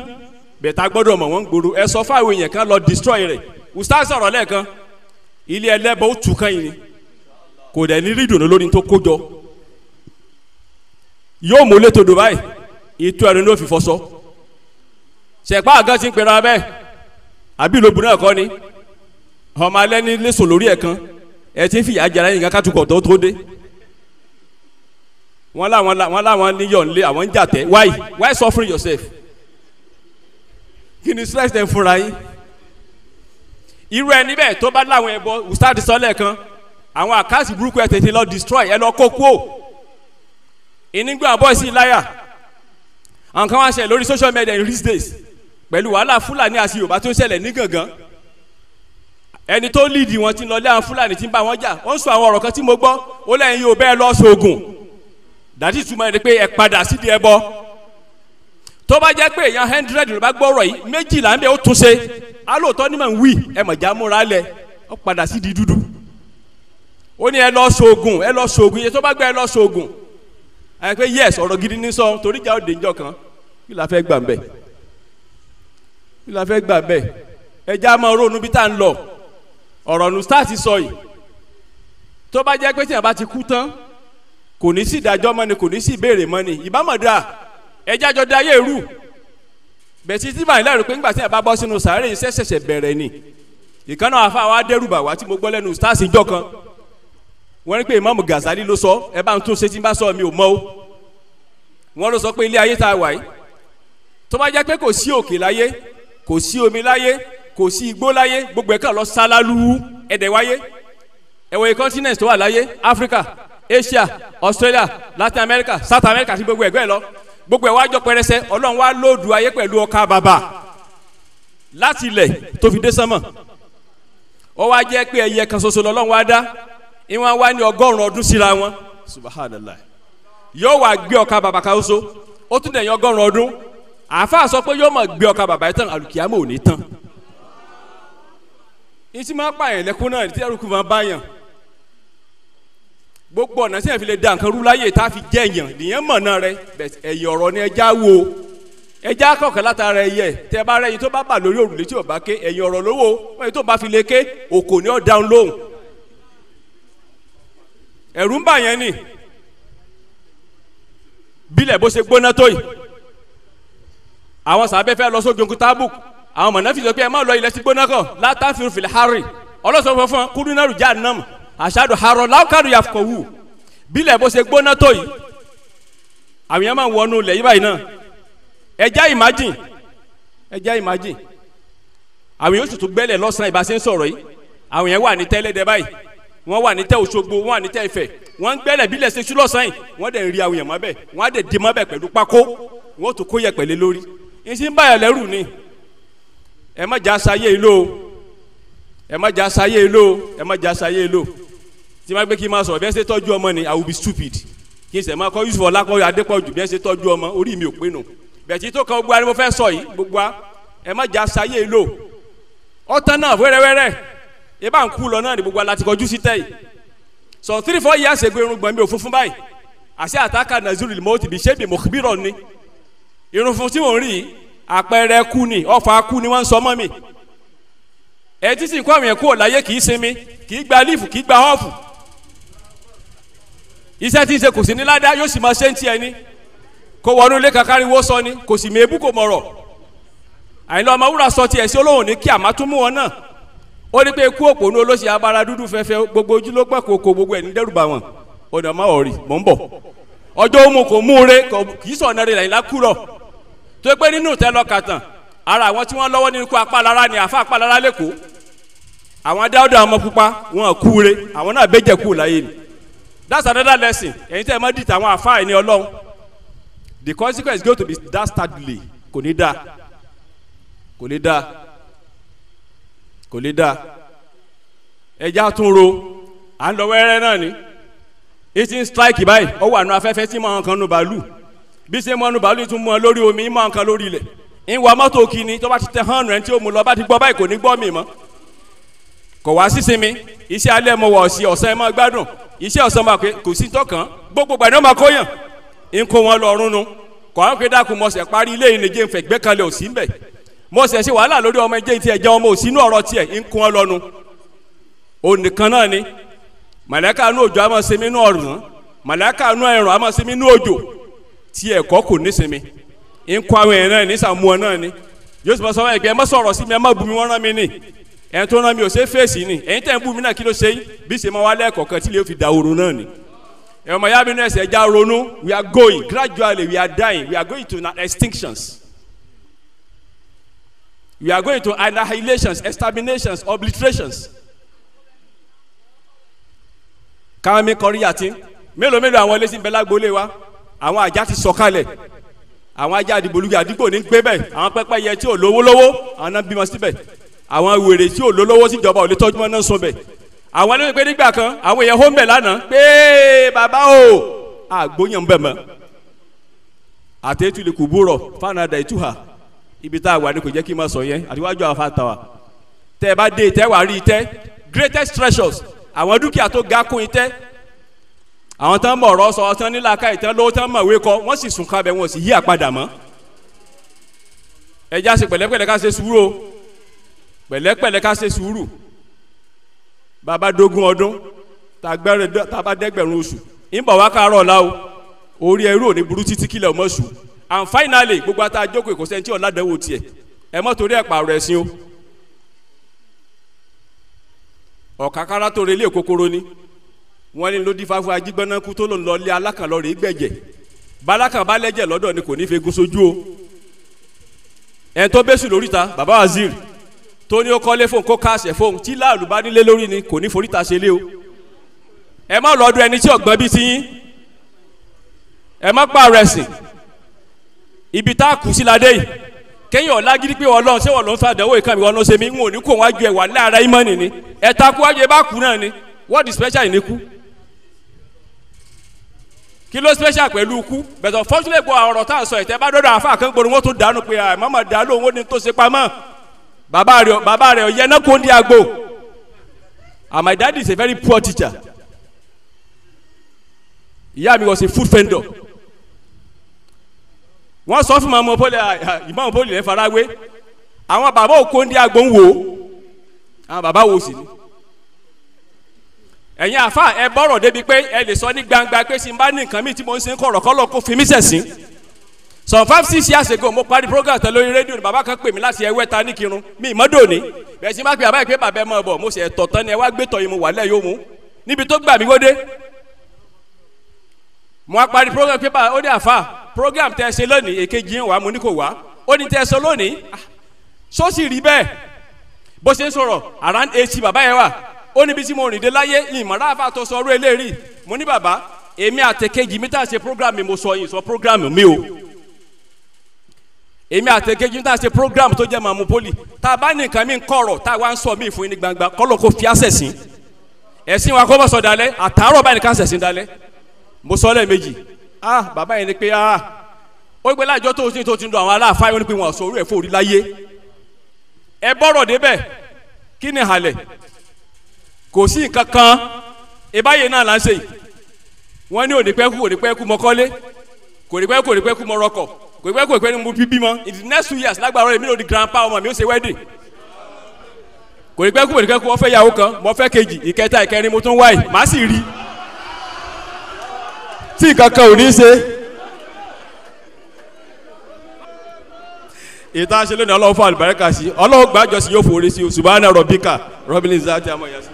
bẹ̀tà gbọ́dọ̀ mọ̀ wọ́n gbòòrò ẹ sọ fáwọn èèyàn kan lọ destroy rẹ̀ ustaz sọ̀rọ̀ lẹ́ẹ̀kan ilé ẹlẹ́bọ̀ ó tù kàn yín ni kò dẹ̀ ní rí ìdùnnú lórí tó kó jọ yóò mú létò dubai ìtú ẹ̀rín ló fi fọṣọ ṣẹ̀pá àgán ti ń pera bẹ́ẹ̀ àbí ìlóbù náà kọ́ ni ọmọ alẹ́ ní lẹ́sọ̀ lórí ẹ̀ kan ẹ̀ ti ń fìyà jẹ ara yín kan kátukọ̀ tó tó dé wọn làwọn wọn làwọn níyọ̀ nílé àwọn ń jàtẹ́ why why suffering yourself kí ni stress dem fúnra yín irú ẹ níbẹ̀ tó bá láwọn ẹbọ ustadi sọlẹ̀ kan àwọn àkáàsì burúkú ẹ tètè lọ destroy ẹ lọ kó kú ò ìnígbà bọ́ọ̀sì láyà àwọn kan wá ṣe lórí social media in these days pẹ̀lú wàhálà fúlàní àti yorùbá tó ń ṣẹlẹ̀ ní gangan ẹni tó lead wọn ti lọ lé àwọn fúlàní tí ń bá wọn jà wọ́n sọ àwọn ọ̀rọ̀ kan tí mo gbọ́ ó lẹ́yìn yóò bẹ́ẹ̀ lọ sóògùn dàtí túmọ̀ ẹni pé ẹ padà sídìí ẹbọ tó bá jẹ́ pé èèyàn hundred ló bá gbọ́rọ̀ yìí méjìlá ń bẹ ó tún ṣe alóòótọ́ ni mà ń wí ẹ mọ̀ já múra lẹ̀ ó padà sídìí dúdú ó ní ẹ lọ sóògùn ẹ lọ sóògùn iye tó bá gbẹ ẹ lọ sóògùn ẹ pé yes ọ̀rọ̀ gidi ní sọ torí ìjà òde ìjọ kan kí la fẹ́ gbà ń bẹ̀ kí la fẹ́ gbà ń bẹ̀ ẹ já máa ronú bí tá à ń lọ ọ̀rọ̀ nù sáà ti sọ yìí tó bá jẹ́ pé tí kò ní sí ìdájọ́ mọ́ ni kò ní sí ìbéèrè mọ́ ni ìbámọ̀dá ẹjẹ́ àjọ da ayé rú bẹ̀sí tí màá lẹ́rù pé ńgbà tí ẹ̀ bá bọ́ sínú sàárè iṣẹ́ ṣẹ̀ṣẹ̀ bẹ̀rẹ̀ ni ìkànnà àfa wa dẹ́rùbà wá tí mo gbọ́ lẹ́nu stars ìjọ kan wọ́n ní pé ìmáàmù Gàzálì ló sọ ẹ bá ń tún ṣe tí ń bá sọ mi ò mọ́ o wọ́n ló sọ pé ilé ayé tá a wà yìí tó bá jẹ́ pé kò sí òkè láyé kò sí omi láyé kò sí igbó láyé gbogbo ẹ̀ kàn lọ sálálú ẹ̀dẹ̀ wáyé ẹ̀wọ̀ yìí continent tó wà láyé Áfíríkà Asia Australia Latin America South America àti gbogbo ẹgbẹ́ lọ gbogbo ẹ̀ wá jọ pẹrẹsẹ Ọlọ́run wá lóòdù ayé pẹ̀lú ọkà bàbà láti ilẹ̀ tó fi dé sánmọ̀ ó wá jẹ́ pé ẹyẹ kan ṣoṣo lọ́lọ́run wá dá ìwọ̀n wá ní ọgọ́rùn-ún ọdún síra wọn subhanallah yóò wá gbé ọkà bàbà kan ṣoṣo ó tún dẹ̀yìn ọgọ́rùn-ún ọdún àáfàá sọ pé yóò mọ̀ gbé ọkà bàbà yìí tán àlùkìyàmọ̀ ò ní tán ìtì máa pààyàn lẹ́kún náà tí ẹrù kù máa báyàn gbogbo ọ̀nà sẹ́yìn fi lè da nǹkan rú láyè tá a fi jẹ́ èèyàn nìyẹn mọ̀nà rẹ ẹ̀yìn ọ̀rọ̀ ni ẹja wo ẹja kọ̀ọ̀kan látara ẹyẹ tẹ ẹ bá rẹ yìí tó bá bà lórí òrùlé tí ò bá ké ẹ̀yìn ọ̀rọ̀ lówó wọ́n yìí tó bá fi lè ké òkò ni ọ̀ dáhùn lóhùn ẹ̀rù ń bà yẹn ni bílẹ̀ bó ṣe gbóná tó yìí àwọn sàbẹ̀ fẹ́ lọ sójú Tabuk àwọn mọ̀nà fi sọ pé ẹ má lọ ilẹ̀ ti gbóná kọ̀ látàfin fìlẹ̀ hárì ọlọ́sọ̀ fọ́fọ́n kúrúnárù já nàmù àṣàdù harọ láwùkàdù yàfọwù bílẹ̀ bó ṣe gbóná tó yìí àwọn yẹn máa ń wọnú ilẹ̀ yìí báyìí náà ẹja imagine ẹja imagine àwọn yẹn ó sì tún gbẹ́lẹ̀ lọ́sàn-án ìbá ṣe ń sọ̀rọ̀ yìí àwọn yẹn wà ní tẹ́lẹ̀dẹ̀ báyìí wọ́n wà ní tẹ́ Òṣogbo wọ́n wà ní tẹ́ Ifẹ̀ wọ́n ń gbẹ́lẹ̀ bílẹ̀ ṣe sú lọ́sàn-án yìí wọ́n dẹ̀ ń rí àwọn yẹn mọ́bẹ̀ wọ́n á dẹ̀ tí ma gbé kí n ma sọ̀rọ̀ bí ẹ ṣe tọ́jú ọmọ ni i will be stupid kí n sẹ̀ ma kọ́ yusuf ọlákọ́yọ adépọ̀jù bí ẹ ṣe tọ́jú ọmọ orí mi ò pé nù bẹ̀tí tó kan gbogbo ariwo fẹ́ sọ yìí gbogbo a ẹ má jà sáyé lò ọ̀tán náà wẹ́rẹ́wẹ́rẹ́ ẹ bá ń kú lọ náà ní gbogbo aláti kọjú sí tẹ́ sọ three four years ago irun gbọ̀n mi ò funfun báyìí àṣẹ àtàkà nàzúrù lè mọ́ ti bí ṣé bí mọ̀kìbírọ̀ ni irun fun tí mò ń rí yìí àpẹẹrẹ kú ni ọ̀fà kú ni wọ́n ń sọ mọ́ mi ẹ títí nǹkan àwọn yẹn kú ọ̀láyé kì í sinmi kì í gba lífù kì í gba họ́ọ̀fù iṣẹ́ tí ń ṣe kò sí ní ládàá yóò sì máa ṣe ń tiẹ̀ ní kó wọnú ilé kankan ariwo sọ ni kò sì mèébú kò mọ̀rọ̀ àyìnlá ọmọwúrà sọ tiẹ̀ sí olóhùn ní kí àmátúmú wọn náà ó ní pé ikú òpònú olóṣè abara dúdú fẹ́fẹ́ gbogbo ojú ló pẹ́ kókó gbogbo ẹ̀ ní dẹ́rùbà wọn ọ̀nà máa ọ̀rì mò ń bọ̀ ọjọ́ òmu kò mú re kì í sọ̀nà rẹ̀ làyìnlá kúrọ̀ tó pé nínú ìtẹ́lọ kàtàn ara àwọn tí wọ́n lọ́wọ́ nínú ikú apálára ni àfa apálára lẹ́kọ̀ọ́ àwọn adáwọ̀dọ̀ àwọn ọmọ pupa wọn kú re àwọn náà bẹ́jẹ̀ kú láyé ni that's another lesson ẹ̀yin tẹ́ ẹ mọ́ dìtà àwọn àfáà ẹni ọlọ́run the consequence is going to be dastardly kò ní dáa kò ní dáa kò ní dáa ẹja tún ro à ń lọ wẹ́rẹ́ náà ni e ti ń strike báyìí ó wà nù afẹ́fẹ́ tí mọ̀ nǹkan nù bàálù bí ṣe mọ̀ nù bàálù tún mọ̀ lórí omi mọ̀ nǹkan lórí ilẹ̀ ń wa mọ́tò kìíní tó bá ti tẹ hàn rẹ̀ tí ó mú lọ bá ti gbọ́ báyìí kò ní gbọ́ mi mọ́ kò wá sí sinmi iṣẹ́ alẹ́ mo wọ̀ sí ọ̀sán ẹ máa gbádùn iṣẹ́ ọ̀sán máa kò sí tọkàn gbogbo gbàdé ọmọ akóyàn ń kó wọn lọ rúnnu kò á ń pè dákun mọ̀sẹ̀ parí ilé ìnìjẹ́ ìfẹ́ gbẹ́kànlẹ̀ òsì ń bẹ̀ mọ̀sẹ̀ ṣe wàhálà lórí ọmọ ẹjẹ́ tiẹ̀ jẹun ọmọ òsì inú ọ̀rọ̀ tiẹ̀ ń kó wọn lọ́nu onìkan náà ni màlẹ́kà inú òjò àmọ́ sinmi inú ọ̀rùn màlẹ́kà inú ẹ̀rùn àmọ́ sinmi inú òjò tiẹ̀ kọ́ kò ní sinmi ń kó àwọn èèyàn náà ní sàmúọ náà ni yóò sì mọ sọ ẹni tó rán mi ò ṣe fèsì ni ẹ̀yin tẹ̀ ń bù mí náà kí ló ṣe yín bí ṣe máa wá lẹ́ẹ̀kọ̀ọ̀kan tí lè fi dàwòrò náà ni ẹ̀ ọmọ yàrá inú ẹsẹ̀ já ronú we are going gradually we are dying we are going to extinctions we are going to annihilations exterminations obliterations káwọn mi kọrí yàtí mélòó mélòó àwọn ẹlẹ́sìn bẹ́ẹ̀ lágbólé wa àwọn ajá ti sọ̀kalẹ̀ àwọn ajá àdìbòlùgbé àdìgbò ní gbé bẹ́ẹ̀ àwọn pẹ́pẹ́yẹ tí ò lówó àwọn náà bímọ síbẹ̀ àwọn wèrè tí ò lólówó síjọba ò lè tọ́jú mọ́ náà sọ bẹ́ẹ̀ àwọn ẹlẹ́yìn pé nígbà kan àwọn èèyàn hóńbẹ̀ lánàá pé bàbá o àgbóyàn bẹ̀ mọ́ àtẹ̀tù lè kú búrọ̀ fáànà àdà ìtúhà ibi tá a wà ní kò jẹ́ kí n máa sọ yẹn àtiwájú àwọn afáàtàwà tẹ́ ẹ bá dé ìtẹ́ wàá rí ìtẹ́ greatest treasures àwọn dúkìá tó ga kún ìtẹ́ àwọn tán mọ̀ ọ̀rọ̀ sọ tán nílà ká ìtàn lówó tán mọ̀wé kọ wọ́n sì sùn kábẹ́ wọn sì yí àpadà mọ́ ẹja sì pẹ̀lẹ́pẹ̀lẹ́ ká ṣe sùúrù pẹ̀lẹ́pẹ̀lẹ́ ká ṣe sùúrù bàbá dógún ọdún tàbá dẹ́gbẹ̀rún oṣù ìbọ̀ wá kàárọ̀ ọ̀la o orí ẹrú ò ní burú títí kílẹ̀ ọmọ and finally gbogbo ata jókòó kò sẹ́ni tí ọ̀làdánwò tiẹ̀ ẹ mọ́ torí ẹ̀ pààrọ̀ ẹ̀sìn o ọ̀kàkárá tó relé kòkòrò ni wọ́n ní ló dífá fún ajígbọ́nákú tó ló ń lọ lé alákànlọ́rẹ̀ gbẹ̀jẹ̀ bálákàn bá lẹ́jẹ̀ ni kò ní fegun sójú o ẹ̀ tó bẹ́sù lóríta bàbá waziri tó ní ó kọ́lé fóun kó káàsẹ̀ fóun tí láàlú bá nílé lórí ni kò ní foríta ṣe lé o ẹ má lọ́dún ẹni tí ọ̀gbọ́n bíi ti yín ẹ má pààrọ̀ ẹ̀sìn ibi tá a kù sí ládé yìí kẹ́yìn ọ̀la gidi pé ọlọ́run ṣé wọ́n ló ń sàdánwò ìkànnì wọn ló ṣe mí ń wò ní kò wájú ẹ̀ wà lára ìmọ̀nì ni ẹ̀ takú wájú ẹ̀ bá kú náà ni wọ́n di special ìníkú kí ló special pẹ̀lú ikú bẹ̀tọ̀ fọ́túlẹ̀ gbọ́ àwọn ọ̀rọ̀ tá à ń sọ ìtẹ́ bá dọ́dọ̀ àfa àkàngbọ̀n wọn tún dànù pé ah, àìmọ́mọ́ dàlóhùn ó ní tó ṣe pamọ́ Baba, rẹ̀ bàbá rẹ̀ ọ̀yẹ́ náà kò ń di àgbo and my dad is a very poor teacher ìyá mi was a food vendor wọ́n sọ fún màmú poli ìmọ̀ poli rẹ̀ farawé àwọn bàbá òkò ń di àgbo ń wò ó àwọn bàbá wò ó sì ni ẹ̀yin àfa ẹ bọ̀rọ̀ débi pé ẹ lè sọ ní gbangba pé tí n bá ní nǹkan mi tí mo ń sin kọ̀rọ̀kọ́lọ̀ kó fi mí sẹ̀sìn some five six years ago mo parí program tẹ lórí rédíò ni bàbá kan pè mí láti ẹwẹ́ ta ní kirun mi ìmọ́dò ni bẹ́ẹ̀ sì má pè bàbá yìí pé bàbá ẹ mọ̀ bọ̀ mo sì ẹ̀tọ̀ tán ni ẹ wá gbé tọ̀ yìí mo wà lẹ́ yóò mú níbi tó gbà mí wóde mo á parí program pé bàbá ó ní àfa program tẹ ṣe lónìí èkejì ń wá mo ní kò wá ó ní tẹ ṣe lónìí sọ́ọ̀sì ah, rí bẹ́ẹ̀ bó ṣe ń sọ̀rọ̀ around eighty bàbá yẹn wà ó níbi tí mo rìn dé láyé ìmọ̀ràn àfa tó sọ ọ̀rọ̀ eléyìí mo ní bàbá èmi àtẹ̀kejì mi tá a ṣe program mi mo sọ yìí sọ program mi o èmi àti kejì tá ṣe program tó jẹ́ màmú poli tá a bá ní nǹkan mi ń kọ̀rọ̀ tá a wá ń sọ mí fún yín ní gbangba kọ́lọ̀ kó fi àṣẹ sí ẹ̀sìn wa kó bọ́ sọ dalẹ̀ àtàárọ̀ báyìí ní ká ṣẹ̀sìn dalẹ̀ mo sọ lẹ́ẹ̀mejì ah bàbá yẹn ni pé ah ó gbé láàjọ tó ti tó ti ń do àwọn aláàfáà yóò ní pé wọn sọ orí ẹ̀ fòrí láyé ẹ bọ́rọ̀ débẹ̀ kí ni halẹ̀ kò sí nǹkan kan ìbáyé náà là ń ṣe yìí wọ́n ní òdìpẹ́kù òdìpẹ́kù mọ́kọ́lé kò òdìpẹ́kù òdìpẹ́kù mọ́rọ́kọ̀ kò pẹ́ kò pẹ́ ni mo bí bímọ in the next two years lágbàá rẹ mi ló di grandpa ọmọ mi ó ṣe wedding kò pẹ́ kò pẹ́ kò wọ́n fẹ́ yàwó kan mo fẹ́ kejì ìkẹta ìkẹrin mo tún wáyé màá sì rí tí nǹkan kan ò ní ṣe. ìta ṣe lónìí ọlọ́run fún àlùbáríkà sí ọlọ́run gbàjọ sí yóò fòrè sí subahana rọbíkà rọbìlìzà tí a mọ̀ yẹn sí.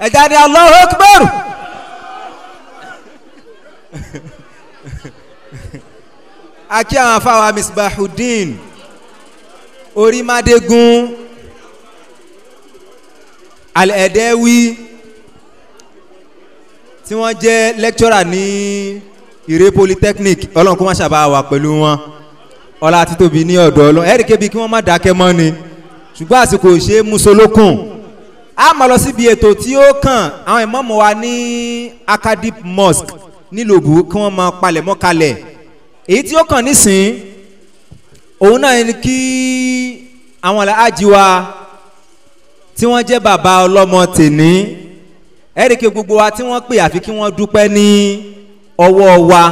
ẹ jáde Allahu Akbar. *laughs* akí àwọn afáwa Misbahudeen Orímádégún Al-Edewi tí wọ́n jẹ́ lecturer ní Ìré Polytechnic ọlọ́run kó má ṣàbá wà pẹ̀lú wọn ọlá títóbi ní ọ̀dọ̀ ọlọ́run ẹ̀rí kébi kí wọ́n má dákẹ́ mọ́ ni ṣùgbọ́n àsìkò ṣe é musolókùn a máa lọ síbi ètò tí ó kàn àwọn ìmọ̀ọ́mọ̀ wa ní Akadip Mosque nílòbù kí wọ́n máa palẹ̀ mọ́ kalẹ̀ èyí tí ó kàn nísìn òun náà ni kí àwọn aláàjì wa tí wọ́n jẹ́ bàbá ọlọ́mọ tèní ẹ̀ríkẹ́ gbogbo wa tí wọ́n pè àfi kí wọ́n dúpẹ́ ní ọwọ́ wa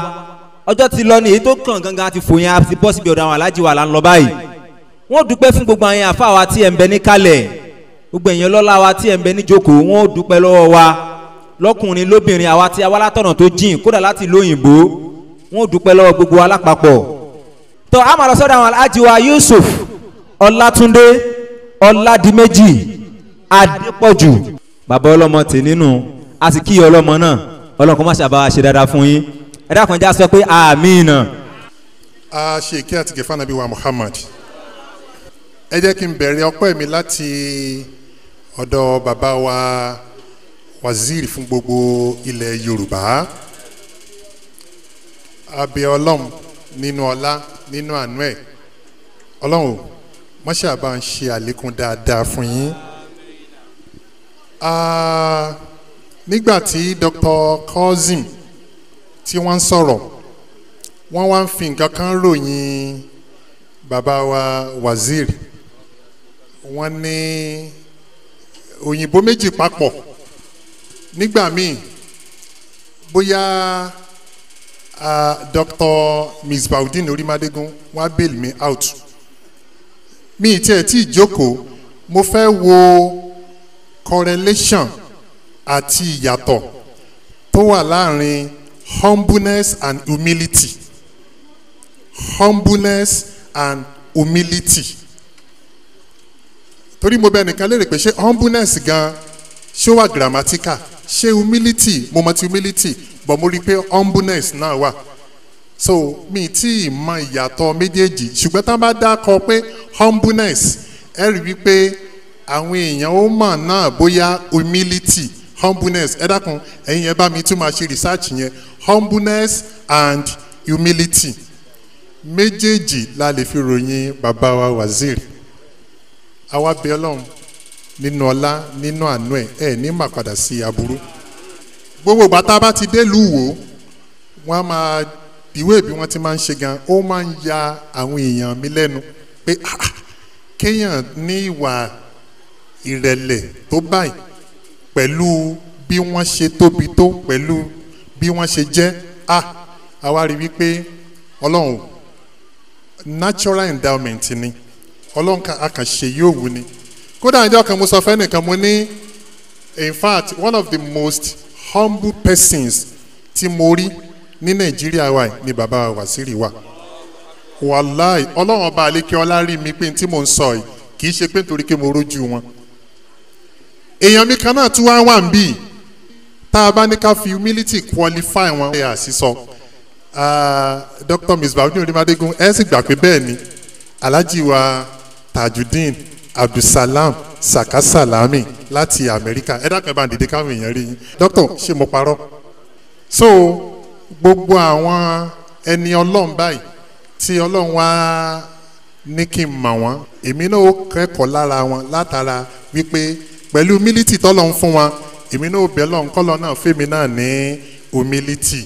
ọjọ́ ti lọ ní èyí tó kàn gangan ti fòyìn àti bọ́ síbi ọ̀dọ̀ àwọn aláàjì wa là ń lọ báyìí wọ́n dúpẹ́ fún gbogbo àwọn àfa wa tí ẹ̀ ń bẹ ní kalẹ̀ gbogbo èèyàn lọ́la wa tí ẹ̀ ń bẹ ní jókòó wọ́n dúpẹ́ lọ́wọ́ wa lọ́kùnrin lóbìnrin àwa tí àwa látọ̀nà tó jìn kódà láti lóyìnbó wọn ò dúpẹ́ lọ́wọ́ gbogbo alápapọ̀ tó a máa lọ sọ́dọ̀ àwọn ajiwa Yusuf Ọlátúndé Ọládìméjì Adépọ̀jù bàbá ọlọ́mọ tè nínú a sì kí ọlọ́mọ náà ọlọ́kùn má ṣàbá ṣe dáadáa fún yín ẹ dákun já sọ pé àmín. a ṣe ìkẹ́ àti gẹ̀fà nàbí wa Muhammad ẹ jẹ́ kí n bẹ̀rẹ̀ ọpẹ́ mi láti ọ̀dọ̀ bàbá wa waziri fún gbogbo ilẹ̀ yorùbá abẹ ọlọ́run nínú ọlá nínú àánú ẹ̀ ọlọ́run mọ́ṣẹ́ àbá ń ṣe àlékún dáadáa fún yín nígbà tí dr kozim tí wọ́n ń sọ̀rọ̀ wọ́n wá ń fi nǹkan kan ròyìn bàbá wa waziri wọ́n ní òyìnbó méjì papọ̀ nígbà míì bóyá Dr. Misbaudeen Orímádégún wọ́n á bail mi out mi ì tiẹ̀ tí ì jókòó mo fẹ́ wo correlation àti ìyàtọ̀ tó wà láàrin humbleness and humility humbleness and humility torí mo bẹ nìkan léèrè pé ṣé humbleness gan ṣó wà grammatical ṣe humility mo mọ ti humility but mo rí i pé humbleness náà wà so mi tí ì mọ ìyàtọ̀ méjèèjì ṣùgbọ́n tá a bá dákọ pé humbleness ẹ rí i pé àwọn èèyàn ó mọ̀ náà bóyá humility humbleness ẹ dákun ẹ̀yin ẹ bá mi tún máa ṣe research yẹn humbleness and humility méjèèjì la lè fi ròyìn bàbá wa waziri àwa bẹ ọlọ́run nínú ọlá nínú àánú ẹ̀ ẹ̀ ní mà padà sí aburú gbogbo ìgbà tá a bá ti dé lùwò wọ́n á máa ìwé bí wọ́n ti máa ń ṣe gan ó máa ń ya àwọn èèyàn mi lẹ́nu pé ah, ah, kéèyàn ní ìwà ìrẹ̀lẹ̀ tó báyìí pẹ̀lú bí wọ́n ṣe tóbi tó pẹ̀lú bí wọ́n ṣe jẹ́ ah àwa rí wípé ọlọ́run natural endowment ni ọlọ́run a kàn yóò wù ni kódà ìjọ kan mo sọ fẹ́ nìkan mo ní in fact one of the most humble persons tí mo rí ní nàìjíríà wa ni bàbá Wàsíìrì wa wàláì ọlọ́run ọba àlékè ọlá rí mi pé tí mo ń sọ yìí kì í ṣe pé nítorí pé mo rójú wọn èèyàn mi kan náà tún wá wà ń bì tá a bá ní ká fi humility qualify wọn ẹ àsìsọ ah, Dr. Misbah Oníyòrí Mádégún ẹ sì gbà pé bẹ́ẹ̀ ni Alhaji wa Tajudeen abdulsalam sakasalami láti amẹ́ríkà ẹ dákun ẹ bá ń dìde káwọn èèyàn rí yín dókítà ṣé mo parọ́ so gbogbo àwọn ẹni ọlọ́run báyìí tí ọlọ́run wá ní kí n mọ̀ wọ́n èmi náà kẹ́kọ̀ọ́ lára wọn látara wípé pẹ̀lú humility tọ́lọ́run fún wọn èmi náà ó bẹ̀ lọ́run kọ́lọ́ náà fẹ́mi náà ní humility.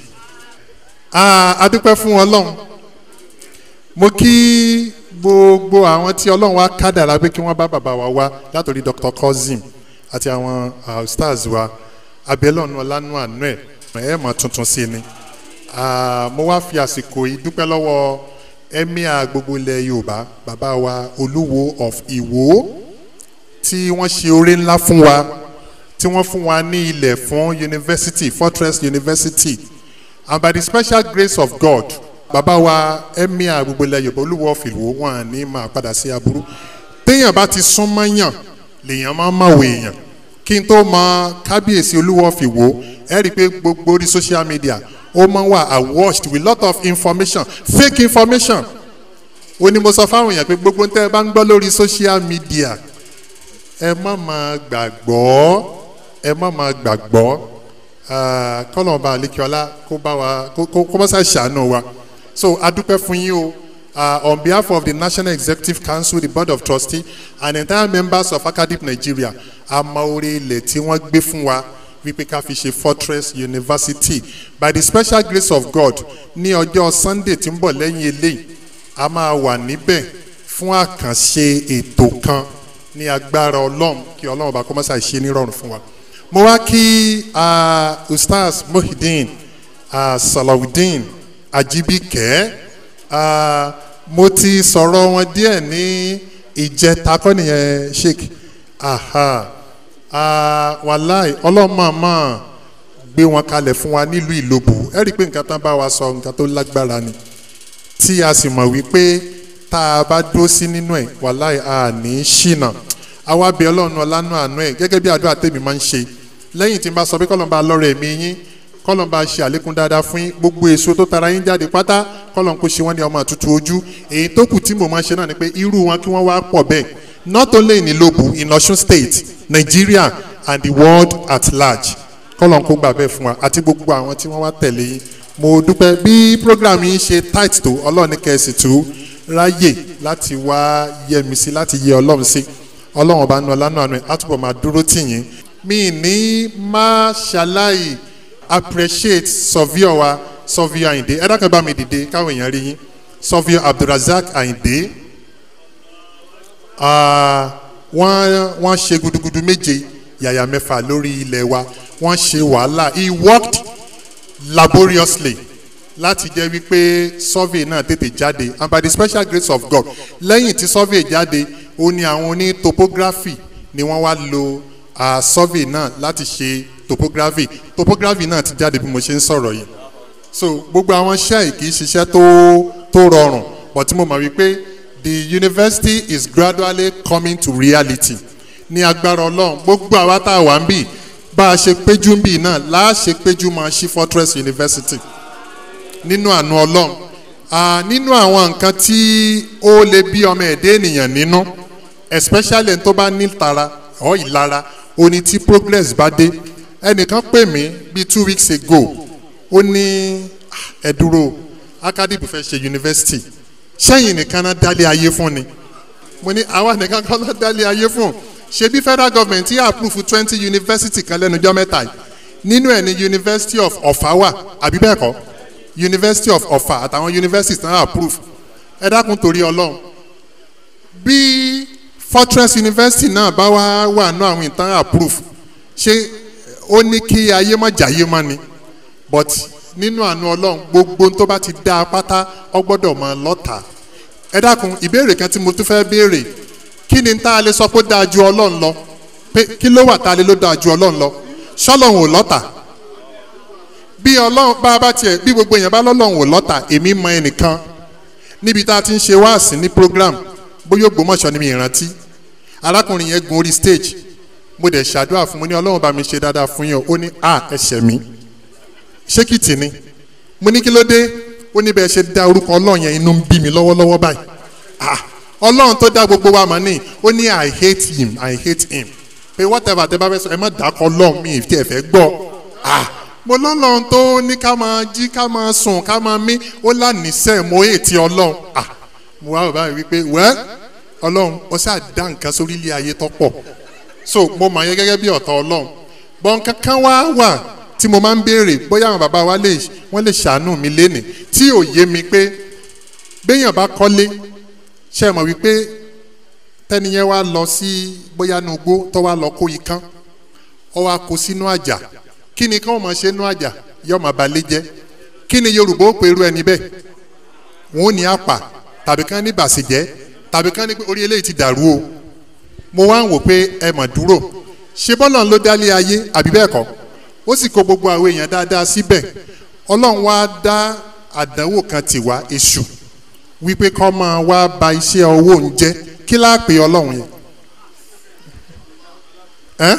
Ah, a dúpẹ́ fún ọlọ́run mo kí gbogbo àwọn tí ọlọ́run wa kádàrá pé kí wọ́n bá bàbá wa wá látòrí Dr. Kozim àti àwọn uh, stars wa abẹ́lọ́nu ọ̀lànà àánú ẹ̀ ẹ̀ mọ̀ tuntun sí ni mo wá fi àsìkò yìí dúpẹ́ lọ́wọ́ emir gbogbo ilẹ̀ Yorùbá bàbá wa Olúwo of Iwo. tí wọ́n ṣe oore ńlá fún wa tí wọ́n fún wa ní ilẹ̀ fún university Fortress University and by the special grace of God bàbá wa emir gbogbo ilẹ̀ yorùbá olúwo fìlú wọn ní máa padà sí aburú téèyàn bá ti sún mọ́yàn lèèyàn máa mọ̀wé èèyàn kí n tó mọ kábíyèsí olúwo fìwò ẹ rí i pé gbogbo orí social media ó máa ń wà awashed with lot of information fake information ó ní mo sọ fáwọn èèyàn pé gbogbo tẹ́ ẹ bá ń gbọ́ lórí social media ẹ má máa gbàgbọ́ ẹ má máa gbàgbọ́ ah, kọ́lọ̀ ọba àlekíọ́lá kó bá wa kó kó mọ́sá ṣàánú wa so adúpẹ́ fún yín o uh, on behalf of the National Executive Council the Board of Trustees and entire members of Akadip Nigeria amaore ilẹ̀ tí wọ́n gbé fún wa wípé ká fi ṣe fortress university by the special grace of God ní ọjọ́ Sunday tí ń bọ̀ lẹ́yìn eléyìí a máa wà níbẹ̀ fún àkànṣe ètò kan ní agbára ọlọ́run kí ọlọ́run bá kọ́ mọ́sá ṣe nírọ̀rùn fún wa. mo wá kí uh, ustaz Muhyiddin uh, Salawudeen àjíbíkẹ́ mo ti sọ̀rọ̀ wọn díẹ̀ ní ìjẹta kọ́ nìyẹn sheik wàláì ọlọ́mọọmọ gbé wọn kalẹ̀ fún wa nílùú ìlòbù ẹ rí i pé nǹkan tán bá wa sọ nǹkan tó lágbára ni tí a sì mọ̀ wípé tá a bá dúró sí nínú ẹ̀ wàláì a ní ṣìnà àwa bẹ̀ ọlọ́run ọlánú àánú ẹ̀ gẹ́gẹ́ bí àdúrà tèmi máa ń ṣe lẹ́yìn tí n bá sọ pé kọ́lọ́n bá lọ́rọ̀ ẹ̀mí yín kọ́lọ̀ ń bá ṣe àlékún dáadáa fún yín gbogbo èso tó tara yín jáde pátá kọ́lọ̀ ń kó ṣe wọ́n ní ọmọ àtútù ojú èyí tó kù tí mo máa ṣe náà ni pé irú wọn kí wọ́n wá pọ̀ bẹ́ẹ̀ not only in Ilobu in Osun State Nigeria and the world at large kọ́lọ̀ ń kó gbà bẹ́ẹ̀ fún wa àti gbogbo àwọn tí wọ́n wá tẹ̀lé yín mo dúpẹ́ bí program yín ṣe tight tó ọlọ́ọ̀ni kẹ̀sì tó ráyè láti wá yẹ sí láti yẹ ọlọ́run sí ọlọ́run ọba nu ọlánú àánú ẹ̀ á máa dúró tì yín mi ní má ṣaláì appreciate sọfíọ wa sọfíọ àyìndé ẹ dákẹ́ bá mi dìde káwọn èèyàn rí yín sọfíọ abdulrasaq àyìndé ah, wọ́n wọ́n ṣe gudugudu méje yàyà mẹ́fà lórí ilẹ̀ wa wọ́n ṣe wàhálà he worked laboriously láti jẹ́ wípé survey náà tètè jáde and by the special grace of God lẹ́yìn tí survey jáde ó ní àwọn oní topography ni wọ́n wá lo uh, ah, survey náà láti ṣe topography topography náà ti jáde bí mo ṣe ń sọ̀rọ̀ yìí so gbogbo àwọn iṣẹ́ yìí kì í ṣiṣẹ́ tó tó rọrùn but mo mọ̀ wípé the university is gradually coming to reality ní agbára ọlọ́run gbogbo àwa tá a wà ń bì bá a ṣe péjú ń bì náà láà ṣe péjú máa ṣí fortress university nínú àánú ọlọ́run nínú àwọn nǹkan tí ó lè bí ọmọ ẹ̀dẹ́ ènìyàn nínú especially tó bá ní tara ọ̀ ìlara oní tí progress bá dé ẹnìkan pè mí bíi two weeks ago ó ní ah, ẹ̀dúró akadib fẹ́ ṣe yunifásitì sẹ́yìn nìkan náà dálé ayé fún ni mo ní àwa nìkan kan náà dálé ayé fún ṣebí federal government yà approve twenty university kan lẹ́nu ọjọ́ mẹ́ta nínú ẹ̀ ní university of ọ̀fà wà àbí bẹ́ẹ̀ kọ́ university of ọ̀fà àtàwọn universities náà approve ẹ dákun torí ọlọ́run bí fortress university náà bá wà wà náà àwọn ìtàn approve ṣé ó ní kí ayé má jàyé má ni but nínú àánú ọlọ́run gbogbo tó bá ti dá a pátá ọ gbọ́dọ̀ máa lọ́ta ẹ dákun ìbéèrè kan tí mo tún fẹ́ béèrè kí ni tá a lè sọ pé ó dáa ju ọlọ́run lọ pé kí ló wà tá a lè ló dáa ju ọlọ́run lọ ṣọ́lọ́run ò lọ́ta bí ọlọ́run bá bá tiẹ̀ bí gbogbo èèyàn bá lọ́lọ́run ò lọ́ta èmi mọ ẹnìkan níbi tá a ti ń ṣe wáàsí ní program bóyá Ògbómọ̀ṣọ́ ni mi ìrántí arákùnrin yẹn gun orí stage mo dẹ̀ ṣàdúrà fún mo ní ọlọ́run bá mi ṣe dáadáa fún yín ó ní a ẹ̀ṣẹ̀ mi ṣé ni mo ní kí ló dé ó ní bẹ́ẹ̀ ṣe dá orúkọ ọlọ́run yẹn inú bí mi lọ́wọ́lọ́wọ́ báyìí ah ọlọ́run tó dá gbogbo wa mọ̀ ní ó ní i hate him i hate him pé whatever tẹ bá fẹ́ sọ ẹ má dákọ̀ ọlọ́run mi ìfẹ́ ẹ fẹ́ gbọ́ ah mo lọ́lọ́run tó ní ká máa jí ká máa sùn ká máa mí ó lánìíṣẹ́ mo èètì ọlọ́run ah mo wá bàbá mi wípé wẹ́ẹ́ ọlọ́run ó ṣáà dá nǹkan sórí ilé ayé tọ́pọ̀ so mo mọ̀ yẹn gẹ́gẹ́ bí ọ̀tọ̀ ọlọ́run bọ́n kankan wá wà tí mo máa ń béèrè bóyá àwọn bàbá wa lè wọ́n lè ṣàánú mi lénìí tí ò yé mi pé béèyàn bá kọ́lé ṣe mọ̀ wípé tẹ́niyẹn wá lọ sí bóyá nugbó tó wá lọ kó ikán ó wá kó sínú àjà kí ni káwọn máa ṣe nú àjà yóò máa balẹ̀ jẹ́ kí ni yorùbá ó pe irú ẹni bẹ́ẹ̀ wọn ní àpà tàbí kán ní bàṣẹ̀jẹ́ tàbí kán ní orí eléyìí ti dàrú o mo wá ń wò pé ẹ mọ̀ dúró ṣé bọ́lọ̀ ló dálé ayé àbí bẹ́ẹ̀ kọ́ ó sì kó gbogbo àwọn èèyàn dáadáa síbẹ̀ ọlọ́run wá dá àdánwò kan tì wá èṣù wípé kọ́ máa wá ba iṣẹ́ owó ń jẹ́ kí láà pè ọlọ́run yẹn ẹ́n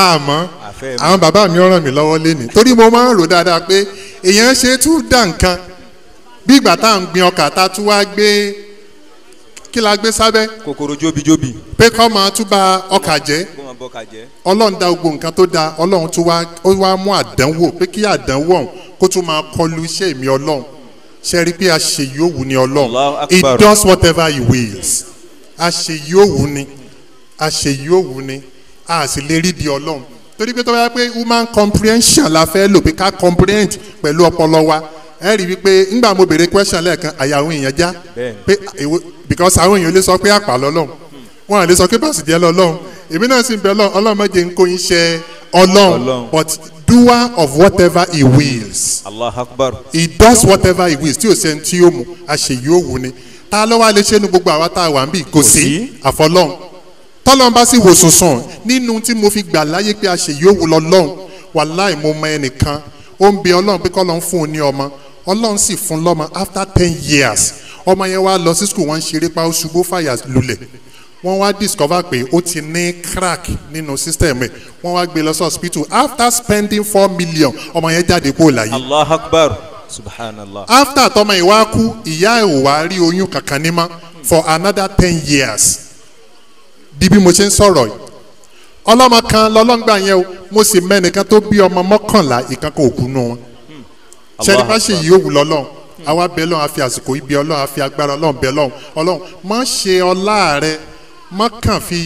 àmọ́ àwọn bàbá mi ràn mí lọ́wọ́ lẹ́nìí torí mo máa ń rò dáadáa pé èèyàn ṣe tún dá nǹkan bí ìgbà tá à ń gbin ọkà tá a tún wá gbé kí la gbé sábẹ́. kòkòrò jóbijóbi. pé kọ́ máa tún ba ọkà jẹ́. ọlọ́run dá gbogbo nǹkan tó da ọlọ́run tún wá mú àdánwò pé kí àdánwò ọ̀hún kó tún máa kọlu iṣẹ́ mi ọlọ́run ṣe rí pé àṣe yóò wù ní ọlọ́run he does whatever he wills àṣe yóò wù ní àṣe yóò wù ní a sì lè rí di ọlọ́run torí pé tó bá yá pé human comprehension la fẹ́ lò pé ká comprehend pẹ̀lú ọpọlọ wa ẹ rí i wípé ńgbà mo béèrè question lẹ́ẹ̀kan àyà àwọn èèyàn já pé because àwọn èèyàn lè sọ pé àpà lọ́lọ́run wọn à lè sọ pé bàṣìjẹ́ lọ́lọ́run èmi náà sì ń bẹ lọ́run ọlọ́run mẹ́jẹ ń kó yín ọlọ́run but doer of whatever he wills Allah akbar he does whatever he wills tí o ṣe tí o mú àṣeyí òwú ni ta ló wá lè ṣe nu gbogbo àwa tá a wà ń bì kò sí àfọlọ́run tọ́lọ́n bá sì wò sùn sùn nínú tí mo fi gbà láyé pé àṣeyí òwú lọ́lọ́run wàláì mo mọ ẹnìkan ó ń bi ọlọ́run pé kọ́ fún un ní ọmọ ọlọ́run sì fún lọ́mọ after ten years ọmọ yẹn wá lọ sí school wọ́n ń ṣeré pa ó ṣubú fàyà lulẹ̀ wọ́n wá discover pé ó ti ní crack nínú system ẹ̀ wọ́n wá gbé lọ sí hospital after spending four million ọmọ yẹn jáde kó láyé. allah akbar subhanallah. after tọmọ ìwá kú ìyá ẹ̀ wá rí oyún kankan ní mọ́ for another ten years di bí mo ṣe ń sọ̀rọ̀ yìí ọlọ́mọ kan lọ́lọ́ngbà yẹn o mo sì mẹ́nìkan tó bí ọmọ mọ́kànlá ìkankan òkú nù wọn sẹ́ni má ṣe yìí ó wù lọ́lọ́run àwa bẹ lọ́run àfi àsìkò ibi ọlọ́run àfi agbára ọlọ́run bẹ lọ́run ọlọ́run má ṣe ọlá rẹ má kàn fi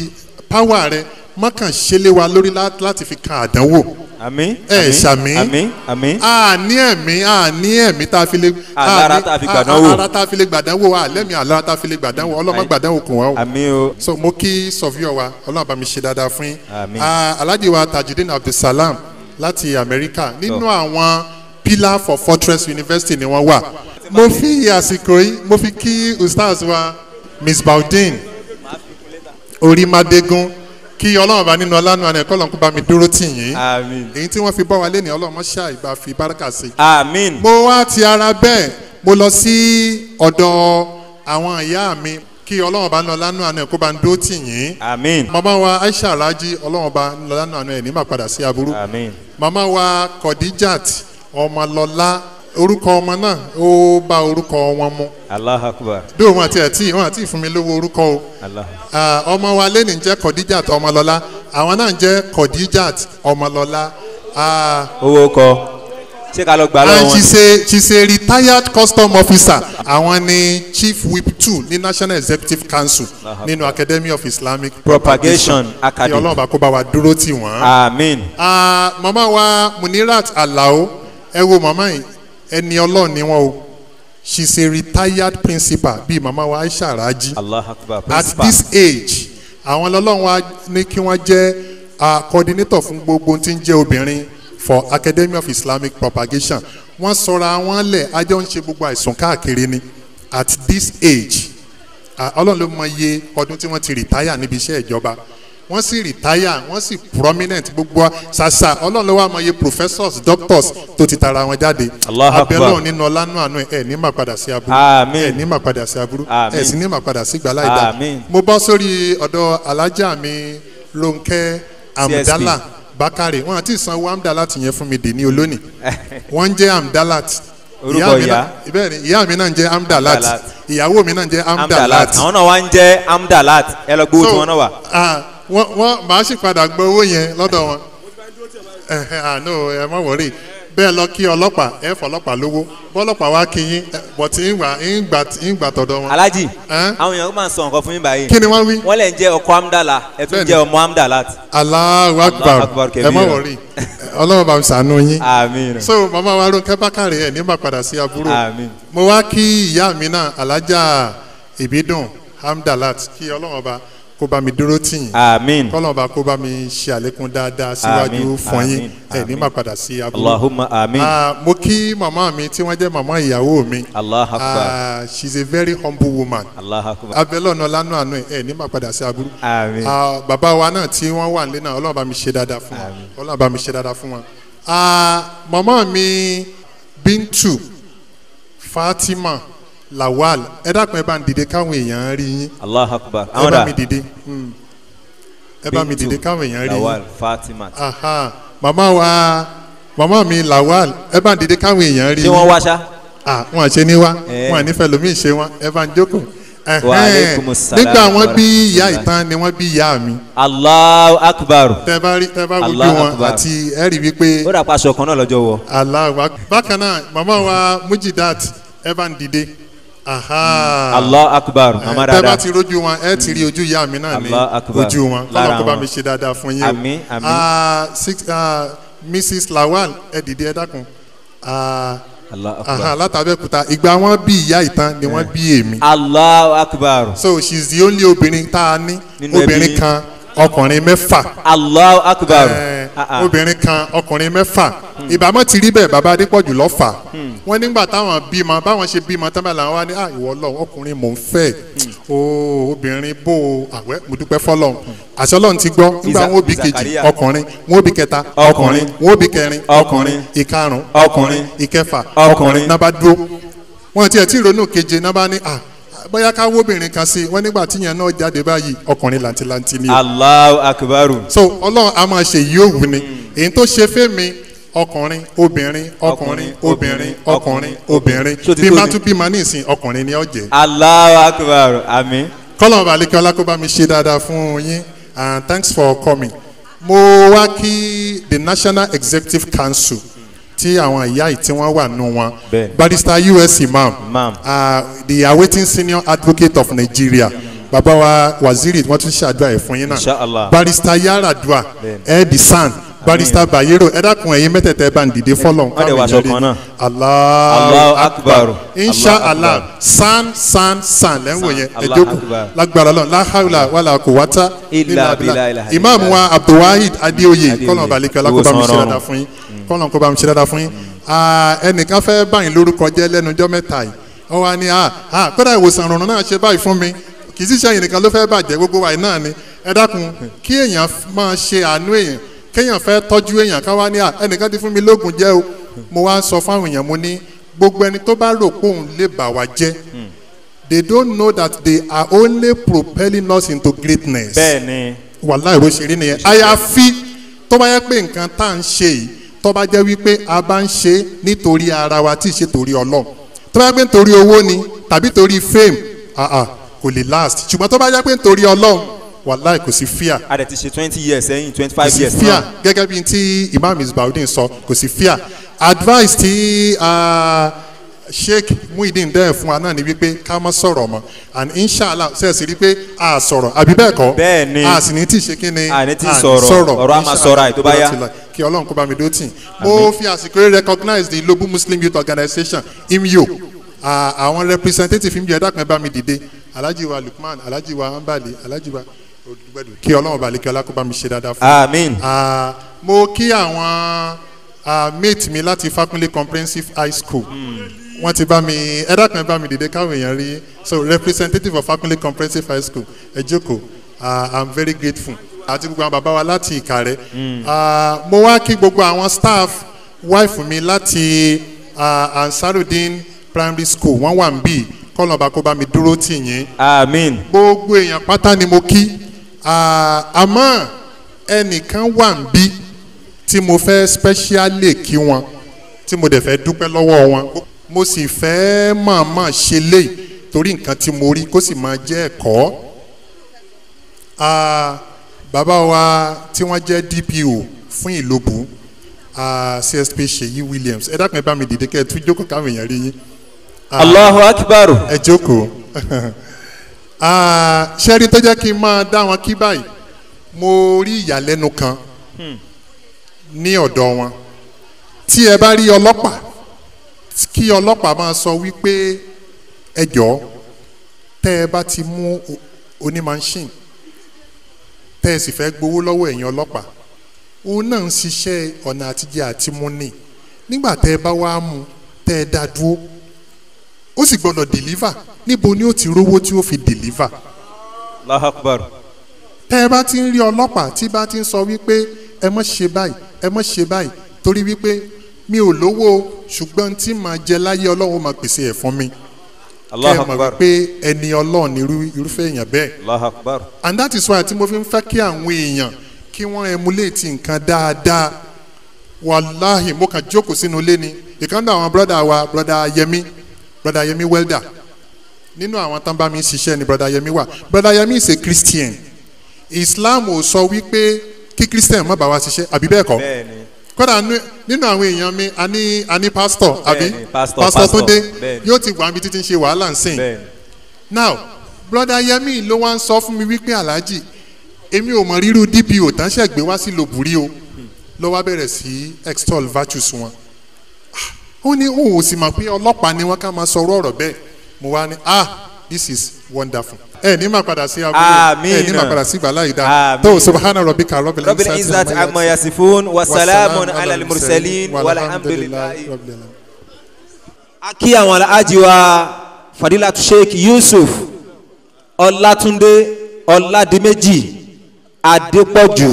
páwà rẹ má kàn ṣe wa lórí láti fi kan àdánwò àmín ẹ ṣàmín àmín àmín àní ẹ̀mí àní ẹ̀mí tá a fi lè alára tá a fi gbàdánwò alára tá a fi lè gbàdánwò àlẹ́mí alára tá a fi lè gbàdánwò ọlọ́mọ gbàdánwò kùn wá o àmín o so mo kí sọfíọ wa ọlọ́run bá mi ṣe dáadáa fún yín àmín alhaji wa tajudeen abdulsalam láti amẹ́ríkà nínú àwọn. No pillar for fortress university ni wọ́n wà. mo fi àsìkò yìí mo fi kí ustaz wa miss baudin orímadégún kí ọlọ́run bá nínú ọlánú àná ẹ̀kọ́ lọ́nkú bá mi dúró tì yín èyí tí wọ́n fi bọ́ wa lé ní ọlọ́run mọ́ṣá ìgbà fi báràkà sí. mo wá ti ara bẹ́ẹ̀ mo lọ sí ọ̀dọ̀ àwọn ìyá mi kí ọlọ́run bá nínú ọlánú àná ẹ̀kọ́ bá ń dúró tì yín. màmá wa aisha alhaji ọlọ́run bá nínú ọlánú àná ẹ̀ ní màpadà sí aburú. màmá wa kọ̀díjàt Ọmọlọ́lá orúkọ ọmọ náà ó bá orúkọ wọn mu. Allahu Akbar. bí òun àti ẹtí wọn àti ìfún mi lówó orúkọ o. ọmọ wa lẹ́nu jẹ́ Khadijat Ọmọlọ́lá àwọn náà jẹ́ Khadijat Ọmọlọ́lá. owó kọ ṣé ká lọ gbà lọ́wọ́ wọn. and she say she say retired custom officer àwọn ni chief whip two ní national executive council nínú academy of islamic propagation academy. kí ọlọ́run bá kó bá wa dúró tì wọ́n. àmín. màmá wa Munirat Alao ẹ wo màmá yìí ẹni ọlọ́run ni wọ́n o she is a retired principal bíi màmá wa Aisha Raji at this age àwọn ọlọ́run wa ní kí wọ́n jẹ́ coordinator fún gbogbo tí ń jẹ́ obìnrin for Academy of Islamic Propagation wọ́n sọra wọn lẹ̀ ajọ́ ń ṣe gbogbo àìsàn káàkiri ni at this age ọlọ́run ló mọ iye ọdún tí wọ́n ti rìtáyà níbi iṣẹ́ ìjọba wọ́n sì retire wọ́n sì prominent gbogbo ṣàṣà ọlọ́run ló wà professors doctors tó ti tara wọn jáde abẹ́lẹ́ òní nà ọlánú àánú ẹ̀ ní mà padà sí aburú ẹ̀ ní mà padà sí aburú ẹ̀ sì ní mà padà sí gbàlá ìdá mo bọ́ sórí ọ̀dọ̀ alájà mi Rónkẹ́ Amdala Bakare wọn àti ìsanwó Amdala ti yẹn fún mi dè ní olónìí *laughs* wọ́n ń jẹ́ orúkọ ìyá ìyá mi náà ń jẹ amdalat ìyàwó mi náà ń jẹ amdalat àwọn náà wá ń jẹ amdalat ẹ lọ gbowó wọn náà wà. Ah, wọ́n wọ́n màá sì padà gbọ́ owó yẹn lọ́dọ̀ wọn. àánú ah, ẹ má wọrí bẹ́ẹ̀ lọ kí ọlọ́pàá ẹ fọlọ́pàá lówó bọ́lọ́pàá wá kí yín bọ̀tí ìgbà ìgbà ìgbà tọ̀dọ̀ wọn. alájì àwọn èèyàn máa ń sọ nǹkan fún yín báyìí. kí ni wọ́n wí. wọ́n lè jẹ́ ọkọ amdala ẹ tún jẹ́ ọmọ amdala. Allahu Akbar ẹ má wọrí ọlọ́run bá mi sànú yín. so màmá wa Rónkẹ́ Bákàrè ẹ̀ ní má padà sí aburú. àmín. mo wá kí ìyá mi náà alájà ìbídùn amdalat kí ọlọ́run ọba kó bá mi dúró tì yín àmín kọ́lọ́n bá kó bá mi ṣe àlékún dáadáa síwájú fún yín ẹ̀ ní má padà sí aburú Allahumma àmín ah, mo kí màmá mi tí wọ́n jẹ́ màmá ìyàwó mi Allahu Akbar ah, she is a very humble woman Allahu Akbar abẹ́lọ́nà lánàá àná ẹ̀ ní má padà sí aburú àmín ah, bàbá wa náà tí wọ́n wà nílé náà Ọlọ́run bá mi ṣe dáadáa fún wọn Ọlọ́run bá mi ṣe dáadáa fún wọn màmá mi Bintu Fatima lawal ẹ dákun ẹ bá ń dìde káwọn èèyàn rí yín. allah akbar àwọn dà ẹ bá mi dìde ẹ bá mi dìde káwọn èèyàn rí yín. lawal fatima. màmá wa mama mi lawal ẹ bá ń hmm. dìde káwọn èèyàn rí yín. ṣé wọ́n wá ṣá. wọn à ṣe eh. ní wá wọn à nífẹ̀ẹ́ lómi ṣe wọn ẹ bá ń jókòó. nígbà wọn bí ìyá ìtàn ni wọn bí ìyá mi. Allah akbar. tẹ bá rí tẹ bá wojú wọn àti ẹ rí wípé. ó dà pa aṣọ kan náà lọ́jọ́ wọ. aláwa bákan náà màmá wa mujidat ẹ bá ń dìde allah akbar Amara eh, dáadáa. tẹ́lá ti rojú wọn ẹ ti rí ojú ìyá mi náà ní ojú wọn kọ́lá kó bá mi ṣe dáadáa fún yín o. àmín àmín. Ah, ah, mrs lawal ẹ dìde ẹ dákun ah, látàbẹ̀kúta ìgbà wọn bí ìyá ìtàn ni wọn bí èmi. allah akbar. so she is the only obìnrin tá a ní eh, obìnrin kan ọkùnrin mẹ́fà. allah akbar. obìnrin kan ọkùnrin mẹ́fà ìbámọ́ ti rí bẹ́ẹ̀ bàbá adépọ̀jù lọ́fà hmm. wọ́n nígbà táwọn bímọ báwọn ṣe bímọ tán báyìí làwọn wá ní ìwọ ọlọ́run ọkùnrin mò ń fẹ́ hmm. o obìnrin bó o àwẹ́ mo dúpẹ́ fọlọ́run àṣẹ ọlọ́run ti gbọ́ hmm. nígbà wọn ó bí kejì ọkùnrin wọn ó bí kẹta ọkùnrin wọn ó bí kẹrin ọkùnrin ìkarùn ọkùnrin ìkẹfà ọkùnrin náà bá dúró wọn tiẹ̀ tí ìrònú keje náà bá ní à bóyá ká wóbìnrin kan sí wọn nígbà tí yẹn náà jáde báyìí ọkùnrin làǹtìlàǹtì ni. Allah akbaru. so ọlọ́run a máa ṣe yóò wù ni èyí tó ṣe fẹ́ ọkùnrin obìnrin ọkùnrin obìnrin ọkùnrin obìnrin bí má tún bímọ ní ìsìn ọkùnrin ni ó jẹ. Allahu Akbar àmín. kọ́lọ̀ balẹ̀kẹ́ ọlákóbá mi ṣe dáadáa fún yín and thanks for coming. mo wá kí the National Executive Council Ti àwọn ìyá yìí tí wọ́n wà nù wọn barrister US Imam uh, the awaiting senior advocate of Nigeria. Mm -hmm bàbá wa waziri wọn tún ṣàdúrà ẹ fún yín náà barista yaradua ẹ di san barista bayero ẹ dákun ẹ̀yin mẹ́tẹ̀ẹ̀tẹ̀ bá ń dìde fọlọ káwọn ìyẹn rí Allahu akbar insha allah san san san lẹ́wọ̀ yẹn ẹ jókòó lágbára lọ la hawla wala quwwata illa billah imaamu wa abdulwahid adeoye kọ́nà balikẹ́ lákòbá mi ṣe dáadáa fún yín kọ́nà mm. kọ́ba mi ṣe dáadáa fún yín ẹnìkan fẹ́ báyìí lórúkọ jẹ́ lẹ́nujọ́ mẹ́ta yìí ó wà ní kódà ìwòsàn ìrọ̀rùn náà ṣe báyìí fún mi kì í sì ló fẹ́ bàjẹ́ gbogbo wa náà ni ẹ dákun kí èèyàn máa ṣe àánú èèyàn kéèyàn fẹ́ tọ́jú èèyàn ká wá ní à ẹnìkan ti fún mi lóògùn jẹ́ o mo wá sọ fáwọn èèyàn mo ní gbogbo ẹni tó bá rò pé òun lè bà wá jẹ́ hmm. they don't know that they are only propelling us into greatness. bẹ́ẹ̀ni. wàhálà ìwé ṣeré nìyẹn àyàfi tó bá yẹ pé nǹkan tá à ń ṣe yìí tó bá jẹ́ wípé a bá ń ṣe nítorí ara wa tí ì ṣe torí ọlọ́run tó bá yẹ pé nítorí owó ni tàbí torí fame ah ah kò lè last ṣùgbọ́n tó bá yẹ pé nítorí ọlọ́run wàláì kò sí fíà. a dẹ̀ ti ṣe twenty years sẹ́yìn twenty five years. kò sí fíà gẹ́gẹ́ bí ti imam isbaudin sọ kò sí fíà advice ti sheikh muhyiddin dẹ́ẹ̀ fún wa náà ni wípé ká má sọ̀rọ̀ mọ́ and inshallah sẹ́ẹ̀sì rí pé a sọ̀rọ̀ àbí bẹ́ẹ̀ kọ́ bẹ́ẹ̀ ni a sì ní tí ṣe kí ni a ní tí sọ̀rọ̀ ọ̀rọ̀ a máa sọ̀rọ̀ àìtó bá yá kí ọlọ́run kó bá mi dótì mo fi àsìkò rẹ recognize the lobu muslim youth organization imyo àwọn representative imyo ẹ̀dá kan bá mi dìde alhaji wa lukman alhaji wa ambali alhaji wa kí ọlọ́run bá lékè ọlá bá mi ṣe dáadáa fún mi. mo kí àwọn mate mi láti Fakunle comprehensive high school hmm. wọ́n ti bá mi ẹ̀dá kan bá mi dìde káwọn èèyàn rí so representative of Fakunle comprehensive high school ẹ jókòó uh, i'm very grateful àti gbogbo àwọn bàbá wa láti Ìkàrẹ́ hmm. mo wá kí gbogbo àwọn staff wife mi láti uh, Ansarudeen primary school wọ́n wà ń bì kọ́lọ̀ bá kó bá mi dúró tì yín. àmín. gbogbo èèyàn pátá ni mo kí àmọ́ ẹnìkan wà ń bí tí mo fẹ́ specially kí wọn tí mo dẹ̀ fẹ́ dúpẹ́ lọ́wọ́ wọn mo sì fẹ́ mọ̀ọ́mọ̀ ṣe léyìí torí nǹkan tí mo rí kó sì máa jẹ́ ẹ̀kọ́ bàbá wa tí wọ́n jẹ́ DPO fún Ìlóbù CSP Ṣèyí Williams ẹ dákun ẹ bá mi dìde kẹ́ ẹ tún jókòó káwọn èèyàn rí yín. Allahu Akbar. ẹ jókòó. *laughs* Ah, ṣẹ́rí tó jẹ́ kí n máa dá wọn kí báyìí mo rí ìyàlẹ́nu kan hmm. ní ọ̀dọ̀ wọn tí ẹ bá rí ọlọ́pàá kí ọlọ́pàá máa sọ wípé ẹ tẹ́ ẹ bá ti mú onímọ̀ṣìn tẹ́ ẹ sì fẹ́ gbowó lọ́wọ́ ẹ̀yin ọlọ́pàá òun náà ń ṣiṣẹ́ ọ̀nà àtijẹ́ àtimúni nígbà tẹ́ ẹ bá wá mú tẹ́ ẹ dá dúró ó sì gbọ́dọ̀ deliver níbo ni ó ti rówó tí ó fi deliver. Allahu Akbar. tẹ́ ẹ bá ti ń rí ọlọ́pàá tí bá ti ń sọ wípé ẹ mọ̀ ṣe báyìí ẹ mọ̀ ṣe báyìí torí wípé mi ò lówó ṣùgbọ́n tí màá jẹ láyé ọlọ́run máa pèsè ẹ̀ fún mi. Allahu Akbar. kẹ́ ẹ mọ̀ wípé ẹni ọlọ́run ni irúfẹ́ èèyàn bẹ́ẹ̀. Allahu and that is why tí mo fi ń fẹ́ kí àwọn èèyàn kí wọ́n emulate nǹkan dáadáa wàláhì mo kàn jókòó sínú ilé ni ìkànnì àwọn brọ́dà wa brọ́dà Yẹmi brọ́dà Yẹmi welder nínú àwọn tán bá mi ṣiṣẹ́ ni brother Yemi wà brother Yemi is a Christian Islam ò sọ wípé kí Christian má bá wa ṣiṣẹ́ àbí bẹ́ẹ̀ kọ́ kódà nínú àwọn èèyàn mi a ní a ní pastor àbí pastor Túndé yóò ti wà níbi títí ń ṣe wàhálà ń sìn now brother Yemi ló wá ń sọ fún mi wípé alhaji èmi ò mọ rírú DPO tán ṣẹ̀gbẹ́ wá sí lòbùrí o ló wá bẹ̀rẹ̀ sí extol virtues wọn ah, ó ní òun ò sì mọ̀ pé ọlọ́pàá ni wọ́n ká máa sọ ọ̀rọ̀ bẹ́ẹ̀ mo wá ní ah this is wonderful. ẹ ní ma padà sí aburú ẹ ní máa padà sí ìgbàlá ìdá tó subahana rabi ka rabi lẹni sáà ti wọn amayọ yasifun mursalin walhamdulilayi. akí àwọn aláàjì wa fadilatu sheikh yusuf ọlátúndé ọládìméjì adépọ̀jù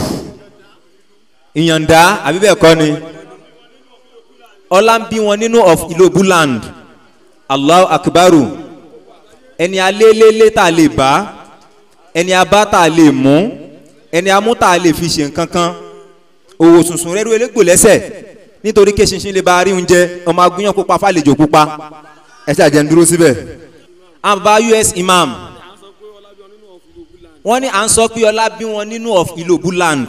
ìyànda àbí bẹ́ẹ̀ kọ́ ni ọlá ń bí wọn nínú of ilobuland. obuland. Allahu akubaru, ẹni alélélé tá a lè bá ẹni abá tá a lè mú ẹni amú tá a lè fi ṣe nǹkan kan òwò sùnsùn rẹ́rú elégbò lẹ́sẹ̀ nítorí ké ṣinṣin lè ba rí oúnjẹ ọmọ agúnyán pupa fàlejò pupa ẹsẹ̀ àjẹ́ ń dúró síbẹ̀. àbá US imam wọ́n ní à ń sọ pé ọlá bí wọn nínú of Ilobuland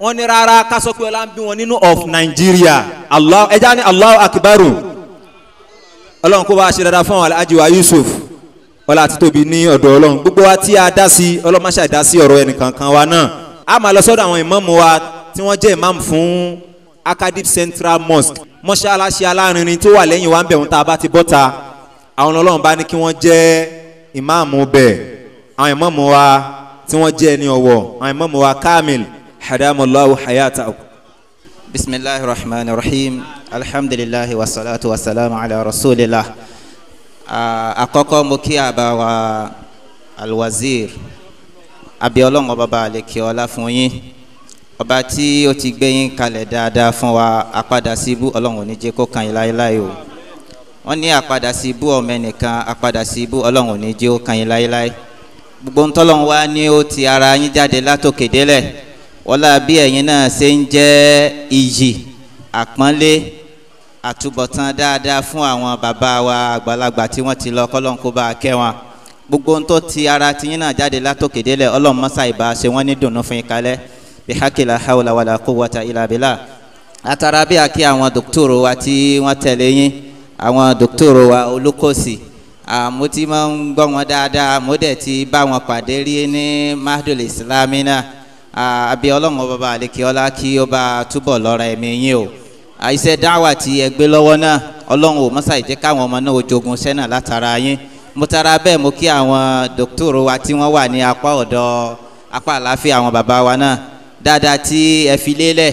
wọ́n ní rárá ká sọ pé ọlá bí wọn nínú of Nigeria Allah ẹja ní Allah akbaru ọlọ́run kó bá ṣe dáadáa fún àwọn aláàjì wa Yusuf ọlá àti tóbi ní ọ̀dọ̀ ọlọ́run gbogbo wa tí a dá sí ọlọ́run má ṣe àdá sí ọ̀rọ̀ ẹnìkankan wa náà a máa lọ sọ́dọ̀ àwọn ìmáàmù wa tí wọ́n jẹ́ ìmáàmù fún Akadip Central Mosque mọ́ṣáláṣí alárinrin tó wà lẹ́yìn wa ń bẹ̀ wọn tá a bá ti bọ́ta àwọn ọlọ́run bá ní kí wọ́n jẹ́ ìmáàmù bẹ̀ àwọn ìmáàmù wa tí wọ́n jẹ́ ẹni ọ̀wọ̀ àwọn ìmáàmù wa Kamil hadamallahu hayata. bismillahir rahmanir rahim alhamdulilahi wasalaatu wasalaamu ala rasulillah àkọ́kọ́ mo kí àbá wa alwazir abiolóhùn ọba àlekè ọlá fún yín ọba tí ó ti gbé yín kalẹ̀ dáadáa fún wa àpadà sí ibú ọlọ́run ò ní jẹ́ kó kàn yín láéláé o wọ́n ní àpadà sí ibú ọmọ ẹnìkan àpadà sí ibú ọlọ́run ò ní jẹ́ kó kàn yín láéláé gbogbo ntọ́lọ́run wa ni ó ti ara yín jáde látòkè délẹ̀ wọ́lá bí ẹ̀yin náà ṣe ń jẹ́ iyì àpọ́nlé àtúbọ̀tán dáadáa fún àwọn bàbá wa àgbàlagbà tí wọ́n ti lọ kọ́lọ́n kó bá a kẹ́ wọn gbogbo ohun tó ti ara tiyín náà jáde látòkè délẹ̀ ọlọ́run mọ́sá ìbá ṣe wọ́n ní dùnú fún ìkálẹ̀ bí hakila hawla wàlà quwwata illa billah látara bí a kí àwọn dòkítòrò wa tí wọ́n tẹ̀lé yín àwọn dòkítòrò wa olókòsì àmọ́ tí máa ń gbọ́ wọn dáadáa mo dẹ̀ ti bá wọn pàdé rí ní mahdul islamina àbí ọlọ́run ọba àlekíọ́lá kí ó bá túbọ̀ lọ́ra ẹ̀mí yín o àìsẹ dáwà tí ẹ gbé lọ́wọ́ náà Ọlọ́run ò mọsà ìjẹ káwọn ọmọ náà ó jogun sẹnà látara yín mo tara bẹ́ẹ̀ mo kí àwọn dókítòrò wa tí wọ́n wà ní apá ọ̀dọ̀ apá àlàáfíà àwọn bàbá wa náà dáadáa tí ẹ fi lélẹ̀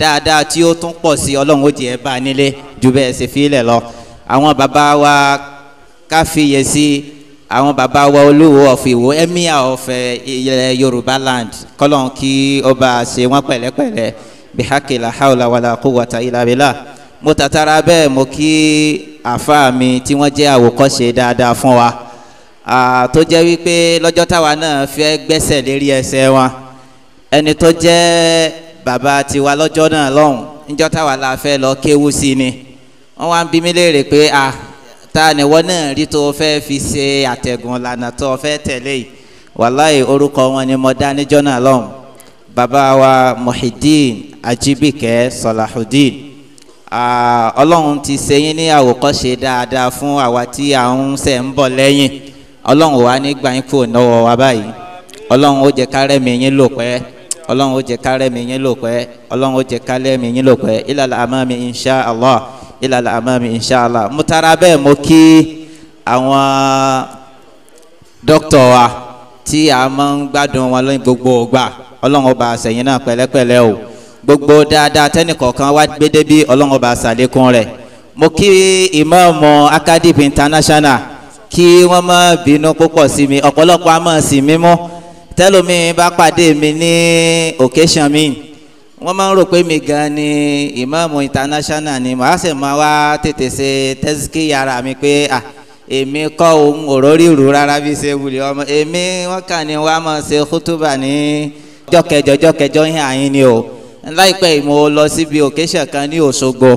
dáadáa tí ó tún pọ̀ sí Ọlọ́run ó jẹ́ ẹ bá nílé ju bẹ́ẹ̀ ṣe fi lẹ̀ lọ àwọn bàbá wa káfíyèsí àwọn bàbá wa olúwo ọ̀fìwò emir ọ̀fẹ́ eh, ilẹ̀ Yorùbá land kọ́lọ́n kí ó bá ṣe wọ́n pẹ̀lẹ́pẹ̀lẹ́ bihaki la hawla wala quwwata illa billah mo tàtàrà bẹ́ẹ̀ mo kí àfa mi tí wọ́n jẹ́ àwòkọ́ṣe dáadáa fún wa tó jẹ́ wípé lọ́jọ́ táwa náà fẹ́ gbẹ́sẹ̀ lérí ẹsẹ̀ wọn ẹni tó jẹ́ bàbá tiwa lọ́jọ́ náà lọ́hùn níjọ́ táwa la fẹ́ lọ kéwú sí ni wọ́n wá ń bí mi léèrè pé a ta ni wọ́n náà rí tó fẹ́ fi ṣe àtẹ̀gùn lànà tó fẹ́ tẹ̀lé yìí wàláì orúkọ wọn ni mo dá níjọ́ náà lọ́hùn bàbá wa Muhyiddin Ajibike Salahuddin ọlọ́run ti ṣe yín ní àwòkọ́ṣe dáadáa fún àwa tí à ń ṣe ń bọ̀ lẹ́yìn ọlọ́run wa nígbà yín kúrò náwó wa báyìí ọlọ́run ó jẹ́ kárẹ́mi yín lò pẹ́ ọlọ́run ó jẹ́ kárẹ́mi yín lò pẹ́ ọlọ́run ó jẹ́ kárẹ́mi yín lò pẹ́ ilàlá àmàmì insha Allah ilàlá àmàmì insha Allah mo tara bẹ́ẹ̀ mo kí àwọn dókítà wa tí a máa ń gbádùn wọn lóyún gbogbo ògbà. ọlọ́run ọba àṣẹyìn náà pẹ̀lẹ́pẹ̀lẹ́ o gbogbo dáadáa tẹ́nìkọ̀ọ̀kan wá gbédé bí ọlọ́run ọba àṣàlékún rẹ̀ mo kí ìmáàmù akadip international kí wọ́n má bínú púpọ̀ sí mi ọ̀pọ̀lọpọ̀ a máa mi mí mọ́ tẹ́lómi bá pàdé mi ní occasion mi wọ́n máa ń rò pé mi gan ni ìmáàmù international ni màá sì máa wá tètè ṣe tẹ́síkì yàrá mi pé ah èmi kọ́ ohun òrórí ìrù rárá bí ṣe wulẹ̀ ọmọ èmi wọ́n kà ní wàá máa ṣe kútùbà ní jọ́kẹjọ jọ́kẹjọ ń hàn yín ni o láìpẹ́ mo lọ síbi occasion kan ní Òṣogbo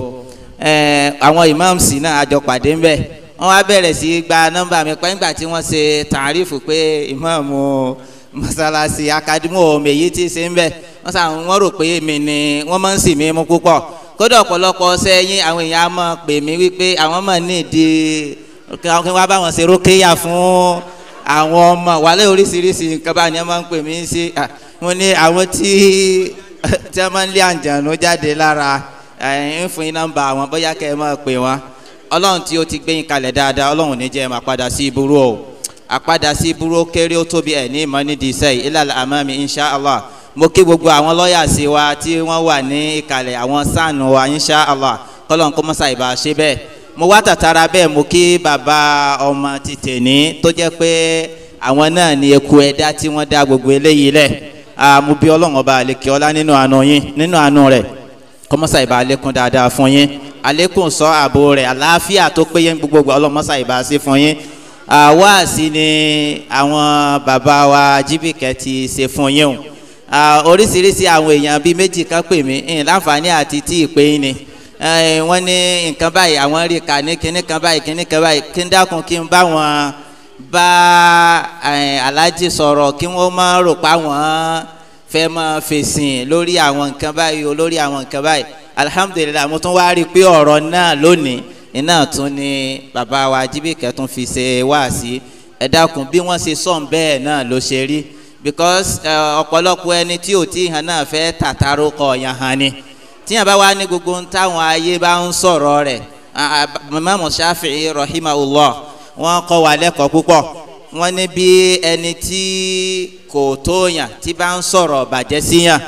àwọn imams náà àjọ pàdé ńbẹ̀ wọ́n wá bẹ̀rẹ̀ sí gba nọ́mbà mi pẹ́ nígbà tí wọ́n ṣe tàrífù pé ìmáàmù mọ́sálásí akadimo omi èyí ti ṣe ń bẹ̀ wọ́n sà wọ́n rò pé èmi ni wọ́n máa ń sì mí mú púpọ̀ kódà ọ̀pọ̀lọpọ̀ sẹ́yìn àwọn èèyàn á máa pè mí wípé àwọn máa ní ìdí kí wọ́n bá wọn ṣe rókèyà fún àwọn ọmọ wàhálà oríṣiríṣi nǹkan bá ní ẹ máa ń pè mí sí mo ní àwọn tí *laughs* tí wọ́n máa ń lé àǹjànú jáde lára ń fún yín nọ́mbà àwọn bóyá kẹ́ ẹ máa pè wọ́n ọlọ́run tí ó ti gbé yín kalẹ̀ dáadáa ọlọ́run ní jẹ́ ẹ máa padà sí ibúrú o àpadà sí ibúrú kéré ó tóbi ẹ̀ ní ìmọ̀ nídìí sẹ́yìn ilàlá àmàmì insha allah mo kí gbogbo àwọn lọ́ọ̀yà sí wa tí wọ́n wà ní ìkàlẹ̀ àwọn sáànù wa insha allah kọ́lọ́n kó mọ́sá ìbá ṣe bẹ́ẹ̀ mo wá tàtàrà bẹ́ẹ̀ mo kí bàbá ọmọ tètè ní tó jẹ́ pé àwọn náà ní eku ẹ̀dá tí wọ́n dá gbogbo eléyìí lẹ̀ mo bí ọlọ́run ọba àlekè ọlá nínú àánú yín nínú àánú rẹ̀ kọ́mọ́sà ìbá àlékún dáadáa fún yín àlékún sọ ààbò rẹ̀ àlàáfíà tó péye gbogbo ọlọ́mọ́sà ìbá sí fún yín àwáàsí ni àwọn bàbá wa jíbìkẹ́ ti ṣe fún yín o oríṣiríṣi àwọn èèyàn bíi méjì kan pè mí láǹfààní àti tí ì pé yín ni. Eh, wọ́n ní nǹkan báyìí àwọn rí ka ní kíní kan báyìí kíní kan báyìí kí n dákun kí n bá wọn bá eh, aláàjì sọ̀rọ̀ kí wọ́n má rò pa wọ́n fẹ́ máa fèsìn lórí àwọn nǹkan báyìí o àwọn nǹkan báyìí alihamudulilayi mo tún wá rí i pé ọ̀rọ̀ náà lónìí iná tún ni bàbá wa Jíbìkẹ́ tún fi ṣe wáàsí ẹ dákun bí wọ́n ṣe sọ̀n bẹ́ẹ̀ náà ló ṣe rí because eh, ọ̀pọ̀lọpọ̀ ẹni tí ò tí hàn náà fẹ́ tàtàrọ̀ kọ̀ hàn ni tíyẹn bá wá ní gbogbo táwọn ayé bá ń sọ̀rọ̀ rẹ̀ Imam Shafi'i rahimahullah wọ́n kọ́ wa lẹ́kọ̀ọ́ púpọ̀ wọ́n ní bí ẹni tí kò tóyàn tí bá ń sọ̀rọ̀ bàjẹ́ síyàn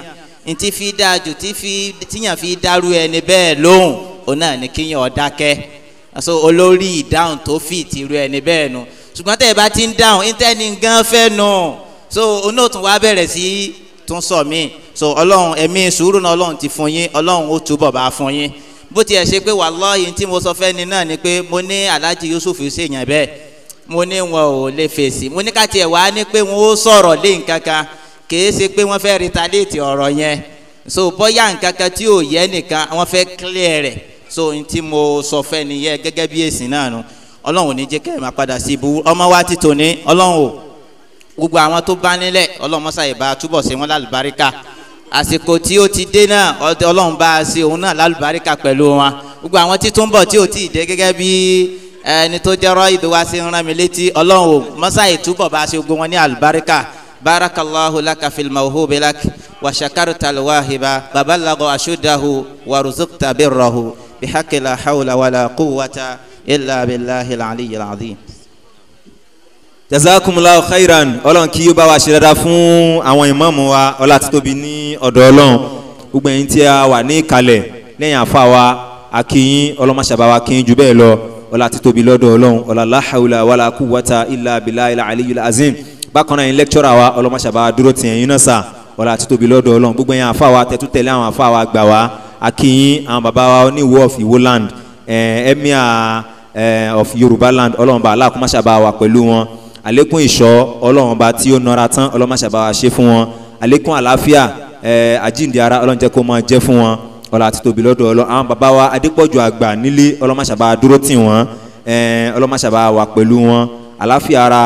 ní ti fi dáa jù tíyàn fi dárú ẹni bẹ́ẹ̀ lóhùn òun náà ní kíyàn ó dákẹ́ so olórí ìdáhùn tó fi ìtìrú ẹni bẹ́ẹ̀ nu ṣùgbọ́n tẹ̀ bá ti ń dáhùn ní tẹ́ni gan fẹ́ nu so onótùn wa bẹ̀rẹ̀ sí í tún sọ mí so ọlọ́run ẹ̀mí sùúrù náà ọlọ́run ti fún yín ọlọ́run ó túbọ̀ bá fún yín bó tiẹ̀ ṣe pé wàláhì tí mo sọ fẹ́ni náà ni pé mo ní aláàjì Yusuf ṣèyàn bẹ́ẹ̀ mo ní wọn ò lè fèsì mo ní ká tiẹ̀ wá ní pé wọn ó sọ̀rọ̀ lé nǹkan kìí ṣe pé wọ́n fẹ́ retaliate ọ̀rọ̀ yẹn so bóyá nǹkan kan tí ò yẹ nìkan wọ́n fẹ́ clear rẹ̀ so n tí mo sọ fẹ́ni yẹ gẹ́gẹ́ bí èsì náà nu ọlọ́run ò ní jẹ́ kẹ́ ẹ̀ máa padà sí ibú ọmọ wa ti tò ní ọlọ́run ò gbogbo àwọn tó bá nílẹ̀ ọlọ́mọṣà ìbá túbọ̀ ṣe wọ́n lálùbáríkà àsìkò tí ó ti dé náà ọlọ́run bá a ṣe òun náà lálùbáríkà pẹ̀lú wọn gbogbo àwọn tí tó ń bọ̀ tí ò tí ì dé gẹ́gẹ́ bí eh, ẹni tó jẹ́rọ ìdíwá sí ń mi létí ọlọ́run mọ́ṣà ìtúbọ̀ bá a ṣe gbogbo wọn ní àlùbáríkà barakallahu laka fil mawhubi lak wa babalago ashudahu wa ruzukta birrahu hawla wala quwwata illa billahi al-aliyyil jazakumullahu khairan ọlọ́run kí yóò bá wa ṣe dáadáa fún àwọn ìmáàmù wa ọlá títóbi ní ọ̀dọ̀ ọlọ́run gbogbo ẹ̀yin tí a wà ní ìkàlẹ̀ lẹ́yìn àfa wa akínyìn ọlọ́mọṣàbá wa kínyìn jù bẹ́ẹ̀ lọ ọlá títóbi lọ́dọ̀ ọlọ́run ọlá la hawla wala quwwata illa billahi al-aliyyil azim bákan náà yín lẹ́kítọ́rà wa ọlọ́mọṣàbá dúró tiẹ̀ yín náà sà ọlá títóbi lọ́dọ̀ ọlọ́run gbogbo ẹ̀yin àfa wa tẹ̀tú tẹ̀lé of ìwọ land ẹ̀ẹ́mìà eh, eh, of yorùbá wa pẹ̀lú àlékún ìṣọ́ ọlọ́run ọba tí ó nọra tán ọlọ́run máṣe bá wa ṣe fún wọn àlékún àlàáfíà ẹ àjíǹde ara ọlọ́run jẹ́ kó máa jẹ́ fún wọn ọlọ́run àti tóbi lọ́dọ̀ ọlọ́run àwọn bàbá wa adépọ̀jù àgbà nílé ọlọ́run máṣe bá dúró tì wọ́n ẹ ọlọ́run máṣe bá wà pẹ̀lú wọn àlàáfíà ara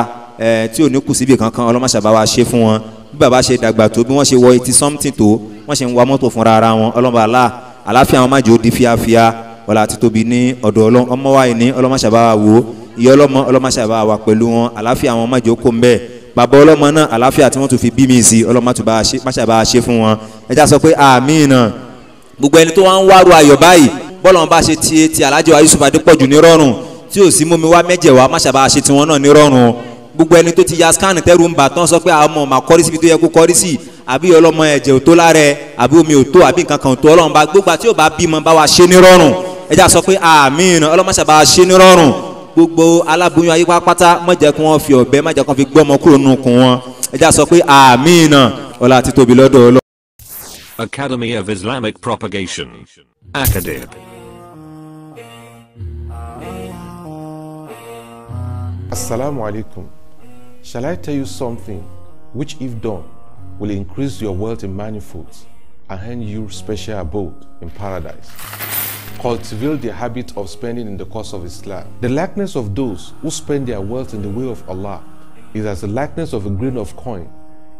ẹ tí ò ní kù síbi kankan ọlọ́run máṣe bá wa ṣe fún wọn bí bàbá ṣe dàgbà tó bí wọ́n ṣe wọ etí something tó wọ́n ṣe ń wa mọ́tò fúnra ara wọn ọlọ́run bàálà àlàáfíà wọn má jò di fíafíà ọlọ́run àti tóbi ìyá ọlọ́mọ ọlọ́mọṣàbá wa pẹ̀lú wọn àláfíà wọn má jókòó ń bẹ́ẹ̀ bàbá ọlọ́mọ náà àláfíà tí wọ́n tún fi bí mi sí ọlọ́mọ tó máṣàbá ṣe fún wọn ẹja sọ pé àmín náà gbogbo ẹni tó wá ń wárò ayọ̀ báyìí bọ́lá wọn bá ṣe ti ti alájọ wa Yusuf Adépọ̀jù ní rọrùn tí ò sí mómi wá mẹ́jẹ̀ wá máṣàbá ṣe tiwọn náà ní rọrùn gbogbo ẹni tó ti ya scan tẹ́rù ń bà tán sọ pé àwọn ọmọ mà kọ́rí síbi tó yẹ kó kọ́rí sí àbí ọlọ́mọ ẹ̀jẹ̀ ò tó lára ẹ àbí omi ò tó àbí nǹkan kan ò tó ọlọ́run bá gbogbo àti ò bá bímọ bá wa ṣe ní rọrùn ẹja sọ pé àmín ọlọ́mọṣàbá ṣe ní rọrùn gbogbo aláboyún ayé kí wọ́n fi ọ̀bẹ kí wọ́n fi kúrò nù kún wọn sọ pé ọlá tóbi lọ́dọ̀ ọlọ́. Academy of Islamic Propagation Akadib. Assalamu alaikum. Shall I tell you something which, if done, will increase your wealth in manifold, and earn you special abode in paradise? cultivate the habit of spending in the cause of Islam. The likeness of those who spend their wealth in the way of Allah is as the likeness of a grain of coin.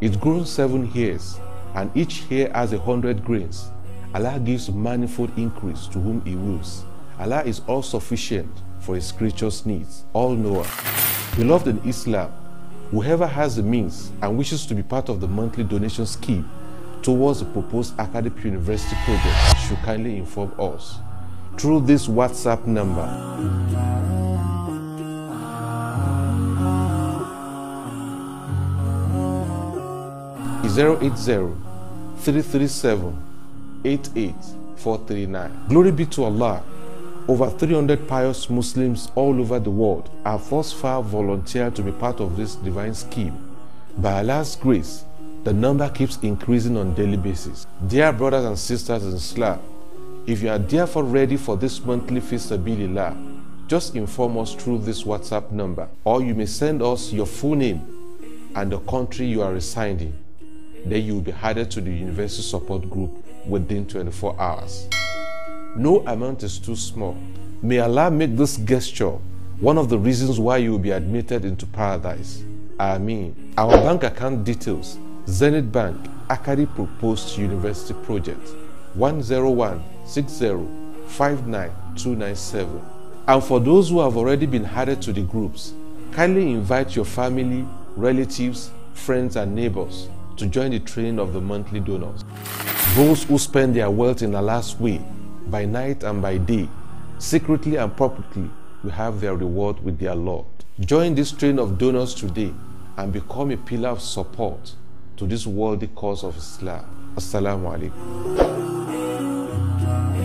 It grows seven hairs, and each hair has a hundred grains. Allah gives manifold increase to whom He wills. Allah is all sufficient for His creatures' needs, all knower. Beloved in Islam, whoever has the means and wishes to be part of the monthly donation scheme towards the proposed academic university project should kindly inform us through this WhatsApp number. Zero eight zero three three seven eight eight four three nine. Glory be to Allah. Over 300 pious Muslims all over the world have thus far volunteered to be part of this divine scheme. By Allah's grace, the number keeps increasing on daily basis. Dear brothers and sisters in Islam, if you are therefore ready for this monthly Fisabilillah, just inform us through this WhatsApp number or you may send us your full name and the country you are residing. Then you will be added to the university support group within 24 hours. No amount is too small. May Allah make this gesture one of the reasons why you will be admitted into paradise. mean, Our bank account details Zenit Bank Akari Proposed University Project 101 509 And for those who have already been added to the groups, kindly invite your family, relatives, friends, and neighbors to join the train of the monthly donors. Those who spend their wealth in last way, by night and by day, secretly and publicly, will have their reward with their Lord. Join this train of donors today and become a pillar of support to this worthy cause of Islam. Assalamu alaikum. Yeah.